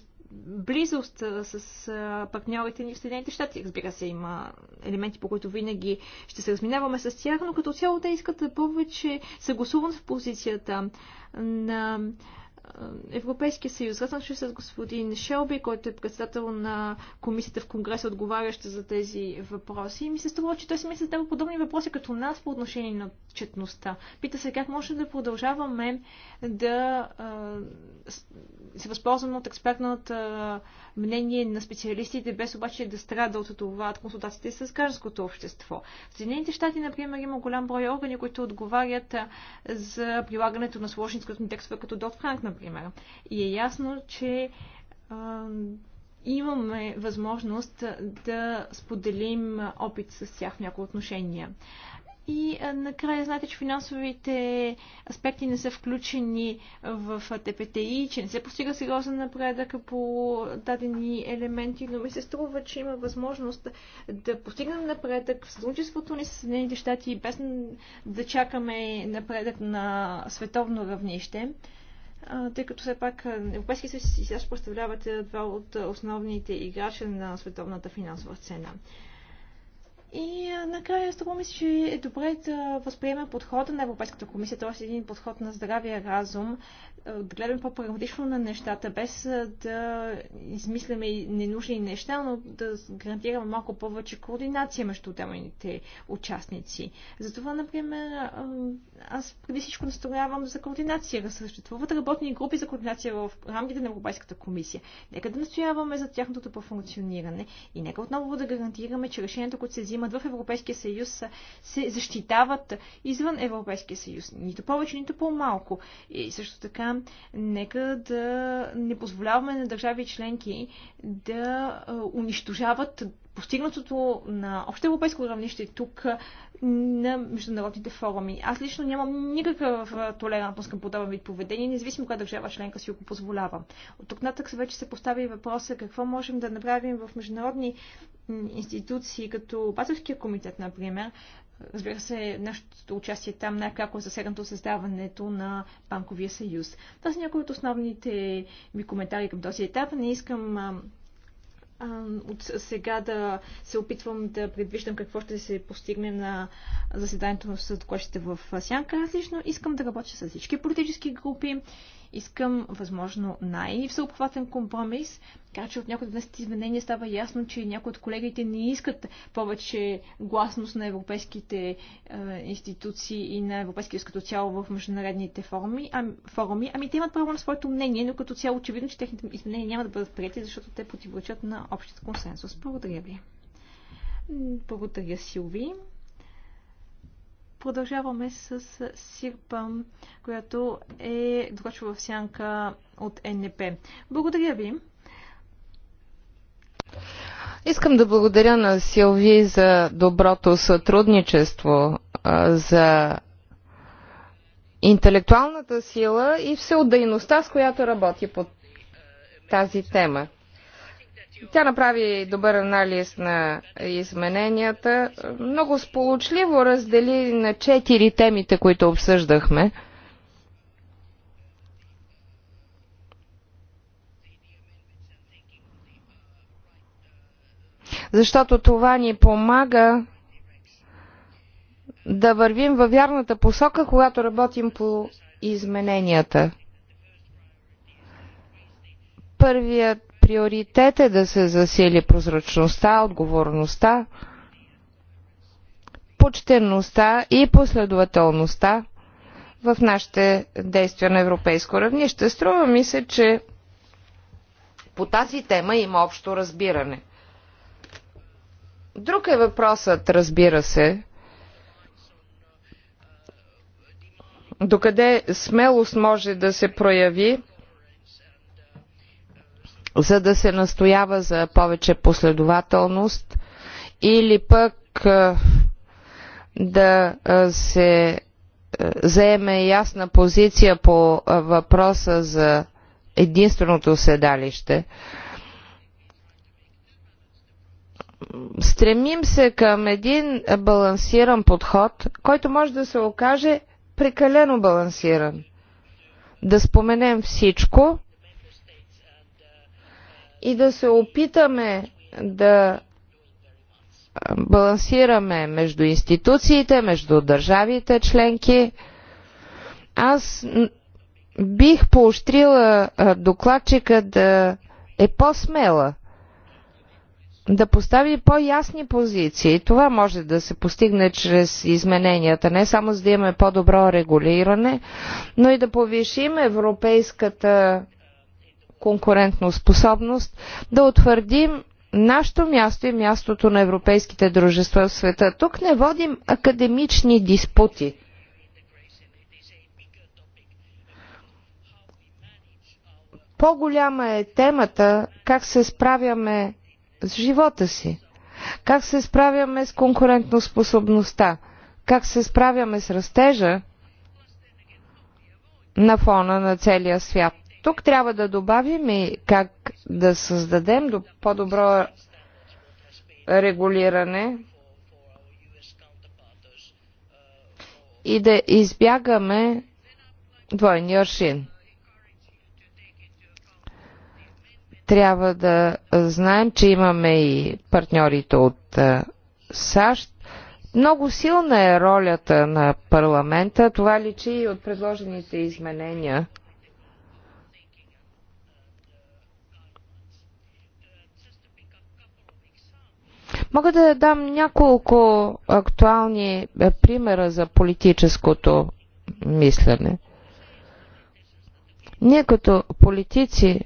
Speaker 3: близост е, с е, партньорите ни в Съединените щати. Разбира се, има елементи, по които винаги ще се разминаваме с тях, но като цяло те искат повече съгласуваност в позицията на Европейския съюз. Аз съм с господин Шелби, който е председател на комисията в Конгреса, отговаряща за тези въпроси. И ми се струва, че той си ми задава подобни въпроси като нас по отношение на четността. Пита се как може да продължаваме да а, се възползваме от експертната мнение на специалистите, без обаче да страда от това от консултациите с гражданското общество. В Съединените щати, например, има голям брой органи, които отговарят за прилагането на сложни текстове, като Дот Франк, например. И е ясно, че а, имаме възможност да споделим опит с тях в някои отношения. И накрая знаете, че финансовите аспекти не са включени в ТПТИ, че не се постига сериозен напредък по дадени елементи, но ми се струва, че има възможност да постигнем напредък в сътрудничеството ни с Съединените щати, без да чакаме напредък на световно равнище тъй като все пак Европейски съюз и САЩ представляват два от основните играчи на световната финансова сцена. И накрая струва мисля, че е добре да възприемем подхода на Европейската комисия, т.е. един подход на здравия разум, да гледаме по-прагматично на нещата, без да измисляме ненужни неща, но да гарантираме малко повече координация между отделните участници. Затова, например, аз преди всичко настроявам за координация. Да съществуват работни групи за координация в рамките на Европейската комисия. Нека да настояваме за тяхното добро функциониране и нека отново да гарантираме, че решението, което се взима имат в Европейския съюз, се защитават извън Европейския съюз. Нито повече, нито по-малко. И също така, нека да не позволяваме на държави членки да унищожават постигнатото на общо европейско равнище тук на международните форуми. Аз лично нямам никаква толерантност към подобен вид поведение, независимо коя държава членка си го позволява. От тук натък вече се постави въпроса какво можем да направим в международни институции, като Базовския комитет, например, Разбира се, нашето участие там най како е засегнато създаването на Банковия съюз. Това са някои от основните ми коментари към този етап. Не искам от сега да се опитвам да предвиждам какво ще се постигне на заседанието с докладчите е в Сянка. Аз лично искам да работя с всички политически групи Искам възможно най-всеобхватен компромис, така че от някои от днес изменения става ясно, че някои от колегите не искат повече гласност на европейските е, институции и на Европейския като цяло в международните форуми, а, форуми. Ами те имат право на своето мнение, но като цяло очевидно, че техните изменения няма да бъдат прияти, защото те противоречат на общия консенсус. Благодаря ви. Благодаря, Силви. Продължаваме с Сирпа, която е дрочва в сянка от НП. Благодаря ви.
Speaker 2: Искам да благодаря на Силви за доброто сътрудничество, за интелектуалната сила и всеотдайността, с която работи по тази тема. Тя направи добър анализ на измененията. Много сполучливо раздели на четири темите, които обсъждахме. Защото това ни помага да вървим във вярната посока, когато работим по измененията. Първият приоритет е да се засили прозрачността, отговорността, почтенността и последователността в нашите действия на европейско равнище. Струва ми се, че по тази тема има общо разбиране. Друг е въпросът, разбира се, докъде смелост може да се прояви за да се настоява за повече последователност или пък да се заеме ясна позиция по въпроса за единственото седалище. Стремим се към един балансиран подход, който може да се окаже прекалено балансиран. Да споменем всичко, и да се опитаме да балансираме между институциите, между държавите членки. Аз бих поощрила докладчика да е по-смела, да постави по-ясни позиции. Това може да се постигне чрез измененията, не само за да имаме по-добро регулиране, но и да повишим европейската конкурентно способност, да утвърдим нашето място и мястото на европейските дружества в света. Тук не водим академични диспути. По-голяма е темата как се справяме с живота си, как се справяме с конкурентноспособността, как се справяме с растежа на фона на целия свят. Тук трябва да добавим и как да създадем до по-добро регулиране и да избягаме двойния аршин. Трябва да знаем, че имаме и партньорите от САЩ. Много силна е ролята на парламента. Това личи и от предложените изменения. Мога да дам няколко актуални е, примера за политическото мислене. Ние като политици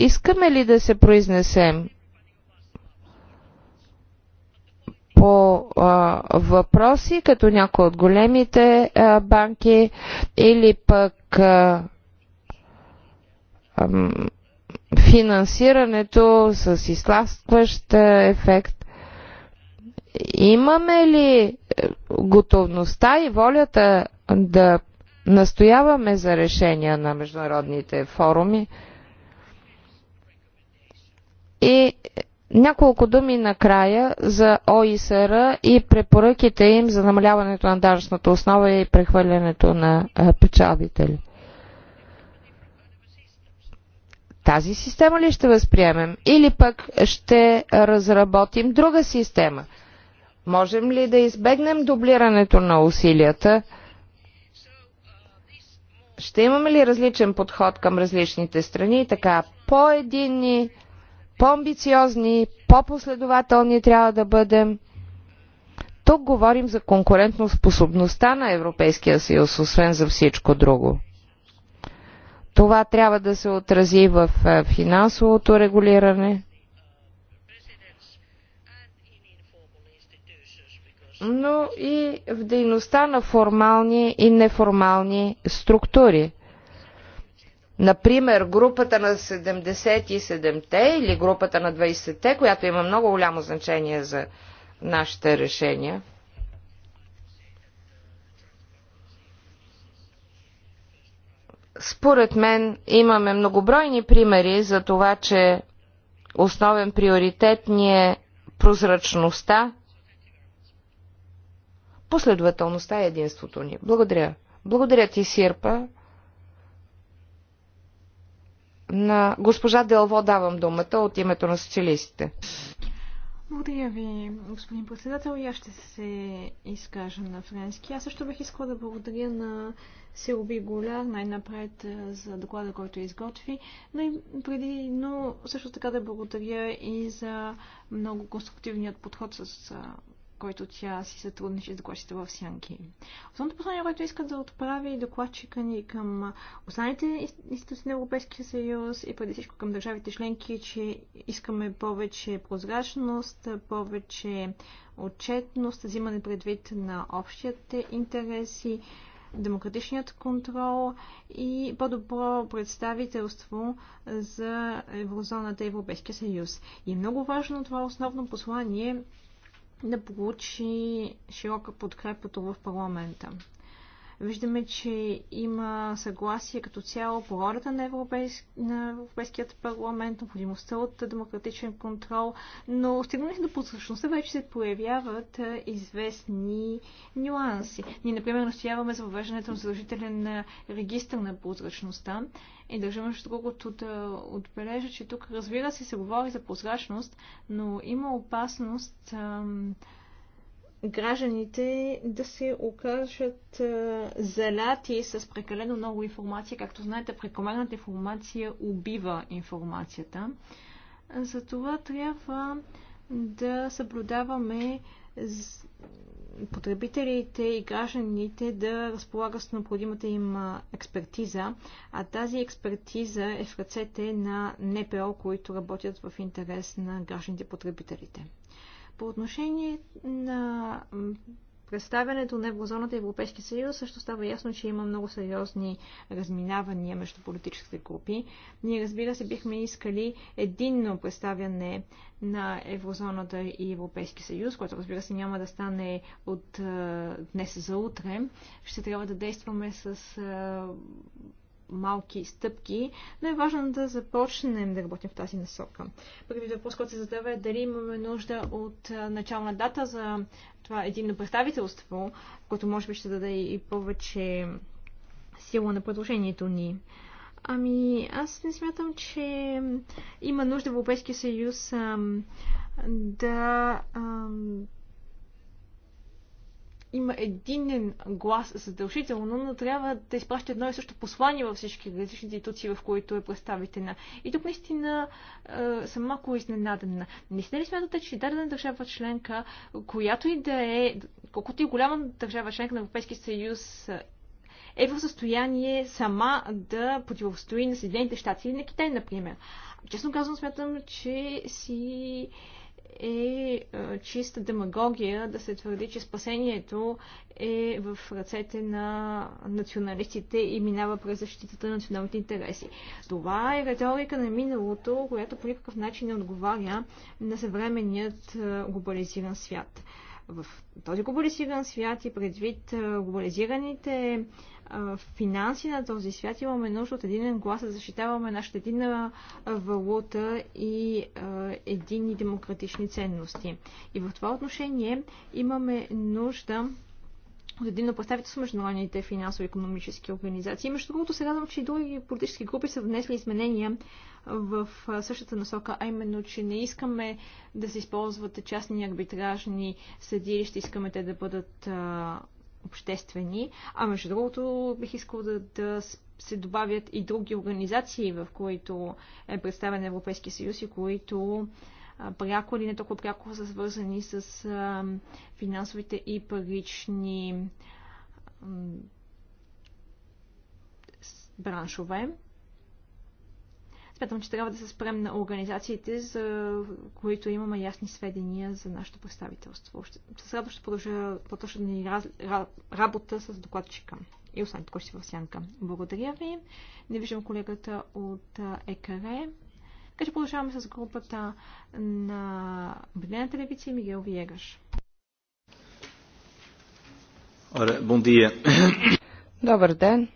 Speaker 2: искаме ли да се произнесем по а, въпроси, като някои от големите а, банки или пък а, финансирането с изтластващ е, ефект. Имаме ли е, готовността и волята да настояваме за решения на международните форуми? И няколко думи накрая за ОИСР и препоръките им за намаляването на данъчната основа и прехвърлянето на е, печалбите. Тази система ли ще възприемем или пък ще разработим друга система? Можем ли да избегнем дублирането на усилията? Ще имаме ли различен подход към различните страни, така по-единни, по-амбициозни, по-последователни трябва да бъдем? Тук говорим за конкурентно способността на Европейския съюз, освен за всичко друго. Това трябва да се отрази в е, финансовото регулиране. но и в дейността на формални и неформални структури. Например, групата на 77-те или групата на 20-те, която има много голямо значение за нашите решения. Според мен имаме многобройни примери за това, че основен приоритет ни е прозрачността, последователността и е единството ни. Благодаря. Благодаря ти, Сирпа. На госпожа Делво давам думата от името на социалистите.
Speaker 3: Благодаря ви, господин председател. И аз ще се изкажа на френски. Аз също бих искала да благодаря на се Голяр най-напред за доклада, който изготви, но, и преди, но също така да благодаря и за много конструктивният подход, с който тя си сътрудничи с докладчите в Сянки. Основното послание, което иска да отправи докладчика ни към останалите институции на Европейския съюз и преди всичко към държавите членки, че искаме повече прозрачност, повече отчетност, взимане предвид на общите интереси, демократичният контрол и по-добро представителство за еврозоната и Европейския съюз. И е много важно това основно послание да получи широка подкрепа в парламента. Виждаме, че има съгласие като цяло по ролята на, Европейс... на Европейският парламент, необходимостта от демократичен контрол, но стигнали до подсъщността вече се появяват известни нюанси. Ние, например, настояваме за въвеждането на задължителен регистр на прозрачността и държа между другото да отбележа, че тук разбира се се говори за прозрачност, но има опасност ам, гражданите да се окажат заляти с прекалено много информация. Както знаете, прекомерната информация убива информацията. Затова трябва да съблюдаваме потребителите и гражданите да разполагат с необходимата им експертиза, а тази експертиза е в ръцете на НПО, които работят в интерес на гражданите потребителите. По отношение на представянето на еврозоната и Европейския съюз също става ясно, че има много сериозни разминавания между политическите групи. Ние, разбира се, бихме искали единно представяне на еврозоната и Европейския съюз, което, разбира се, няма да стане от днес за утре. Ще трябва да действаме с малки стъпки, но е важно да започнем да работим в тази насока. Първият въпрос, който се задава е дали имаме нужда от начална дата за това единно представителство, което може би ще даде и повече сила на предложението ни. Ами, аз не смятам, че има нужда в Европейския съюз ам, да ам, има единен глас задължително, но трябва да изпраща едно и също послание във всички различни институции, в които е представителна. И тук наистина е, съм малко изненадана. Наистина ли смятате, че дадена държава членка, която и да е, колкото и голяма държава членка на Европейския съюз е в състояние сама да противостои на Съединените щати или на Китай, например. Честно казвам, смятам, че си е чиста демагогия да се твърди, че спасението е в ръцете на националистите и минава през защитата на националните интереси. Това е риторика на миналото, която по никакъв начин не отговаря на съвременният глобализиран свят. В този глобализиран свят и предвид глобализираните финанси на този свят, имаме нужда от един глас, да защитаваме нашата единна валута и единни демократични ценности. И в това отношение имаме нужда от единно представителство на международните финансово економически организации. Между другото, се радвам, че и други политически групи са внесли изменения в същата насока, а именно, че не искаме да се използват частни арбитражни съдилища, искаме те да бъдат обществени, а между другото бих искал да, да се добавят и други организации, в които е представен Европейския съюз и които пряко или не толкова пряко са свързани с а, финансовите и парични а, браншове. Смятам, че трябва да се спрем на организациите, за които имаме ясни сведения за нашето представителство. Ще, с радост ще продължа по-точно да ни раз, ра, работа с докладчика и останете кошти в сянка. Благодаря ви. Не виждам колегата от ЕКР. Така че продължаваме с групата на Обединената телевизия и Мигел Виегаш.
Speaker 2: Добър ден.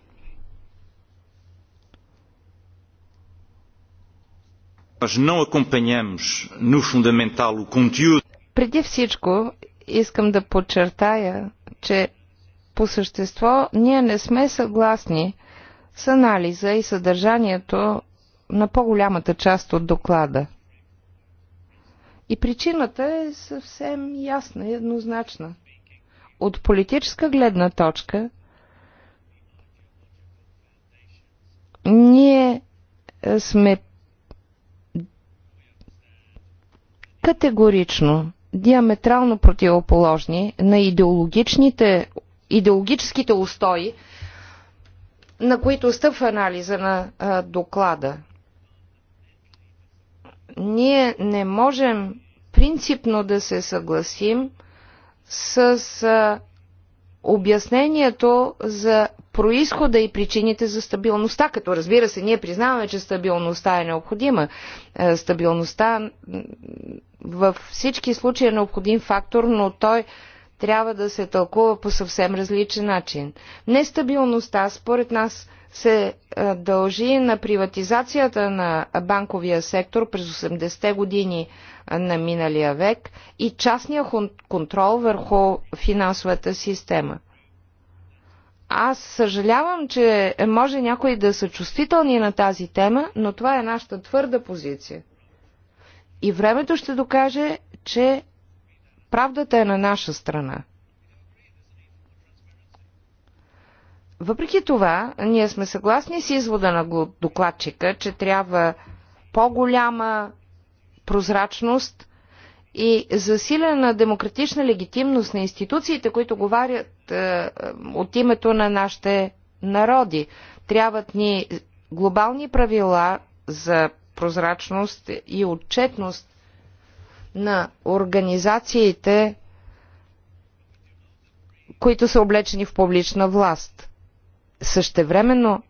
Speaker 1: Nós não acompanhamos no fundamental o conteúdo.
Speaker 2: Преди всичко искам да подчертая, че по същество ние не сме съгласни с анализа и съдържанието на по-голямата част от доклада. И причината е съвсем ясна и еднозначна. От политическа гледна точка, ние сме категорично диаметрално противоположни на идеологичните, идеологическите устои, на които стъпва анализа на а, доклада. Ние не можем принципно да се съгласим с а, обяснението за происхода и причините за стабилността, като разбира се, ние признаваме, че стабилността е необходима. Е, стабилността във всички случаи е необходим фактор, но той трябва да се тълкува по съвсем различен начин. Нестабилността, според нас, се е, дължи на приватизацията на банковия сектор през 80-те години е, на миналия век и частния контрол върху финансовата система. Аз съжалявам, че може някои да са чувствителни на тази тема, но това е нашата твърда позиция. И времето ще докаже, че правдата е на наша страна. Въпреки това, ние сме съгласни с извода на докладчика, че трябва по-голяма прозрачност и засилена демократична легитимност на институциите, които говорят е, от името на нашите народи. Трябват ни глобални правила за прозрачност и отчетност на организациите, които са облечени в публична власт. Същевременно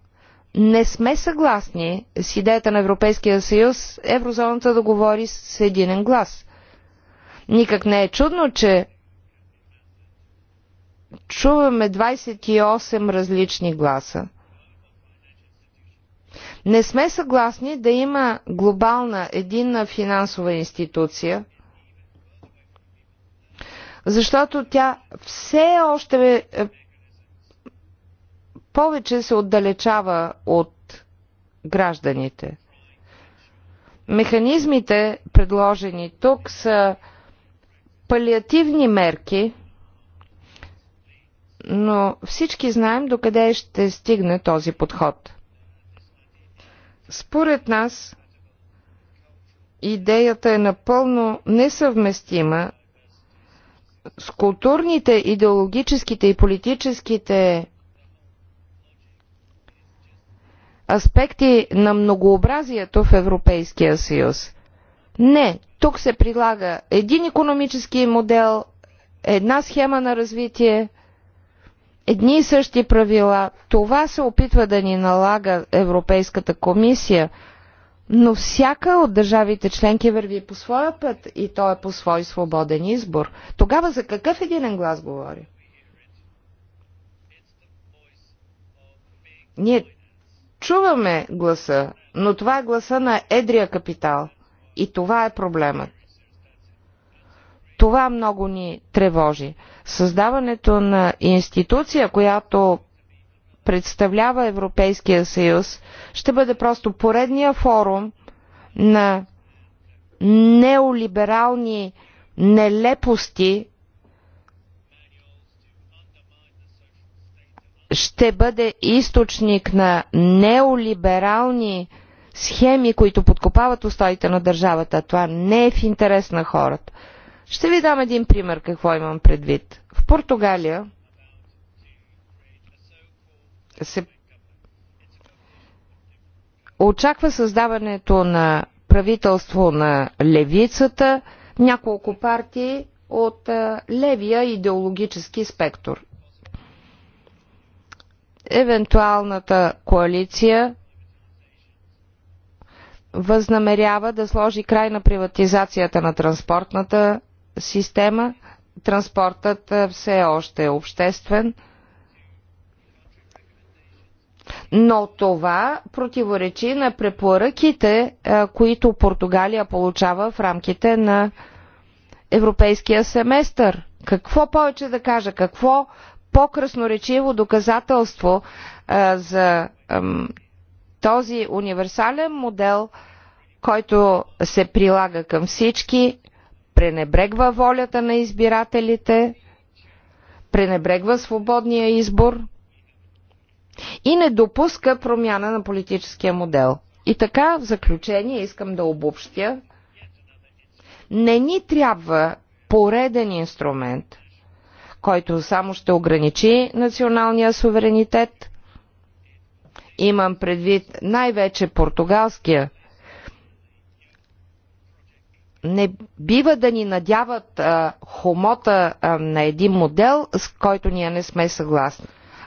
Speaker 2: не сме съгласни с идеята на Европейския съюз еврозоната да говори с единен глас. Никак не е чудно, че чуваме 28 различни гласа. Не сме съгласни да има глобална единна финансова институция – защото тя все още е, повече се отдалечава от гражданите. Механизмите, предложени тук, са палиативни мерки, но всички знаем докъде ще стигне този подход. Според нас, идеята е напълно несъвместима с културните, идеологическите и политическите аспекти на многообразието в Европейския съюз. Не, тук се прилага един економически модел, една схема на развитие, едни и същи правила. Това се опитва да ни налага Европейската комисия – но всяка от държавите членки върви по своя път и то е по свой свободен избор. Тогава за какъв единен глас говори? Ние чуваме гласа, но това е гласа на едрия капитал. И това е проблемът. Това много ни тревожи. Създаването на институция, която представлява Европейския съюз, ще бъде просто поредния форум на неолиберални нелепости, ще бъде източник на неолиберални схеми, които подкопават устоите на държавата. Това не е в интерес на хората. Ще ви дам един пример какво имам предвид. В Португалия се очаква създаването на правителство на левицата, няколко партии от левия идеологически спектър. Евентуалната коалиция възнамерява да сложи край на приватизацията на транспортната система. Транспортът все още е обществен – но това противоречи на препоръките, е, които Португалия получава в рамките на европейския семестър. Какво повече да кажа? Какво по-красноречиво доказателство а, е, за ам, този универсален модел, който се прилага към всички, пренебрегва волята на избирателите, пренебрегва свободния избор – и не допуска промяна на политическия модел. И така, в заключение, искам да обобщя, не ни трябва пореден инструмент, който само ще ограничи националния суверенитет. Имам предвид най-вече португалския. Не бива да ни надяват а, хомота а, на един модел, с който ние не сме съгласни.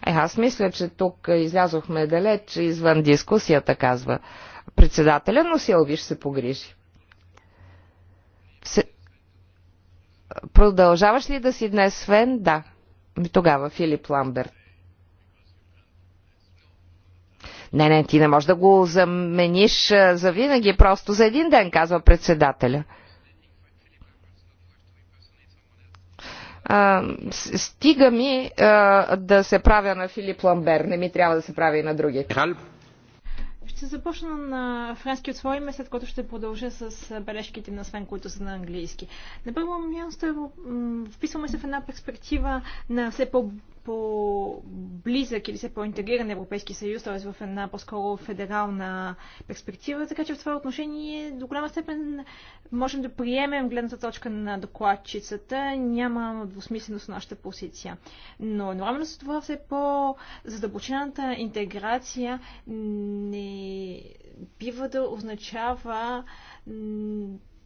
Speaker 2: Е, аз мисля, че тук излязохме далеч извън дискусията, казва председателя, но Силви ще се погрижи. Все... Продължаваш ли да си днес, Свен? Да. Тогава Филип Ламберт. Не, не, ти не можеш да го замениш завинаги просто за един ден, казва председателя. стига ми а, да се правя на Филип Ламбер, не ми трябва да се прави и на други.
Speaker 3: Ще започна на френски от свое име, след което ще продължа с бележките на Свен, които са на английски. На първо място вписваме се в една перспектива на все по по-близък или все по-интегриран Европейски съюз, т.е. в една по-скоро федерална перспектива. Така че в това отношение до голяма степен можем да приемем гледната точка на докладчицата. Няма двусмисленост на нашата позиция. Но едновременно с това все по-задълбочената интеграция не бива да означава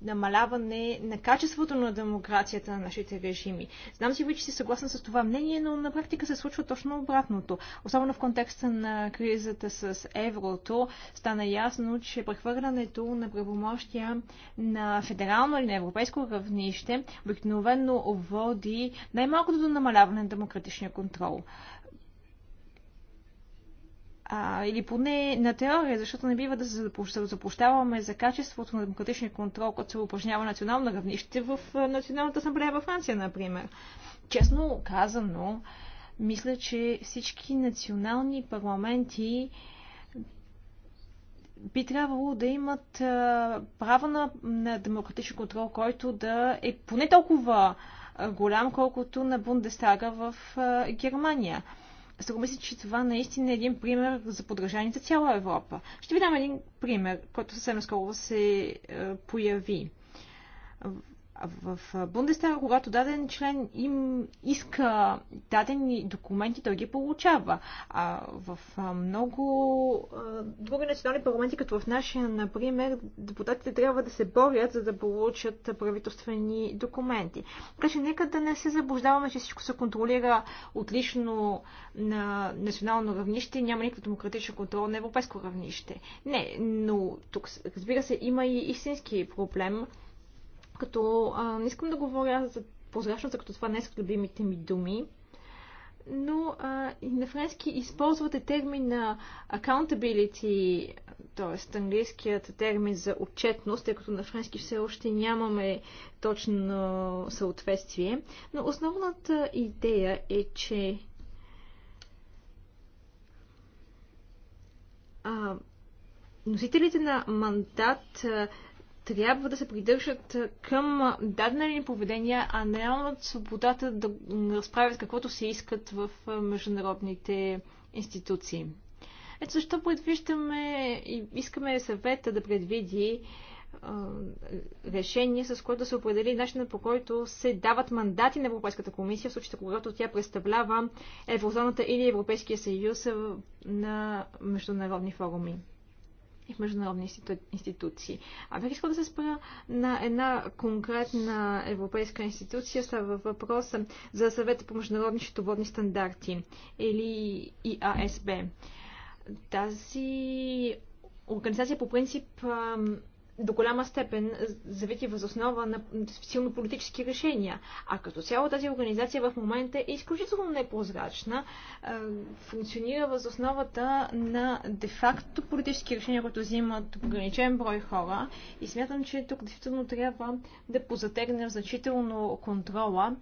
Speaker 3: намаляване на качеството на демокрацията на нашите режими. Знам си, вече че си съгласна с това мнение, но на практика се случва точно обратното. Особено в контекста на кризата с еврото, стана ясно, че прехвърлянето на правомощия на федерално или на европейско равнище обикновено води най-малкото до намаляване на демократичния контрол а, или поне на теория, защото не бива да се заплащаваме за качеството на демократичния контрол, който се упражнява национално равнище в Националната асамблея във Франция, например. Честно казано, мисля, че всички национални парламенти би трябвало да имат а, право на, на демократичен контрол, който да е поне толкова голям, колкото на Бундестага в а, Германия. Струва се, че това наистина е един пример за подражание за цяла Европа. Ще ви дам един пример, който съвсем скоро се е, появи в Бундестага, когато даден член им иска дадени документи, той ги получава. А в много други национални парламенти, като в нашия, например, депутатите трябва да се борят, за да получат правителствени документи. Така че нека да не се заблуждаваме, че всичко се контролира отлично на национално равнище, няма никакъв демократичен контрол на европейско равнище. Не, но тук, разбира се, има и истински проблем като а, не искам да говоря за прозрачност, като това не е са любимите ми думи, но а, и на френски използвате термина accountability, т.е. английският термин за отчетност, тъй като на френски все още нямаме точно съответствие. Но основната идея е, че а, носителите на мандат трябва да се придържат към дадени поведения, а не имат свободата да разправят каквото се искат в международните институции. Ето защо предвиждаме и искаме съвета да предвиди решение, с което да се определи начинът по който се дават мандати на Европейската комисия, в случаите когато тя представлява еврозоната или Европейския съюз на международни форуми и в международни институ... институции. А бих искал да се спра на една конкретна европейска институция. Става въпрос за съвета по международни счетоводни стандарти или ИАСБ. Тази организация по принцип до голяма степен завити възоснова на силно политически решения. А като цяло тази организация в момента е изключително непрозрачна, е, функционира възосновата на де-факто политически решения, които взимат ограничен брой хора. И смятам, че тук действително трябва да позатегнем значително контрола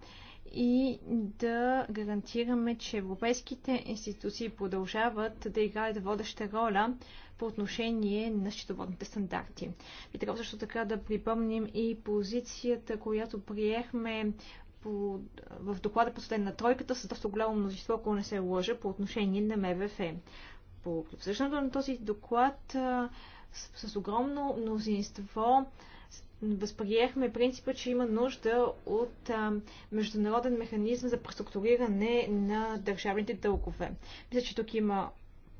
Speaker 3: и да гарантираме, че европейските институции продължават да играят водеща роля по отношение на счетоводните стандарти. И трябва също така да припомним и позицията, която приехме по, в доклада последен на тройката с доста голямо множество, ако не се лъжа, по отношение на МВФ. По обсъждането на този доклад с, с огромно мнозинство възприехме принципа, че има нужда от а, международен механизъм за преструктуриране на държавните дългове. Мисля, че тук има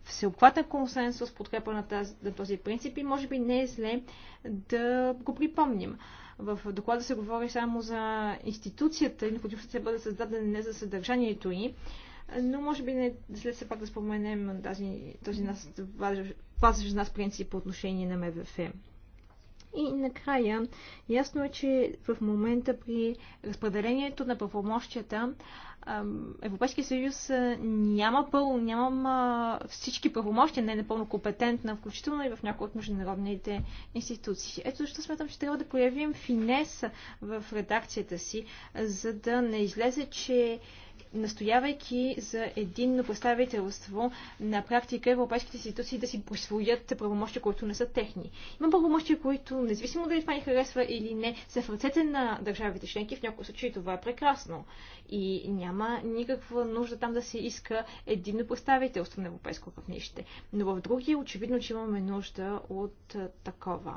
Speaker 3: всеобхватен консенсус, подкрепа на, тази, на този принцип и може би не е зле да го припомним. В доклада се говори само за институцията и необходимостта да бъде създадена не за съдържанието й, но може би не е зле все пак да споменем тази, този нас, важен нас принцип по отношение на МВФ. И накрая, ясно е, че в момента при разпределението на правомощията Европейския съюз няма пълно, няма всички правомощия, не е напълно компетентна, включително и в някои от международните институции. Ето защо смятам, че трябва да проявим финес в редакцията си, за да не излезе, че настоявайки за единно представителство на практика европейските институции да си присвоят правомощия, които не са техни. Има правомощия, които, независимо дали това ни харесва или не, са в ръцете на държавите членки. В някои случаи това е прекрасно. И няма никаква нужда там да се иска единно представителство на европейско равнище. Но в други очевидно, че имаме нужда от такова.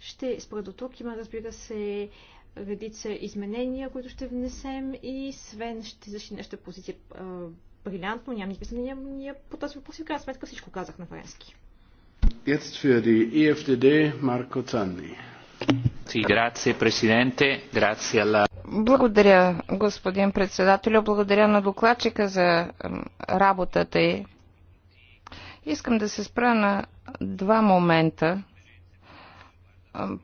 Speaker 3: Ще спра до тук. Има, разбира се, редица изменения, които ще внесем и Свен ще защити нашата позиция а, брилянтно, нямам никакви съмнения ние по този въпрос в крайна сметка всичко казах на френски.
Speaker 1: Jetzt für die EFDD Marco Zanni.
Speaker 2: Благодаря, господин председател, Благодаря на докладчика за работата й. Искам да се спра на два момента,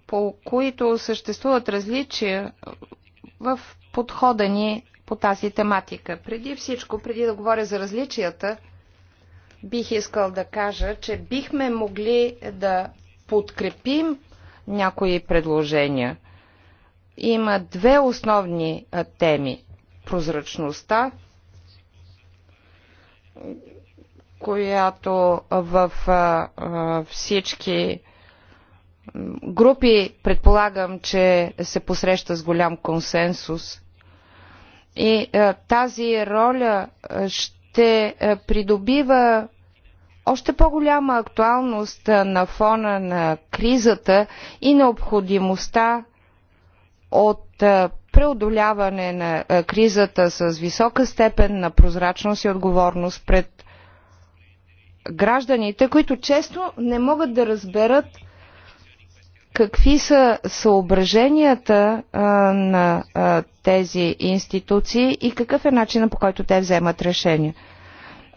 Speaker 2: по които съществуват различия в подхода ни по тази тематика. Преди всичко, преди да говоря за различията, бих искал да кажа, че бихме могли да подкрепим някои предложения. Има две основни теми. Прозрачността, която в всички групи предполагам, че се посреща с голям консенсус. И а, е, тази роля е, ще е, придобива още по-голяма актуалност на фона на кризата и необходимостта от преодоляване на кризата с висока степен на прозрачност и отговорност пред гражданите, които често не могат да разберат какви са съображенията а, на а, тези институции и какъв е начина по който те вземат решения.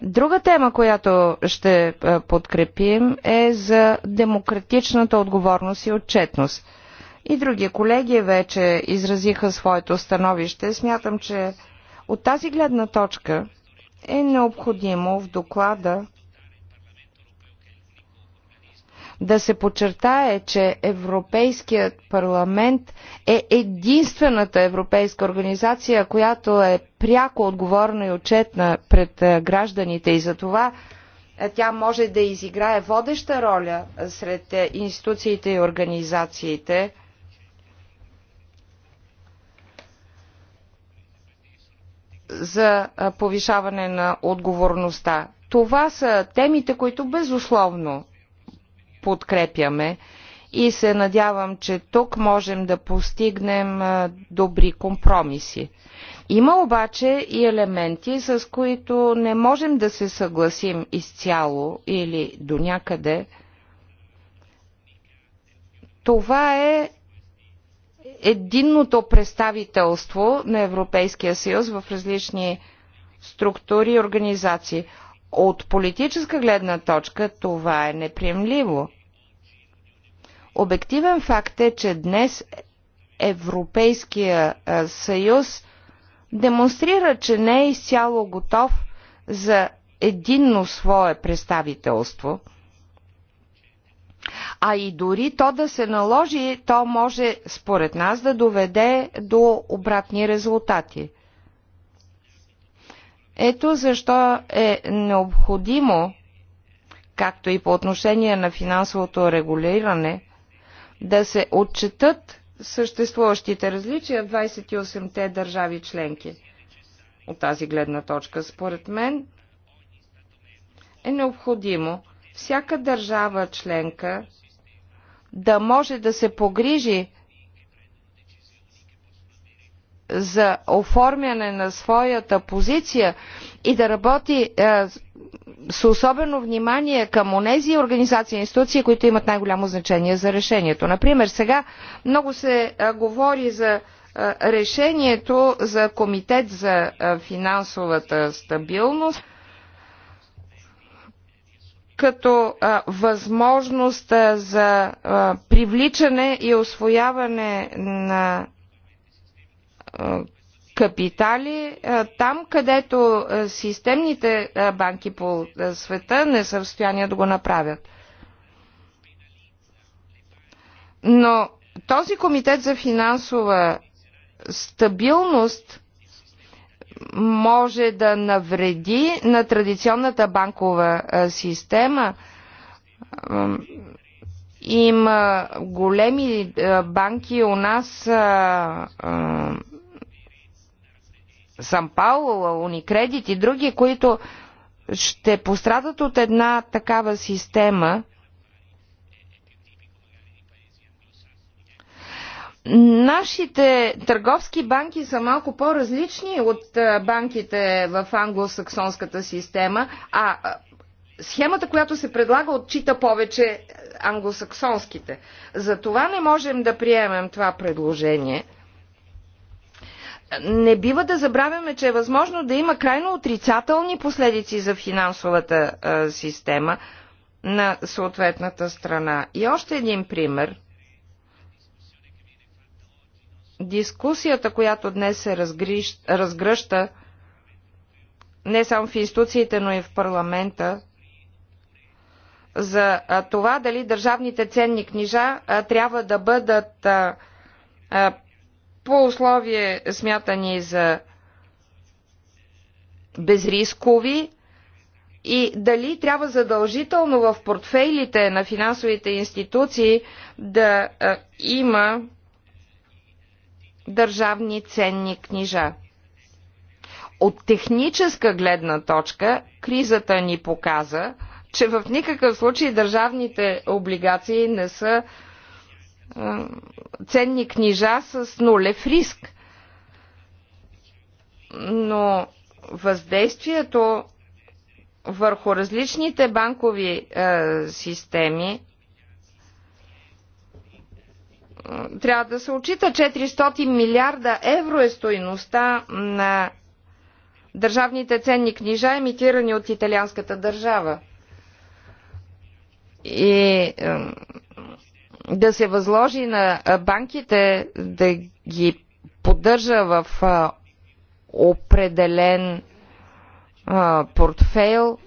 Speaker 2: Друга тема, която ще подкрепим е за демократичната отговорност и отчетност. И други колеги вече изразиха своето становище. Смятам, че от тази гледна точка е необходимо в доклада да се подчертае, че Европейският парламент е единствената европейска организация, която е пряко отговорна и отчетна пред е, гражданите и за това е, тя може да изиграе водеща роля е, сред институциите и организациите. за повишаване на отговорността. Това са темите, които безусловно подкрепяме и се надявам, че тук можем да постигнем добри компромиси. Има обаче и елементи, с които не можем да се съгласим изцяло или до някъде. Това е единното представителство на Европейския съюз в различни структури и организации. От политическа гледна точка това е неприемливо. Обективен факт е, че днес Европейския съюз демонстрира, че не е изцяло готов за единно свое представителство, а и дори то да се наложи, то може според нас да доведе до обратни резултати – ето защо е необходимо, както и по отношение на финансовото регулиране, да се отчетат съществуващите различия в 28-те държави членки. От тази гледна точка, според мен, е необходимо всяка държава членка да може да се погрижи за оформяне на своята позиция и да работи е, с особено внимание към онези организации и институции, които имат най-голямо значение за решението. Например, сега много се е, говори за е, решението за Комитет за е, финансовата стабилност като а, е, възможност е, за а, е, привличане и освояване на капитали там, където системните банки по света не са в състояние да го направят. Но този комитет за финансова стабилност може да навреди на традиционната банкова система. Има големи банки у нас Сан Пауло, Уникредит и други, които ще пострадат от една такава система, Нашите търговски банки са малко по-различни от банките в англосаксонската система, а схемата, която се предлага, отчита повече англосаксонските. Затова не можем да приемем това предложение – не бива да забравяме, че е възможно да има крайно отрицателни последици за финансовата система на съответната страна. И още един пример. Дискусията, която днес се разгръща не само в институциите, но и в парламента, за това дали държавните ценни книжа трябва да бъдат по условие смятани за безрискови и дали трябва задължително в портфейлите на финансовите институции да има държавни ценни книжа. От техническа гледна точка кризата ни показа, че в никакъв случай държавните облигации не са ценни книжа с нулев риск. Но въздействието върху различните банкови е, системи е, трябва да се очита 400 милиарда евро е стоиността на държавните ценни книжа, емитирани от италианската държава. И е, да се възложи на банките да ги поддържа в определен портфейл.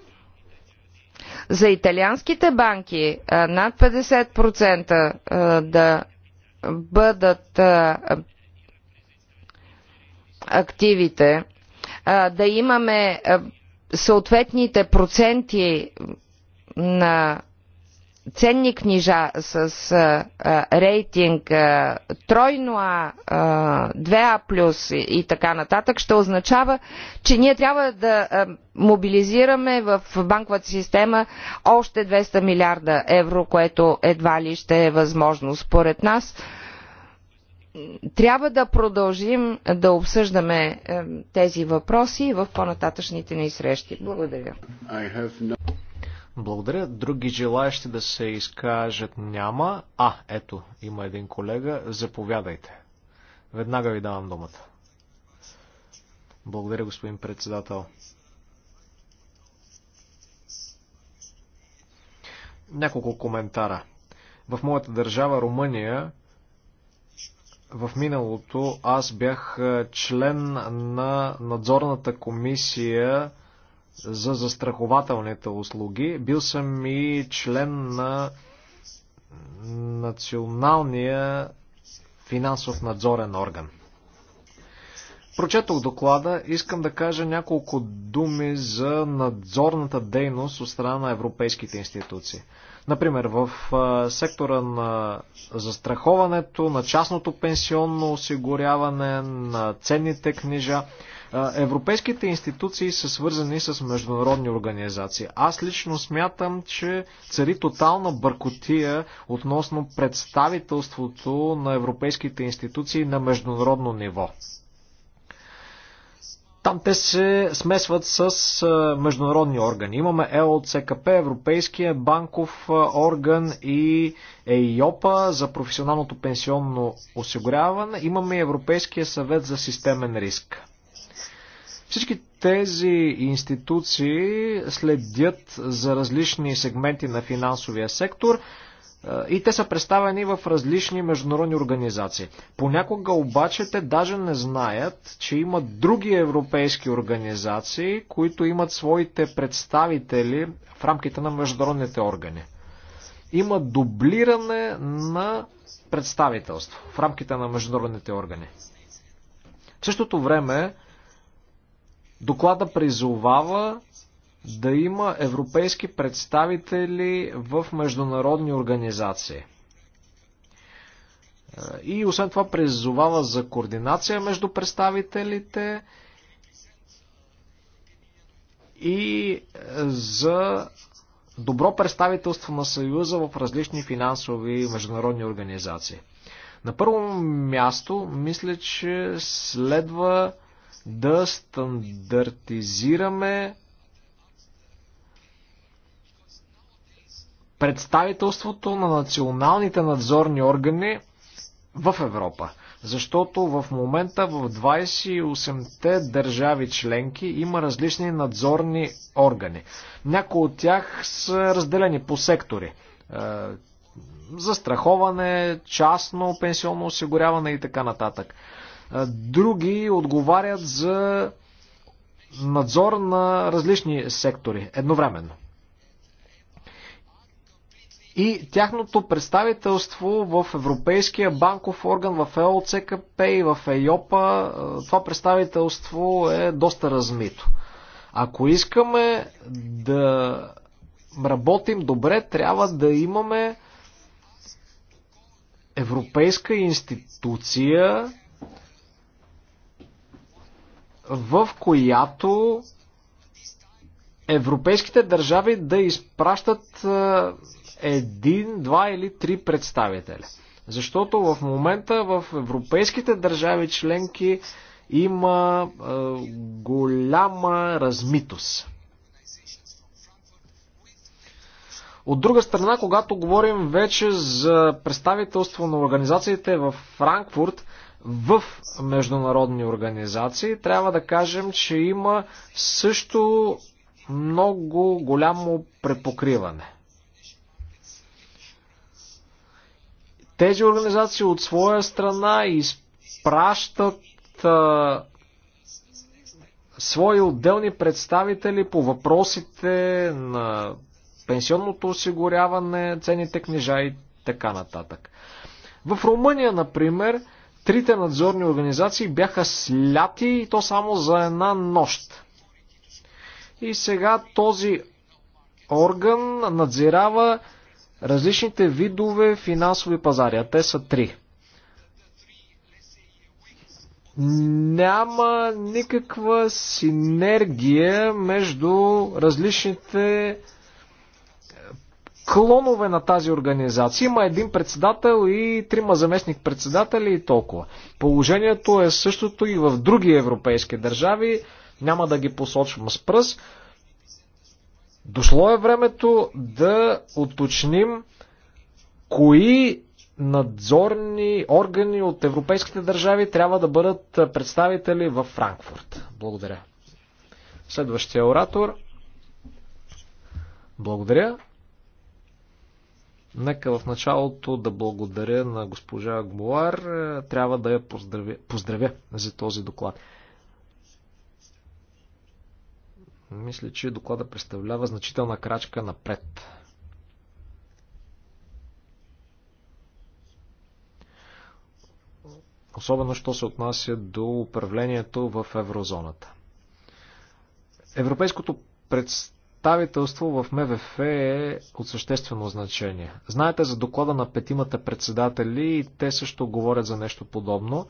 Speaker 2: За италианските банки над 50% да бъдат активите, да имаме съответните проценти на ценни книжа с а, а, рейтинг а, тройно А, а 2А плюс и, и така нататък, ще означава, че ние трябва да а, мобилизираме в банковата система още 200 милиарда евро, което едва ли ще е възможно. Според нас трябва да продължим да обсъждаме а, тези въпроси в по-нататъчните ни срещи.
Speaker 1: Благодаря. Благодаря. Други желаящи да се изкажат няма. А, ето, има един колега. Заповядайте. Веднага ви давам думата. Благодаря, господин председател. Няколко коментара. В моята държава, Румъния, в миналото аз бях член на надзорната комисия за застрахователните услуги. Бил съм и член на Националния финансов надзорен орган. Прочетох доклада, искам да кажа няколко думи за надзорната дейност от страна на европейските институции. Например, в сектора на застраховането, на частното пенсионно осигуряване, на ценните книжа, европейските институции са свързани с международни организации. Аз лично смятам, че цари тотална бъркотия относно представителството на европейските институции на международно ниво. Там те се смесват с международни органи. Имаме ЕОЦКП, Европейския банков орган и ЕИОПА за професионалното пенсионно осигуряване. Имаме Европейския съвет за системен риск. Всички тези институции следят за различни сегменти на финансовия сектор – и те са представени в различни международни организации. Понякога обаче те даже не знаят, че имат други европейски организации, които имат своите представители в рамките на международните органи. Има дублиране на представителство в рамките на международните органи. В същото време доклада призовава да има европейски представители в международни организации. Е, и освен това призовава за координация между представителите и е, за добро представителство на Съюза в различни финансови и международни организации. На първо място, мисля, че следва да стандартизираме представителството на националните надзорни органи в Европа. Защото в момента в 28-те държави членки има различни надзорни органи. Някои от тях са разделени по сектори. Е, застраховане, частно пенсионно осигуряване и така нататък. Е, други отговарят за надзор на различни сектори едновременно и тяхното представителство в Европейския банков орган, в ЕОЦКП и в ЕЙОПА, това представителство е доста размито. Ако искаме да работим добре, трябва да имаме европейска институция, в която европейските държави да изпращат един, два или три представители. Защото в момента в европейските държави членки има е, голяма размитост. От друга страна, когато говорим вече за представителство на организациите в Франкфурт, в международни организации, трябва да кажем, че има също много голямо препокриване. Тези организации от своя страна изпращат а, свои отделни представители по въпросите на пенсионното осигуряване, цените книжа и така нататък. В Румъния, например, трите надзорни организации бяха сляти и то само за една нощ. И сега този орган надзирава Различните видове финансови пазари, а те са три. Няма никаква синергия между различните клонове на тази организация. Има един председател и трима заместник председатели и толкова. Положението е същото и в други европейски държави. Няма да ги посочвам с пръст. Дошло е времето да уточним кои надзорни органи от европейските държави трябва да бъдат представители в Франкфурт. Благодаря. Следващия оратор. Благодаря. Нека в началото да благодаря на госпожа Гмуар. Трябва да я поздравя, поздравя за този доклад. Мисля, че доклада представлява значителна крачка напред. Особено, що се отнася до управлението в еврозоната. Европейското представителство в МВФ е от съществено значение. Знаете за доклада на петимата председатели и те също говорят за нещо подобно.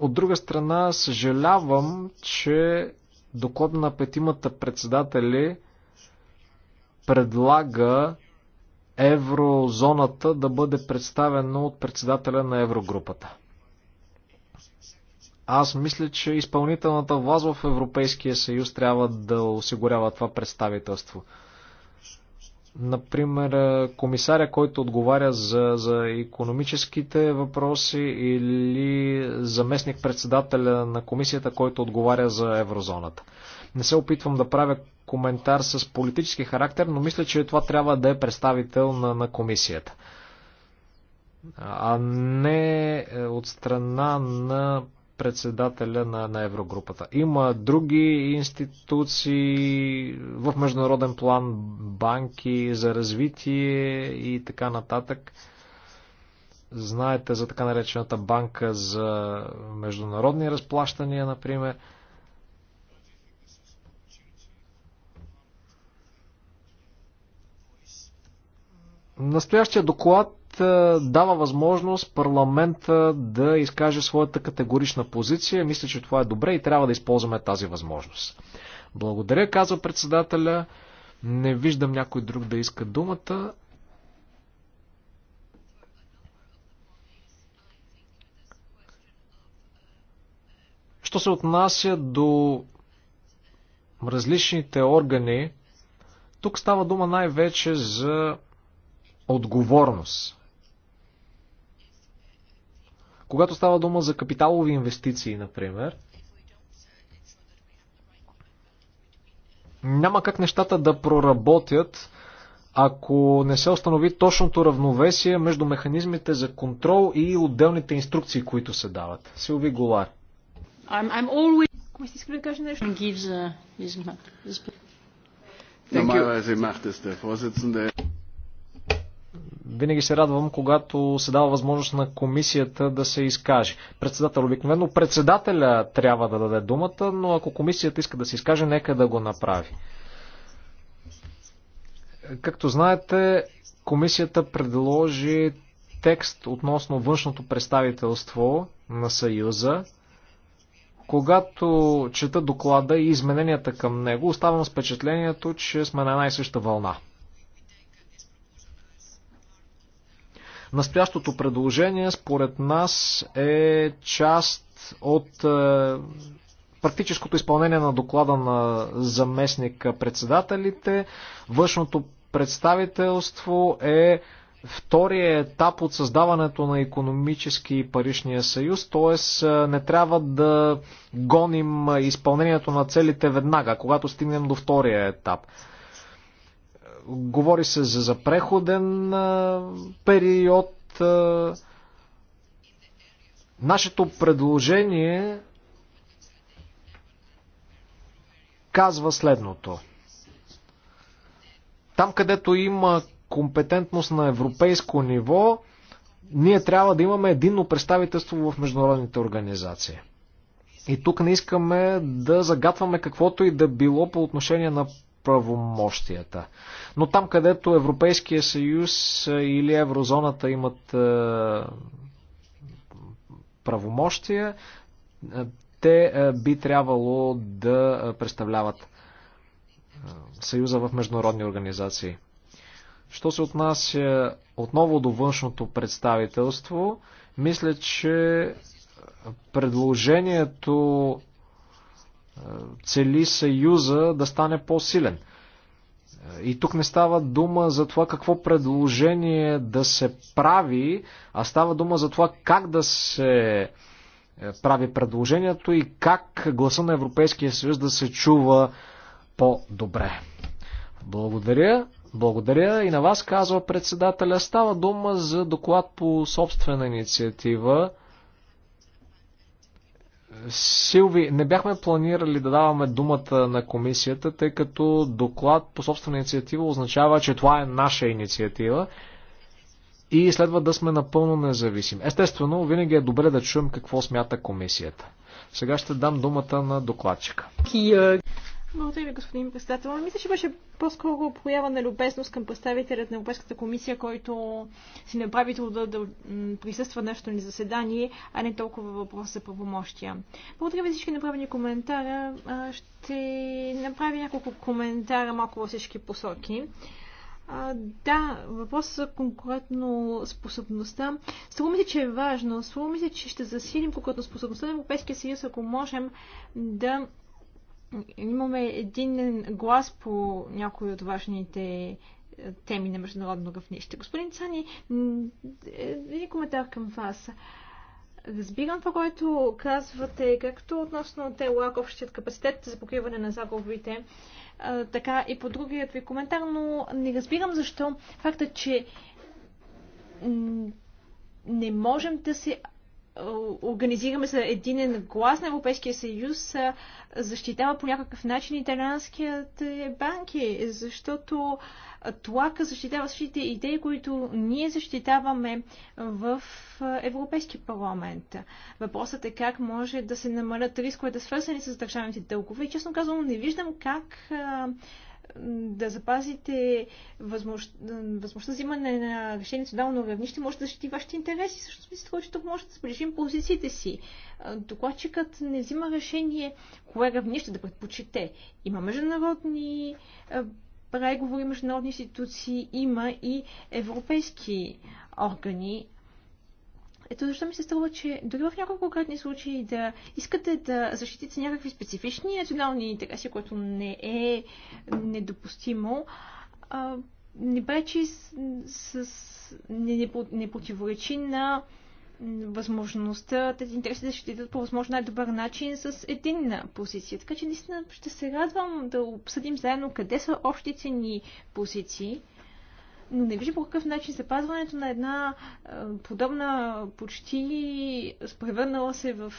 Speaker 1: От друга страна, съжалявам, че доклад на петимата председатели предлага еврозоната да бъде представена от председателя на еврогрупата. Аз мисля, че изпълнителната власт в Европейския съюз трябва да осигурява това представителство. Например, комисаря, който отговаря за, за економическите въпроси или заместник-председателя на комисията, който отговаря за еврозоната. Не се опитвам да правя коментар с политически характер, но мисля, че това трябва да е представител на, на комисията а не е, от страна на председателя на, на Еврогрупата. Има други институции в международен план, банки за развитие и така нататък. Знаете за така наречената банка за международни разплащания, например. Настоящия доклад дава възможност парламента да изкаже своята категорична позиция. Мисля, че това е добре и трябва да използваме тази възможност. Благодаря, казва председателя. Не виждам някой друг да иска думата. Що се отнася до различните органи, тук става дума най-вече за отговорност. Когато става дума за капиталови инвестиции, например, няма как нещата да проработят, ако не се установи точното равновесие между механизмите за контрол и отделните инструкции, които се дават. Силви Голар.
Speaker 3: I'm, I'm always... Ами,
Speaker 1: Кой Normalerweise macht es der Vorsitzende. Винаги се радвам, когато се дава възможност на комисията да се изкаже. Председател обикновено председателя трябва да даде думата, но ако комисията иска да се изкаже, нека да го направи. Както знаете, комисията предложи текст относно външното представителство на Съюза. Когато чета доклада и измененията към него, оставам с впечатлението, че сме на една и съща вълна. Настоящото предложение според нас е част от е, практическото изпълнение на доклада на заместник председателите. Външното представителство е втория етап от създаването на економически и паричния съюз, т.е. Е, не трябва да гоним изпълнението на целите веднага, когато стигнем до втория етап. Говори се за, за преходен а, период. А, нашето предложение казва следното. Там, където има компетентност на европейско ниво, ние трябва да имаме единно представителство в международните организации. И тук не искаме да загатваме каквото и да било по отношение на правомощията. Но там, където Европейския съюз или еврозоната имат е, правомощия, е, те е, би трябвало да представляват съюза в международни организации. Що се отнася отново до външното представителство, мисля, че предложението цели съюза да стане по-силен. И тук не става дума за това какво предложение да се прави, а става дума за това как да се е, прави предложението и как гласа на Европейския съюз да се чува по-добре. Благодаря. Благодаря и на вас, казва председателя. Става дума за доклад по собствена инициатива. Силви, не бяхме планирали да даваме думата на комисията, тъй като доклад по собствена инициатива означава, че това е наша инициатива и следва да сме напълно независими. Естествено, винаги е добре да чуем какво смята комисията. Сега ще дам думата на докладчика.
Speaker 3: Е, благодаря ви, господин председател. Мисля, че беше по-скоро проява на любезност към представителят на Европейската комисия, който си направи труда да присъства нашето ни заседание, а не толкова въпрос за правомощия. Благодаря ви всички направени коментара. Ще направя няколко коментара малко във всички посоки. А, да, въпросът за конкурентно способността. Струва ми се, че е важно. Струва ми се, че ще засилим конкурентно способността на Европейския съюз, ако можем да имаме един глас по някои от важните е, теми на международно равнище. Господин Цани, е, един коментар към вас. Разбирам това, което казвате, както относно ТЕЛАК, общият капацитет за покриване на загубите, е, така и по другият ви коментар, но не разбирам защо факта, че не можем да се организираме за единен глас на Европейския съюз защитава по някакъв начин италианският банки, защото тлака защитава същите идеи, които ние защитаваме в Европейски парламент. Въпросът е как може да се намалят рисковете, свързани с държавните дългове. И честно казвам, не виждам как да запазите възможността възможно взимане на решение национално равнище, може да защити вашите интереси. Също смисъл, че тук може да сближим позициите си. Докладчикът не взима решение кое равнище да предпочете. Има международни преговори, международни институции, има и европейски органи, ето защо ми се струва, че дори в няколко конкретни случаи да искате да защитите някакви специфични национални интереси, което не е недопустимо, а, не пречи с, с, не, не, не противоречи на възможността тези интереси да защитят по възможно най-добър начин с единна позиция. Така че наистина ще се радвам да обсъдим заедно къде са общите ни позиции но не виждам по какъв начин запазването на една подобна почти превърнала се в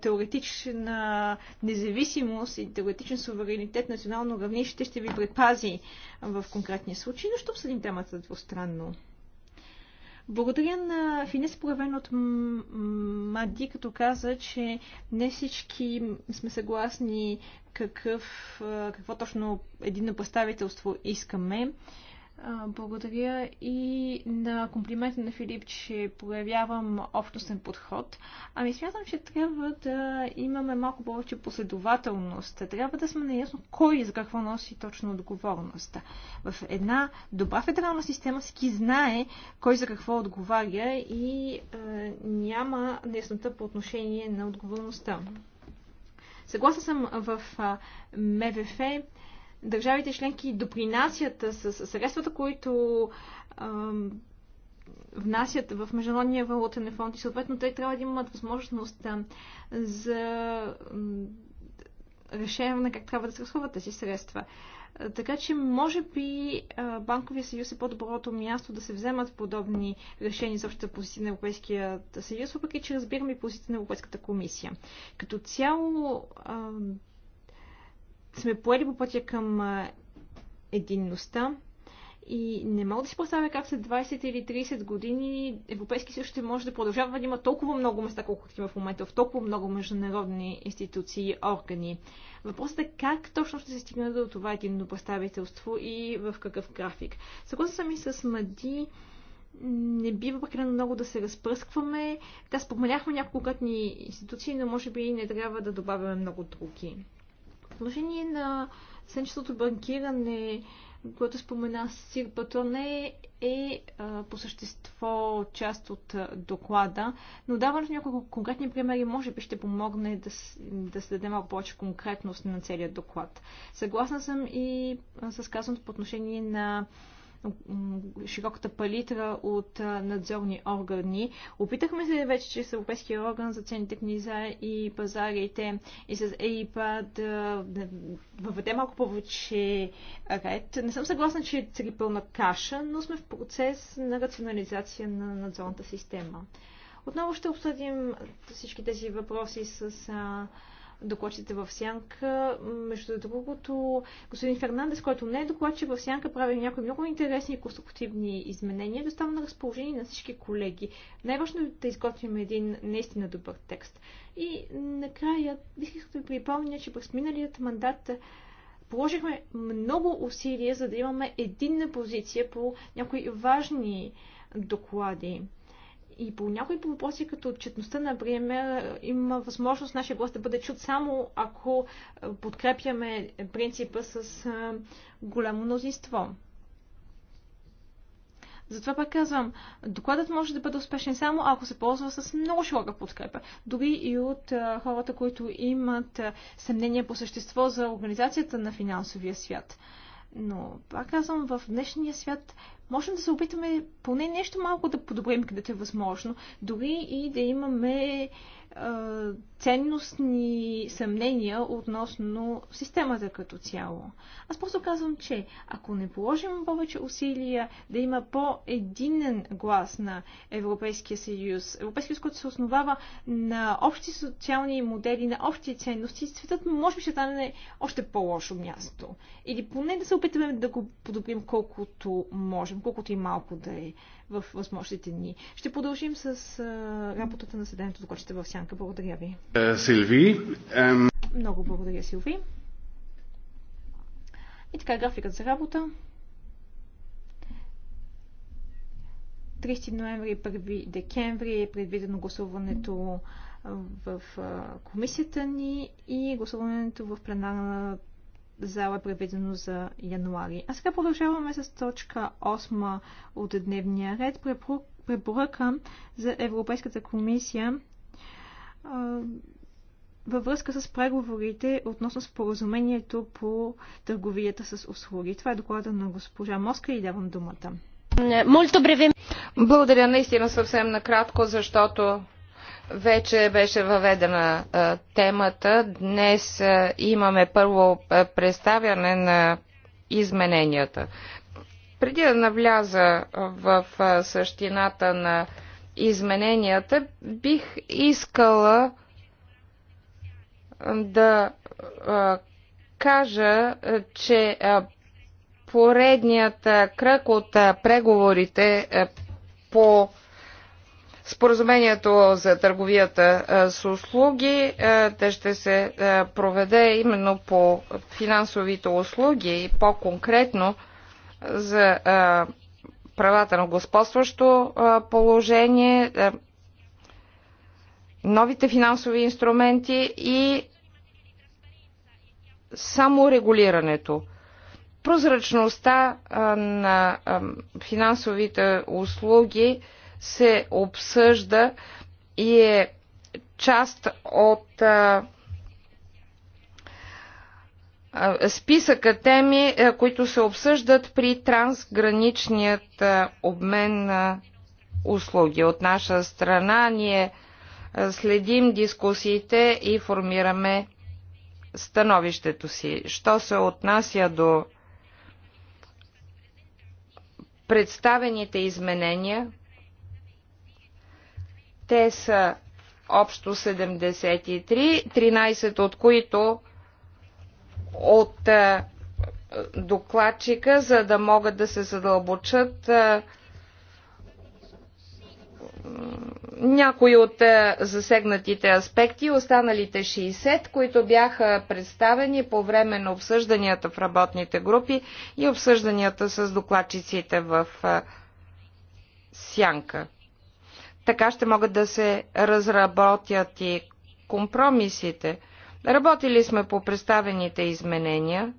Speaker 3: теоретична независимост и теоретичен суверенитет национално равнище ще ви предпази в конкретния случай, но ще обсъдим темата двустранно. Благодаря на Финес, проявен от Мади, като каза, че не всички сме съгласни какъв, какво точно единно представителство искаме. Благодаря и на комплимента на Филип, че проявявам общностен подход. Ами смятам, че трябва да имаме малко повече последователност. Трябва да сме наясно кой и за какво носи точно отговорността. В една добра федерална система всеки знае кой за какво отговаря и е, няма неяснота по отношение на отговорността. Съгласна съм в МВФ държавите членки допринасят с средствата, които ам, внасят в Международния валутен фонд и съответно те трябва да имат възможност за решение на как трябва да се разходват тези средства. Така че, може би, Банковия съюз е по-доброто място да се вземат подобни решения за общата позиция на Европейския съюз, въпреки че разбираме и позицията на Европейската комисия. Като цяло, сме поели по пътя към единността. И не мога да си представя как след 20 или 30 години Европейски съюз ще може да продължава да има толкова много места, колкото има в момента, в толкова много международни институции и органи. Въпросът е как точно ще се стигне до това единно представителство и в какъв график. Съгласен съм и с Мади, не бива прекалено много да се разпръскваме. Да, споменахме няколко кътни институции, но може би не трябва да добавяме много други отношение на сенчестото банкиране, което спомена Сир Патроне, е, е а, по същество част от а, доклада, но даването няколко конкретни примери може би ще помогне да, да се даде малко повече конкретност на целият доклад. Съгласна съм и а, с казаното по отношение на а, широката палитра от надзорни органи. Опитахме се вече чрез Европейския орган за цените книза и пазарите и с ЕИПА да, въведе малко повече ред. Не съм съгласна, че е трипълна каша, но сме в процес на рационализация на надзорната система. Отново ще обсъдим всички тези въпроси с докладчите в сянка. Между другото, господин Фернандес, който не е докладчик в сянка, прави някои много интересни и конструктивни изменения, е достава на разположение на всички колеги. Най-важно е да изготвим един наистина добър текст. И накрая, бих да ви припомня, че през миналият мандат положихме много усилия, за да имаме единна позиция по някои важни доклади. И по някои въпроси, като отчетността, например, има възможност нашия глас да бъде чут само ако подкрепяме принципа с голямо мнозинство. Затова пак казвам, докладът може да бъде успешен само ако се ползва с много широка подкрепа. Дори и от а, хората, които имат а, съмнение по същество за организацията на финансовия свят. Но, пак казвам, в днешния свят можем да се опитаме поне нещо малко да подобрим където е възможно, дори и да имаме ценностни съмнения относно системата като цяло. Аз просто казвам, че ако не положим повече усилия да има по-единен глас на Европейския съюз, Европейския съюз, който се основава на общи социални модели, на общи ценности, светът може би ще стане още по-лошо място. Или поне да се опитаме да го подобрим колкото можем колкото и малко да е в възможните дни. Ще продължим с работата на седенето, докато в сянка. Благодаря ви. Е, Силви. Много благодаря, Силви. И така, графикът за работа. 30 ноември 1 декември е предвидено гласуването в комисията ни и гласуването в пленарната зала е преведено за януари. А сега продължаваме с точка 8 от дневния ред. Препоръка за Европейската комисия във връзка с преговорите относно споразумението по търговията с услуги. Това е доклада на госпожа Моска и давам думата.
Speaker 2: Е, Благодаря наистина съвсем накратко, защото вече беше въведена темата. Днес имаме първо представяне на измененията. Преди да навляза в същината на измененията, бих искала да кажа, че поредният кръг от преговорите по Споразумението за търговията с услуги те ще се проведе именно по финансовите услуги и по-конкретно за правата на господстващо положение, новите финансови инструменти и само регулирането. Прозрачността на финансовите услуги – се обсъжда и е част от а, списъка теми, които се обсъждат при трансграничният обмен на услуги. От наша страна ние следим дискусиите и формираме становището си. Що се отнася до представените изменения, те са общо 73, 13 от които от докладчика, за да могат да се задълбочат някои от засегнатите аспекти, останалите 60, които бяха представени по време на обсъжданията в работните групи и обсъжданията с докладчиците в Сянка. Така ще могат да се разработят и компромисите. Работили сме по представените изменения.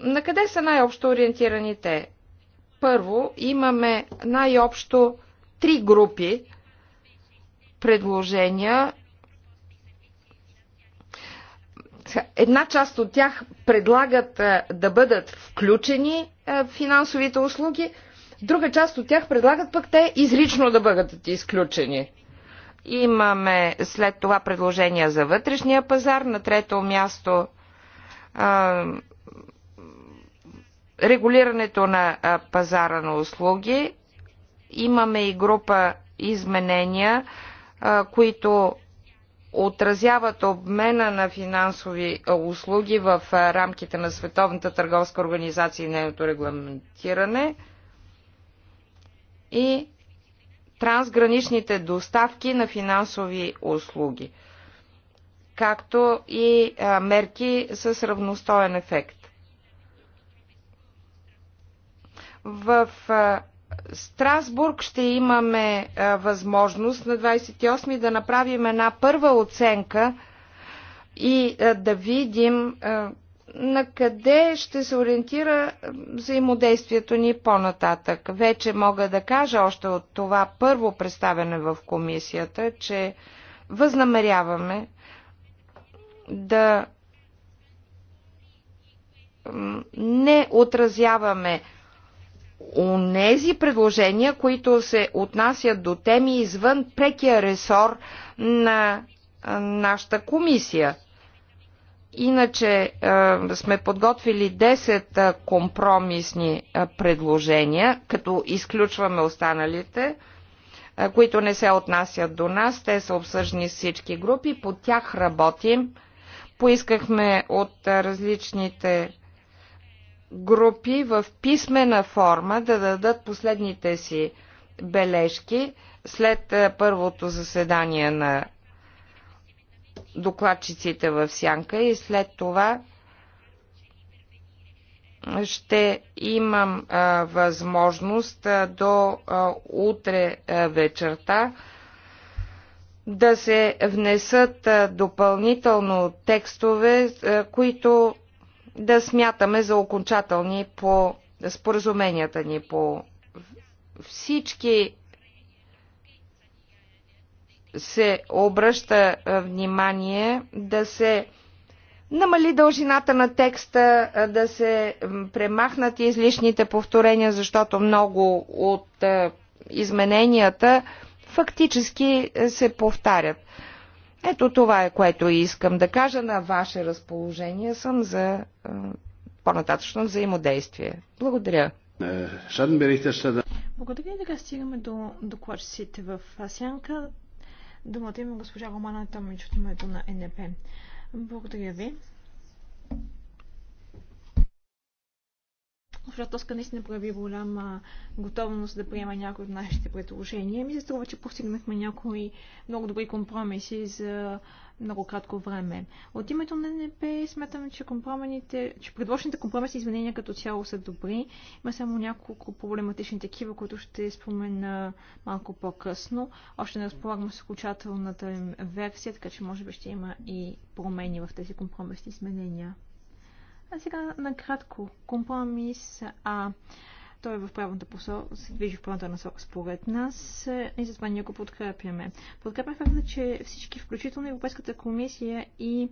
Speaker 2: На къде са най-общо ориентираните? Първо, имаме най-общо три групи предложения. Една част от тях предлагат да бъдат включени финансовите услуги, Друга част от тях предлагат пък те изрично да бъдат изключени. Имаме след това предложения за вътрешния пазар. На трето място а, регулирането на а, пазара на услуги. Имаме и група изменения, а, които отразяват обмена на финансови услуги в рамките на Световната търговска организация и нейното регламентиране и трансграничните доставки на финансови услуги, както и мерки с равностоен ефект. В Страсбург ще имаме възможност на 28 да направим една първа оценка и да видим на къде ще се ориентира взаимодействието ни по-нататък. Вече мога да кажа още от това първо представяне в комисията, че възнамеряваме да не отразяваме онези предложения, които се отнасят до теми извън прекия ресор на нашата комисия – Иначе е, сме подготвили 10 е, компромисни е, предложения, като изключваме останалите, които не се отнасят до нас. Те са обсъждани с всички групи. По тях работим. Поискахме от различните групи в писмена форма да дадат последните си бележки след първото заседание на докладчиците в сянка и след това ще имам а, възможност а, до а, утре а, вечерта да се внесат а, допълнително текстове, а, които да смятаме за окончателни по споразуменията ни по всички се обръща внимание да се намали дължината на текста, да се премахнат излишните повторения, защото много от измененията фактически се повтарят. Ето това е, което искам да кажа. На ваше разположение съм за по-нататъчно взаимодействие. Благодаря. Е,
Speaker 3: Благодаря и така стигаме до докладчиците в Асянка. Думата има госпожа Романа Томич от името на НП. Благодаря ви. Госпожа Тоска наистина прави голяма готовност да приема някои от нашите предложения. Ми се струва, че постигнахме някои много добри компромиси за много кратко време. От името на НП смятам, че, компромените, че предложените компромиси изменения като цяло са добри. Има само няколко проблематични такива, които ще спомена малко по-късно. Още не разполагам с окончателната им версия, така че може би ще има и промени в тези компромисни изменения. А сега накратко. Компромис А. Той е в правилната посока, се движи в правилната насока според нас е, и затова ние го подкрепяме. Подкрепяме факта, че всички, включително Европейската комисия и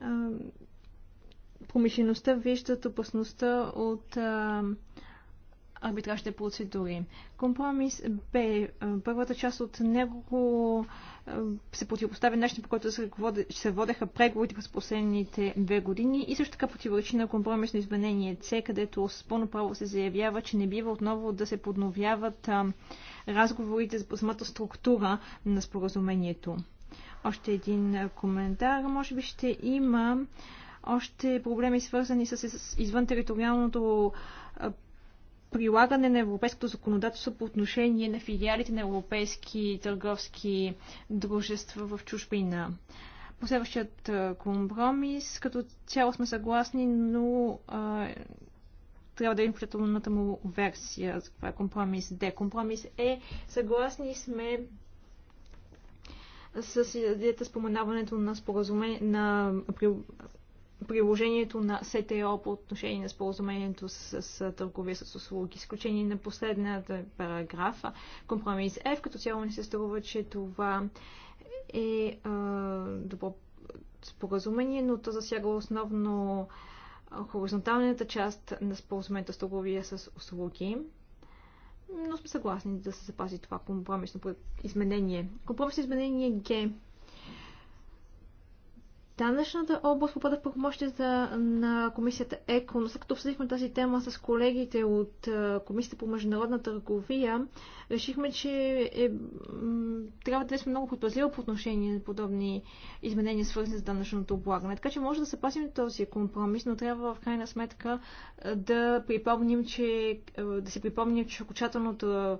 Speaker 3: а, промишлеността виждат опасността от а, арбитражните процедури. Компромис Б. Е, първата част от него е, се противопоставя начин, по който се водеха преговорите през последните две години и също така противоречи на компромисно изменение С, където с пълно право се заявява, че не бива отново да се подновяват е, разговорите за самата структура на споразумението. Още един коментар. Може би ще има още проблеми свързани с извънтериториалното прилагане на европейското законодателство по отношение на филиалите на европейски търговски дружества в чужбина. Последващият компромис, като цяло сме съгласни, но а, трябва да е включителната му версия. За това е компромис Д. Компромис Е. Съгласни сме с идеята споменаването на, споразумение на приложението на СТО по отношение на споразумението с, с търговия с услуги. Изключение на последната параграфа, компромис F, като цяло не се струва, че това е а, добро споразумение, но то засяга основно хоризонталната част на споразумението с търговия с услуги. Но сме съгласни да се запази това компромисно изменение. Компромисно изменение Г Данъчната област попада в правомощите на комисията ЕКО, но след като обсъдихме тази тема с колегите от комисията по международна търговия, решихме, че е, трябва да сме много подпазливи по отношение на подобни изменения, свързани с данъчното облагане. Така че може да се пасим този компромис, но трябва в крайна сметка да припомним, че да се припомним, че окончателната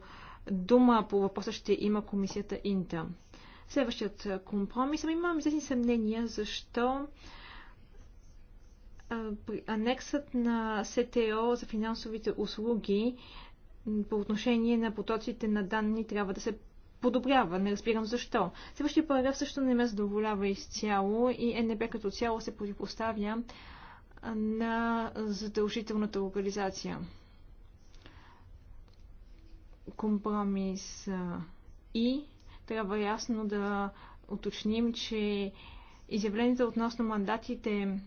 Speaker 3: дума по въпроса ще има комисията Интер. Следващият компромис. ами Имам известни съмнения защо анексът на СТО за финансовите услуги по отношение на потоците на данни трябва да се подобрява. Не разбирам защо. Следващия параграф също не ме задоволява изцяло и НБ като цяло се противопоставя на задължителната локализация. Компромис и трябва ясно да уточним, че изявленията относно мандатите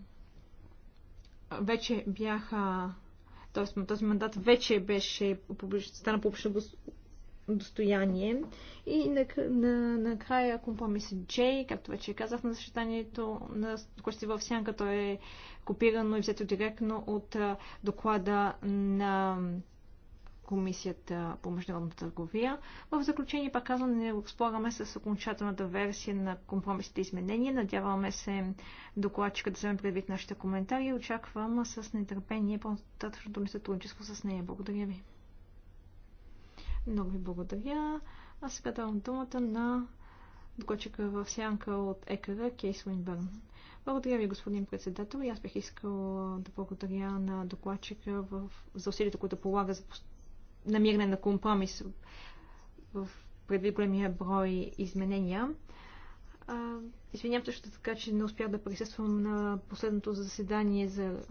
Speaker 3: вече бяха. т.е. този мандат вече беше стана по общо достояние. И накрая на, на, компромис Джей, както вече казах на съчетанието на Кости в сянка, то е копирано и взето директно от доклада на Комисията по международната търговия. В заключение, пак казвам, не спораме с окончателната версия на компромисните изменения. Надяваме се докладчика да вземе предвид нашите коментари и очаквам с нетърпение по-нататъчното ми сътрудничество с нея. Благодаря ви. Много ви благодаря. Аз сега давам думата на докладчика в сянка от ЕКР Кейс Уинбърн. Благодаря ви, господин председател. И аз бих искал да благодаря на докладчика в... за усилията, които полага за намиране на компромис в предвид големия брой изменения. Извинявам защото така, че не успях да присъствам на последното заседание за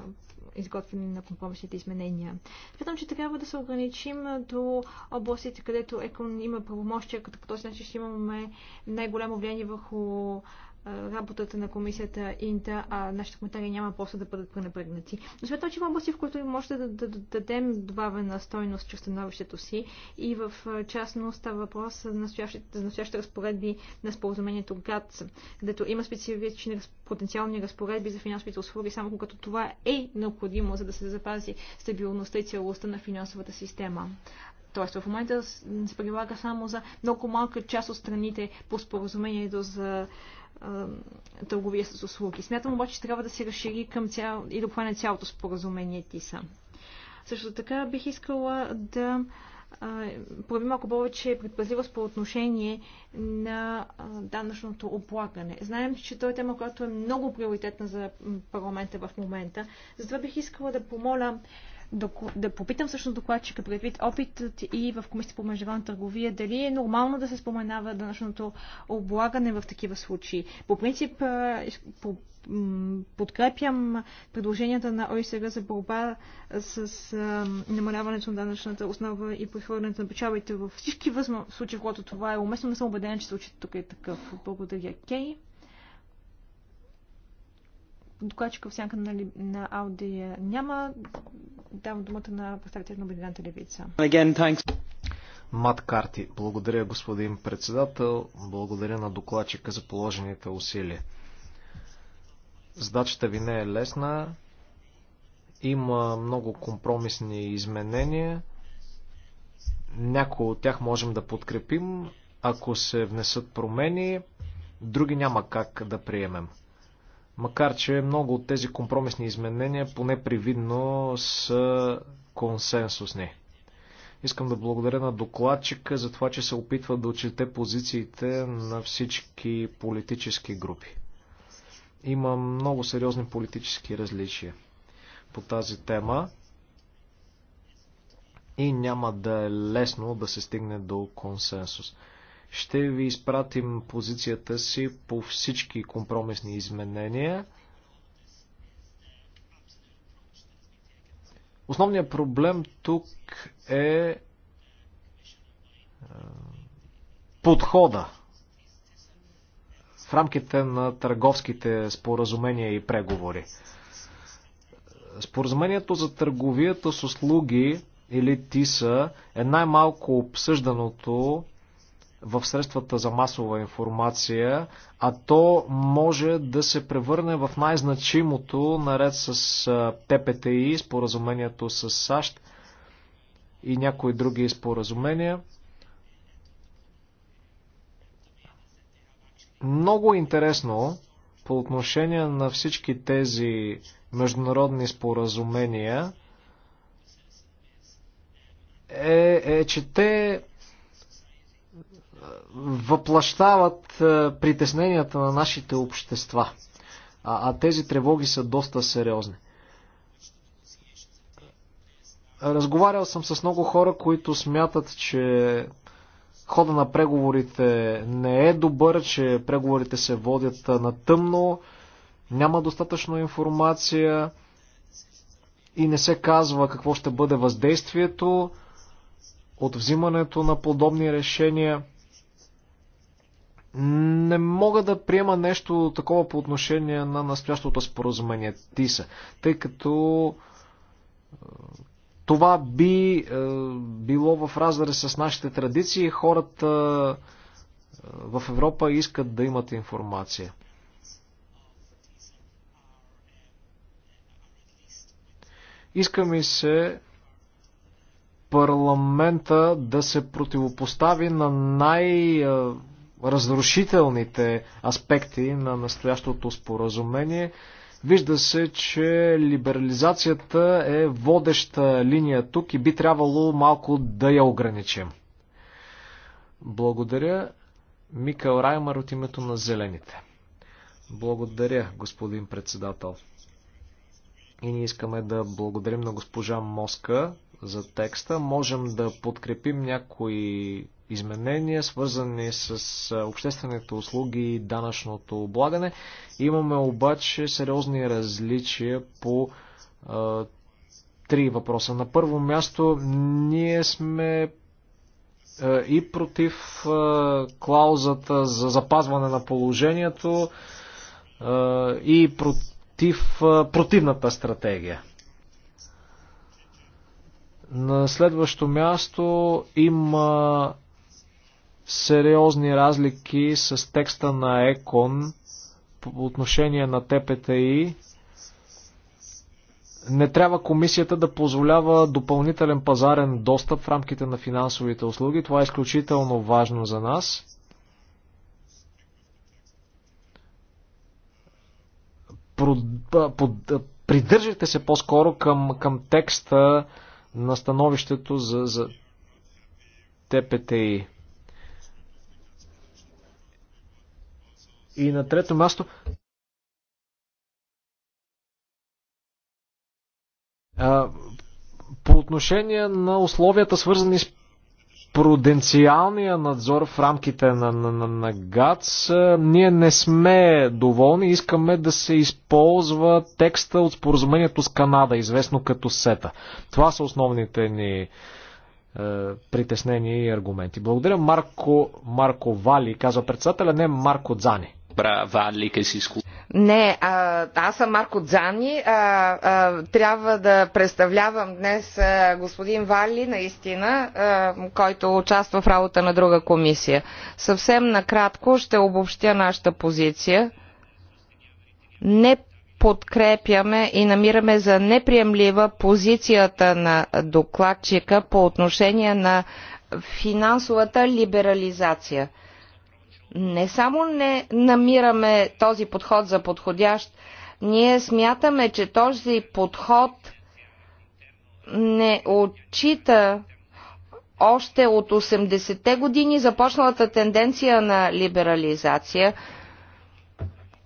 Speaker 3: изготвяне на компромисните изменения. Смятам, че трябва да се ограничим до областите, където ЕКОН има правомощия, като по този начин ще имаме най-голямо влияние върху работата на комисията Инта, а нашите коментари няма после да бъдат пренебрегнати. Но смятам, че има области, в които може да, да, да дадем добавена стойност чрез становището си и в частност става въпрос за настоящите, за настоящите разпоредби на споразумението ГАЦ, където има специфични потенциални разпоредби за финансовите услуги, само когато това е необходимо, за да се запази стабилността и целостта на финансовата система. Тоест в момента се прилага само за много малка част от страните по споразумението за търговия с услуги. Смятам обаче, че трябва да се разшири към цяло и да хване цялото споразумение ти са. Също така бих искала да проявим малко повече предпазливост по отношение на данъчното облагане. Знаем, че той е тема, която е много приоритетна за парламента в момента. Затова бих искала да помоля да попитам всъщност докладчика предвид опитът и в Комисията по международна търговия, дали е нормално да се споменава данъчното облагане в такива случаи. По принцип по, подкрепям предложенията на ОИСР за борба с намаляването на данъчната основа и прехвърлянето на печалбите във всички възможности случаи, в които това е уместно. Не съм убедена, че случаят тук е такъв. Благодаря, Кей. Okay докладчика в сянка на, на Ауди е, няма. Давам думата на представител на Обединената левица.
Speaker 1: Мат Карти, благодаря господин председател, благодаря на докладчика за положените усилия. Задачата ви не е лесна, има много компромисни изменения, някои от тях можем да подкрепим, ако се внесат промени, други няма как да приемем. Макар, че много от тези компромисни изменения, поне привидно, са консенсусни. Искам да благодаря на докладчика за това, че се опитва да отчете позициите на всички политически групи. Има много сериозни политически различия по тази тема и няма да е лесно да се стигне до консенсус. Ще ви изпратим позицията си по всички компромисни изменения. Основният проблем тук е, е подхода в рамките на търговските споразумения и преговори. Споразумението за търговията с услуги или ТИСА е най-малко обсъжданото в средствата за масова информация, а то може да се превърне в най-значимото, наред с ППТИ, споразумението с САЩ и някои други споразумения. Много интересно по отношение на всички тези международни споразумения е, е че те въплащават е, притесненията на нашите общества. А, а тези тревоги са доста сериозни. Разговарял съм с много хора, които смятат, че хода на преговорите не е добър, че преговорите се водят на тъмно, няма достатъчно информация и не се казва какво ще бъде въздействието от взимането на подобни решения. Не мога да приема нещо такова по отношение на настоящото споразумение ТИСА, тъй като е, това би е, било в разрез с нашите традиции. Хората е, в Европа искат да имат информация. Иска ми се парламента да се противопостави на най- е, разрушителните аспекти на настоящото споразумение. Вижда се, че либерализацията е водеща линия тук и би трябвало малко да я ограничим. Благодаря Микъл Раймър от името на Зелените. Благодаря, господин председател. И ние искаме да благодарим на госпожа Моска за текста. Можем да подкрепим някои изменения, свързани с обществените услуги и данъчното облагане. Имаме обаче сериозни различия по а, три въпроса. На първо място, ние сме а, и против а, клаузата за запазване на положението а, и против а, противната стратегия. На следващо място има сериозни разлики с текста на ЕКОН по отношение на ТПТИ. Не трябва комисията да позволява допълнителен пазарен достъп в рамките на финансовите услуги. Това е изключително важно за нас. придържайте се по-скоро към, към текста на становището за, за ТПТИ. И на трето място. По отношение на условията, свързани с пруденциалния надзор в рамките на, на, на, на ГАЦ, ние не сме доволни. Искаме да се използва текста от споразумението с Канада, известно като СЕТА. Това са основните ни е, притеснения и аргументи. Благодаря Марко, Марко Вали, казва председателя, не Марко Дзани. Валли, ке си ску...
Speaker 2: Не, а, аз съм Марко Дзани. А, а, трябва да представлявам днес а, господин Вали, наистина, а, който участва в работа на друга комисия. Съвсем накратко ще обобщя нашата позиция. Не подкрепяме и намираме за неприемлива позицията на докладчика по отношение на финансовата либерализация – не само не намираме този подход за подходящ, ние смятаме, че този подход не отчита още от 80-те години започналата тенденция на либерализация.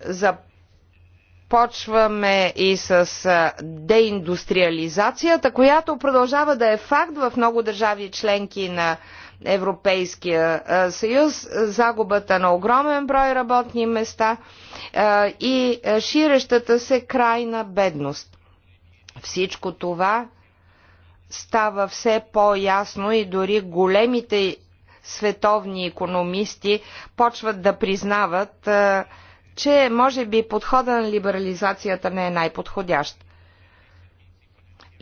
Speaker 2: Започваме и с деиндустриализацията, която продължава да е факт в много държави членки на Европейския съюз, загубата на огромен брой работни места и ширещата се крайна бедност. Всичко това става все по-ясно и дори големите световни економисти почват да признават, че може би подхода на либерализацията не е най-подходящ.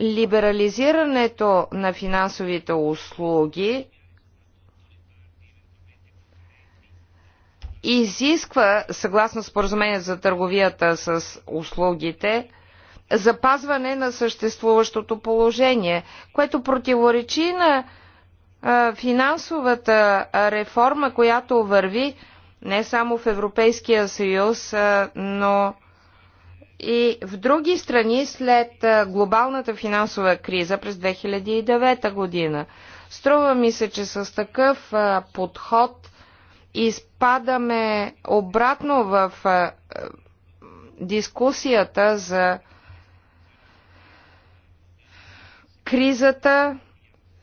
Speaker 2: Либерализирането на финансовите услуги изисква, съгласно споразумение за търговията с услугите, запазване на съществуващото положение, което противоречи на финансовата реформа, която върви не само в Европейския съюз, но и в други страни след глобалната финансова криза през 2009 година. Струва ми се, че с такъв подход изпадаме обратно в е, е, дискусията за кризата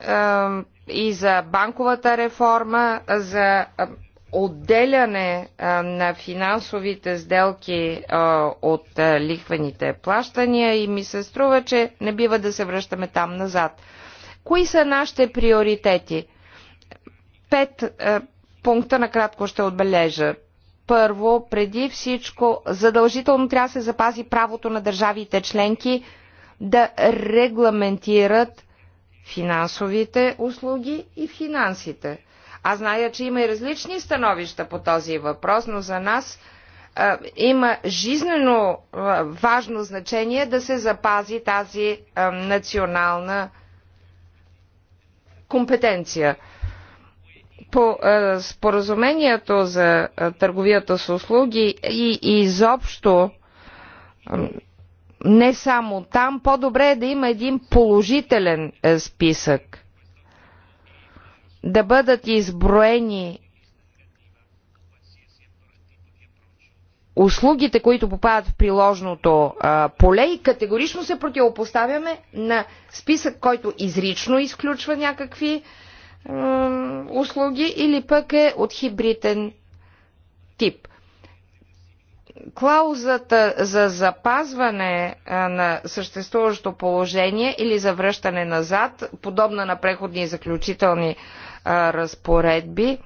Speaker 2: е, и за банковата реформа, за отделяне на финансовите сделки от лихвените плащания и ми се струва, че не бива да се връщаме там назад. Кои са нашите приоритети? Пет пункта накратко ще отбележа. Първо, преди всичко, задължително трябва да се запази правото на държавите членки да регламентират финансовите услуги и финансите. Аз зная, че има и различни становища по този въпрос, но за нас а, има жизнено а, важно значение да се запази тази а, национална компетенция по е, споразумението за е, търговията с услуги и изобщо не само там, по-добре е да има един положителен е, списък. Да бъдат изброени услугите, които попадат в приложното а, поле и категорично се противопоставяме на списък, който изрично изключва някакви а, услуги или пък е от хибритен тип. Клаузата за запазване на съществуващо положение или за връщане назад, подобна на преходни и заключителни разпоредби,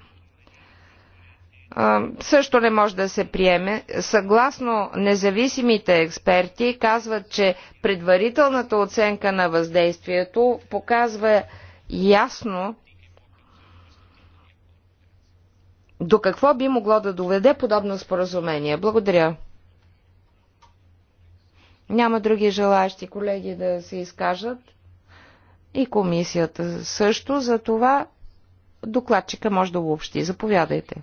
Speaker 2: също не може да се приеме. Съгласно независимите експерти, казват, че предварителната оценка на въздействието показва ясно, до какво би могло да доведе подобно споразумение. Благодаря. Няма други желаящи колеги да се изкажат. И комисията също. За това докладчика може да обобщи. Заповядайте.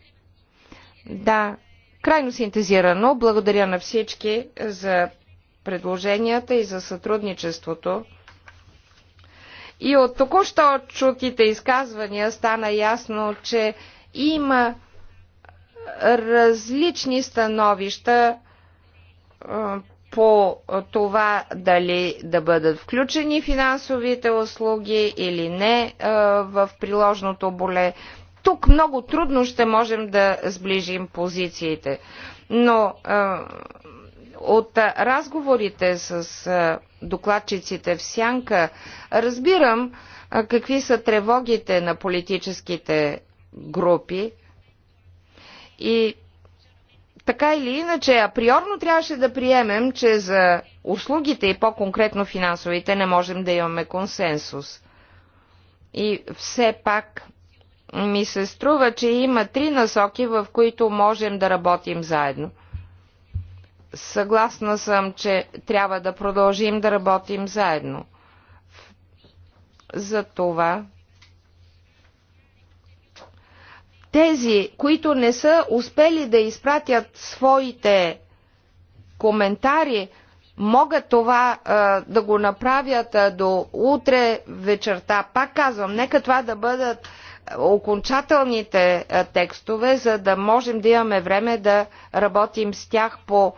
Speaker 2: Да, крайно синтезирано. Благодаря на всички за предложенията и за сътрудничеството. И от току-що чутите изказвания стана ясно, че има различни становища по това дали да бъдат включени финансовите услуги или не в приложното боле. Тук много трудно ще можем да сближим позициите. Но от разговорите с докладчиците в Сянка разбирам какви са тревогите на политическите групи, и така или иначе, априорно трябваше да приемем, че за услугите и по-конкретно финансовите не можем да имаме консенсус. И все пак ми се струва, че има три насоки, в които можем да работим заедно. Съгласна съм, че трябва да продължим да работим заедно. За това Тези, които не са успели да изпратят своите коментари, могат това а, да го направят а, до утре вечерта. Пак казвам, нека това да бъдат окончателните а, текстове, за да можем да имаме време да работим с тях по,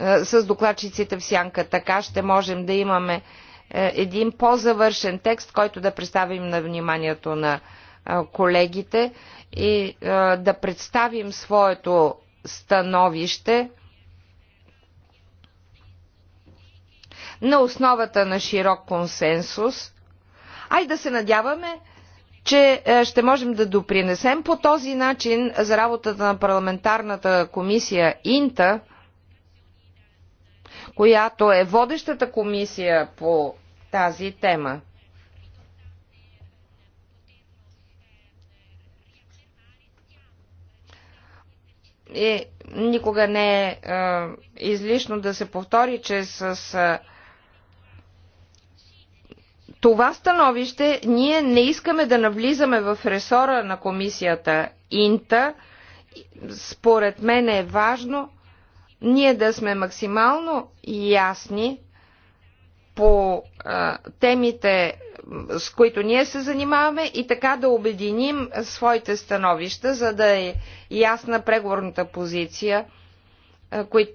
Speaker 2: а, с докладчиците в сянка. Така ще можем да имаме а, един по-завършен текст, който да представим на вниманието на колегите и да представим своето становище на основата на широк консенсус. Ай да се надяваме, че ще можем да допринесем по този начин за работата на парламентарната комисия Инта, която е водещата комисия по тази тема. И никога не е, е излишно да се повтори, че с е, това становище ние не искаме да навлизаме в ресора на комисията Инта. Според мен е важно ние да сме максимално ясни по а, темите, с които ние се занимаваме и така да обединим своите становища, за да е ясна преговорната позиция, а, кои,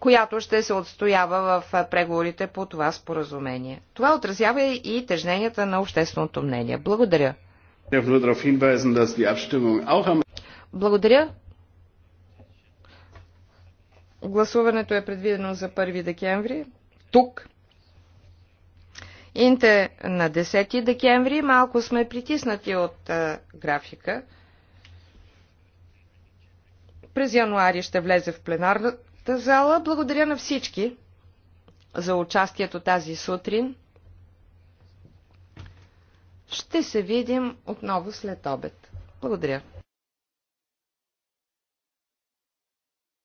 Speaker 2: която ще се отстоява в преговорите по това споразумение. Това отразява и тежненията на общественото мнение. Благодаря. Благодаря. Гласуването е предвидено за 1 декември. Тук. Инте на 10 декември. Малко сме притиснати от а, графика. През януари ще влезе в пленарната зала. Благодаря на всички за участието тази сутрин. Ще се видим отново след обед. Благодаря.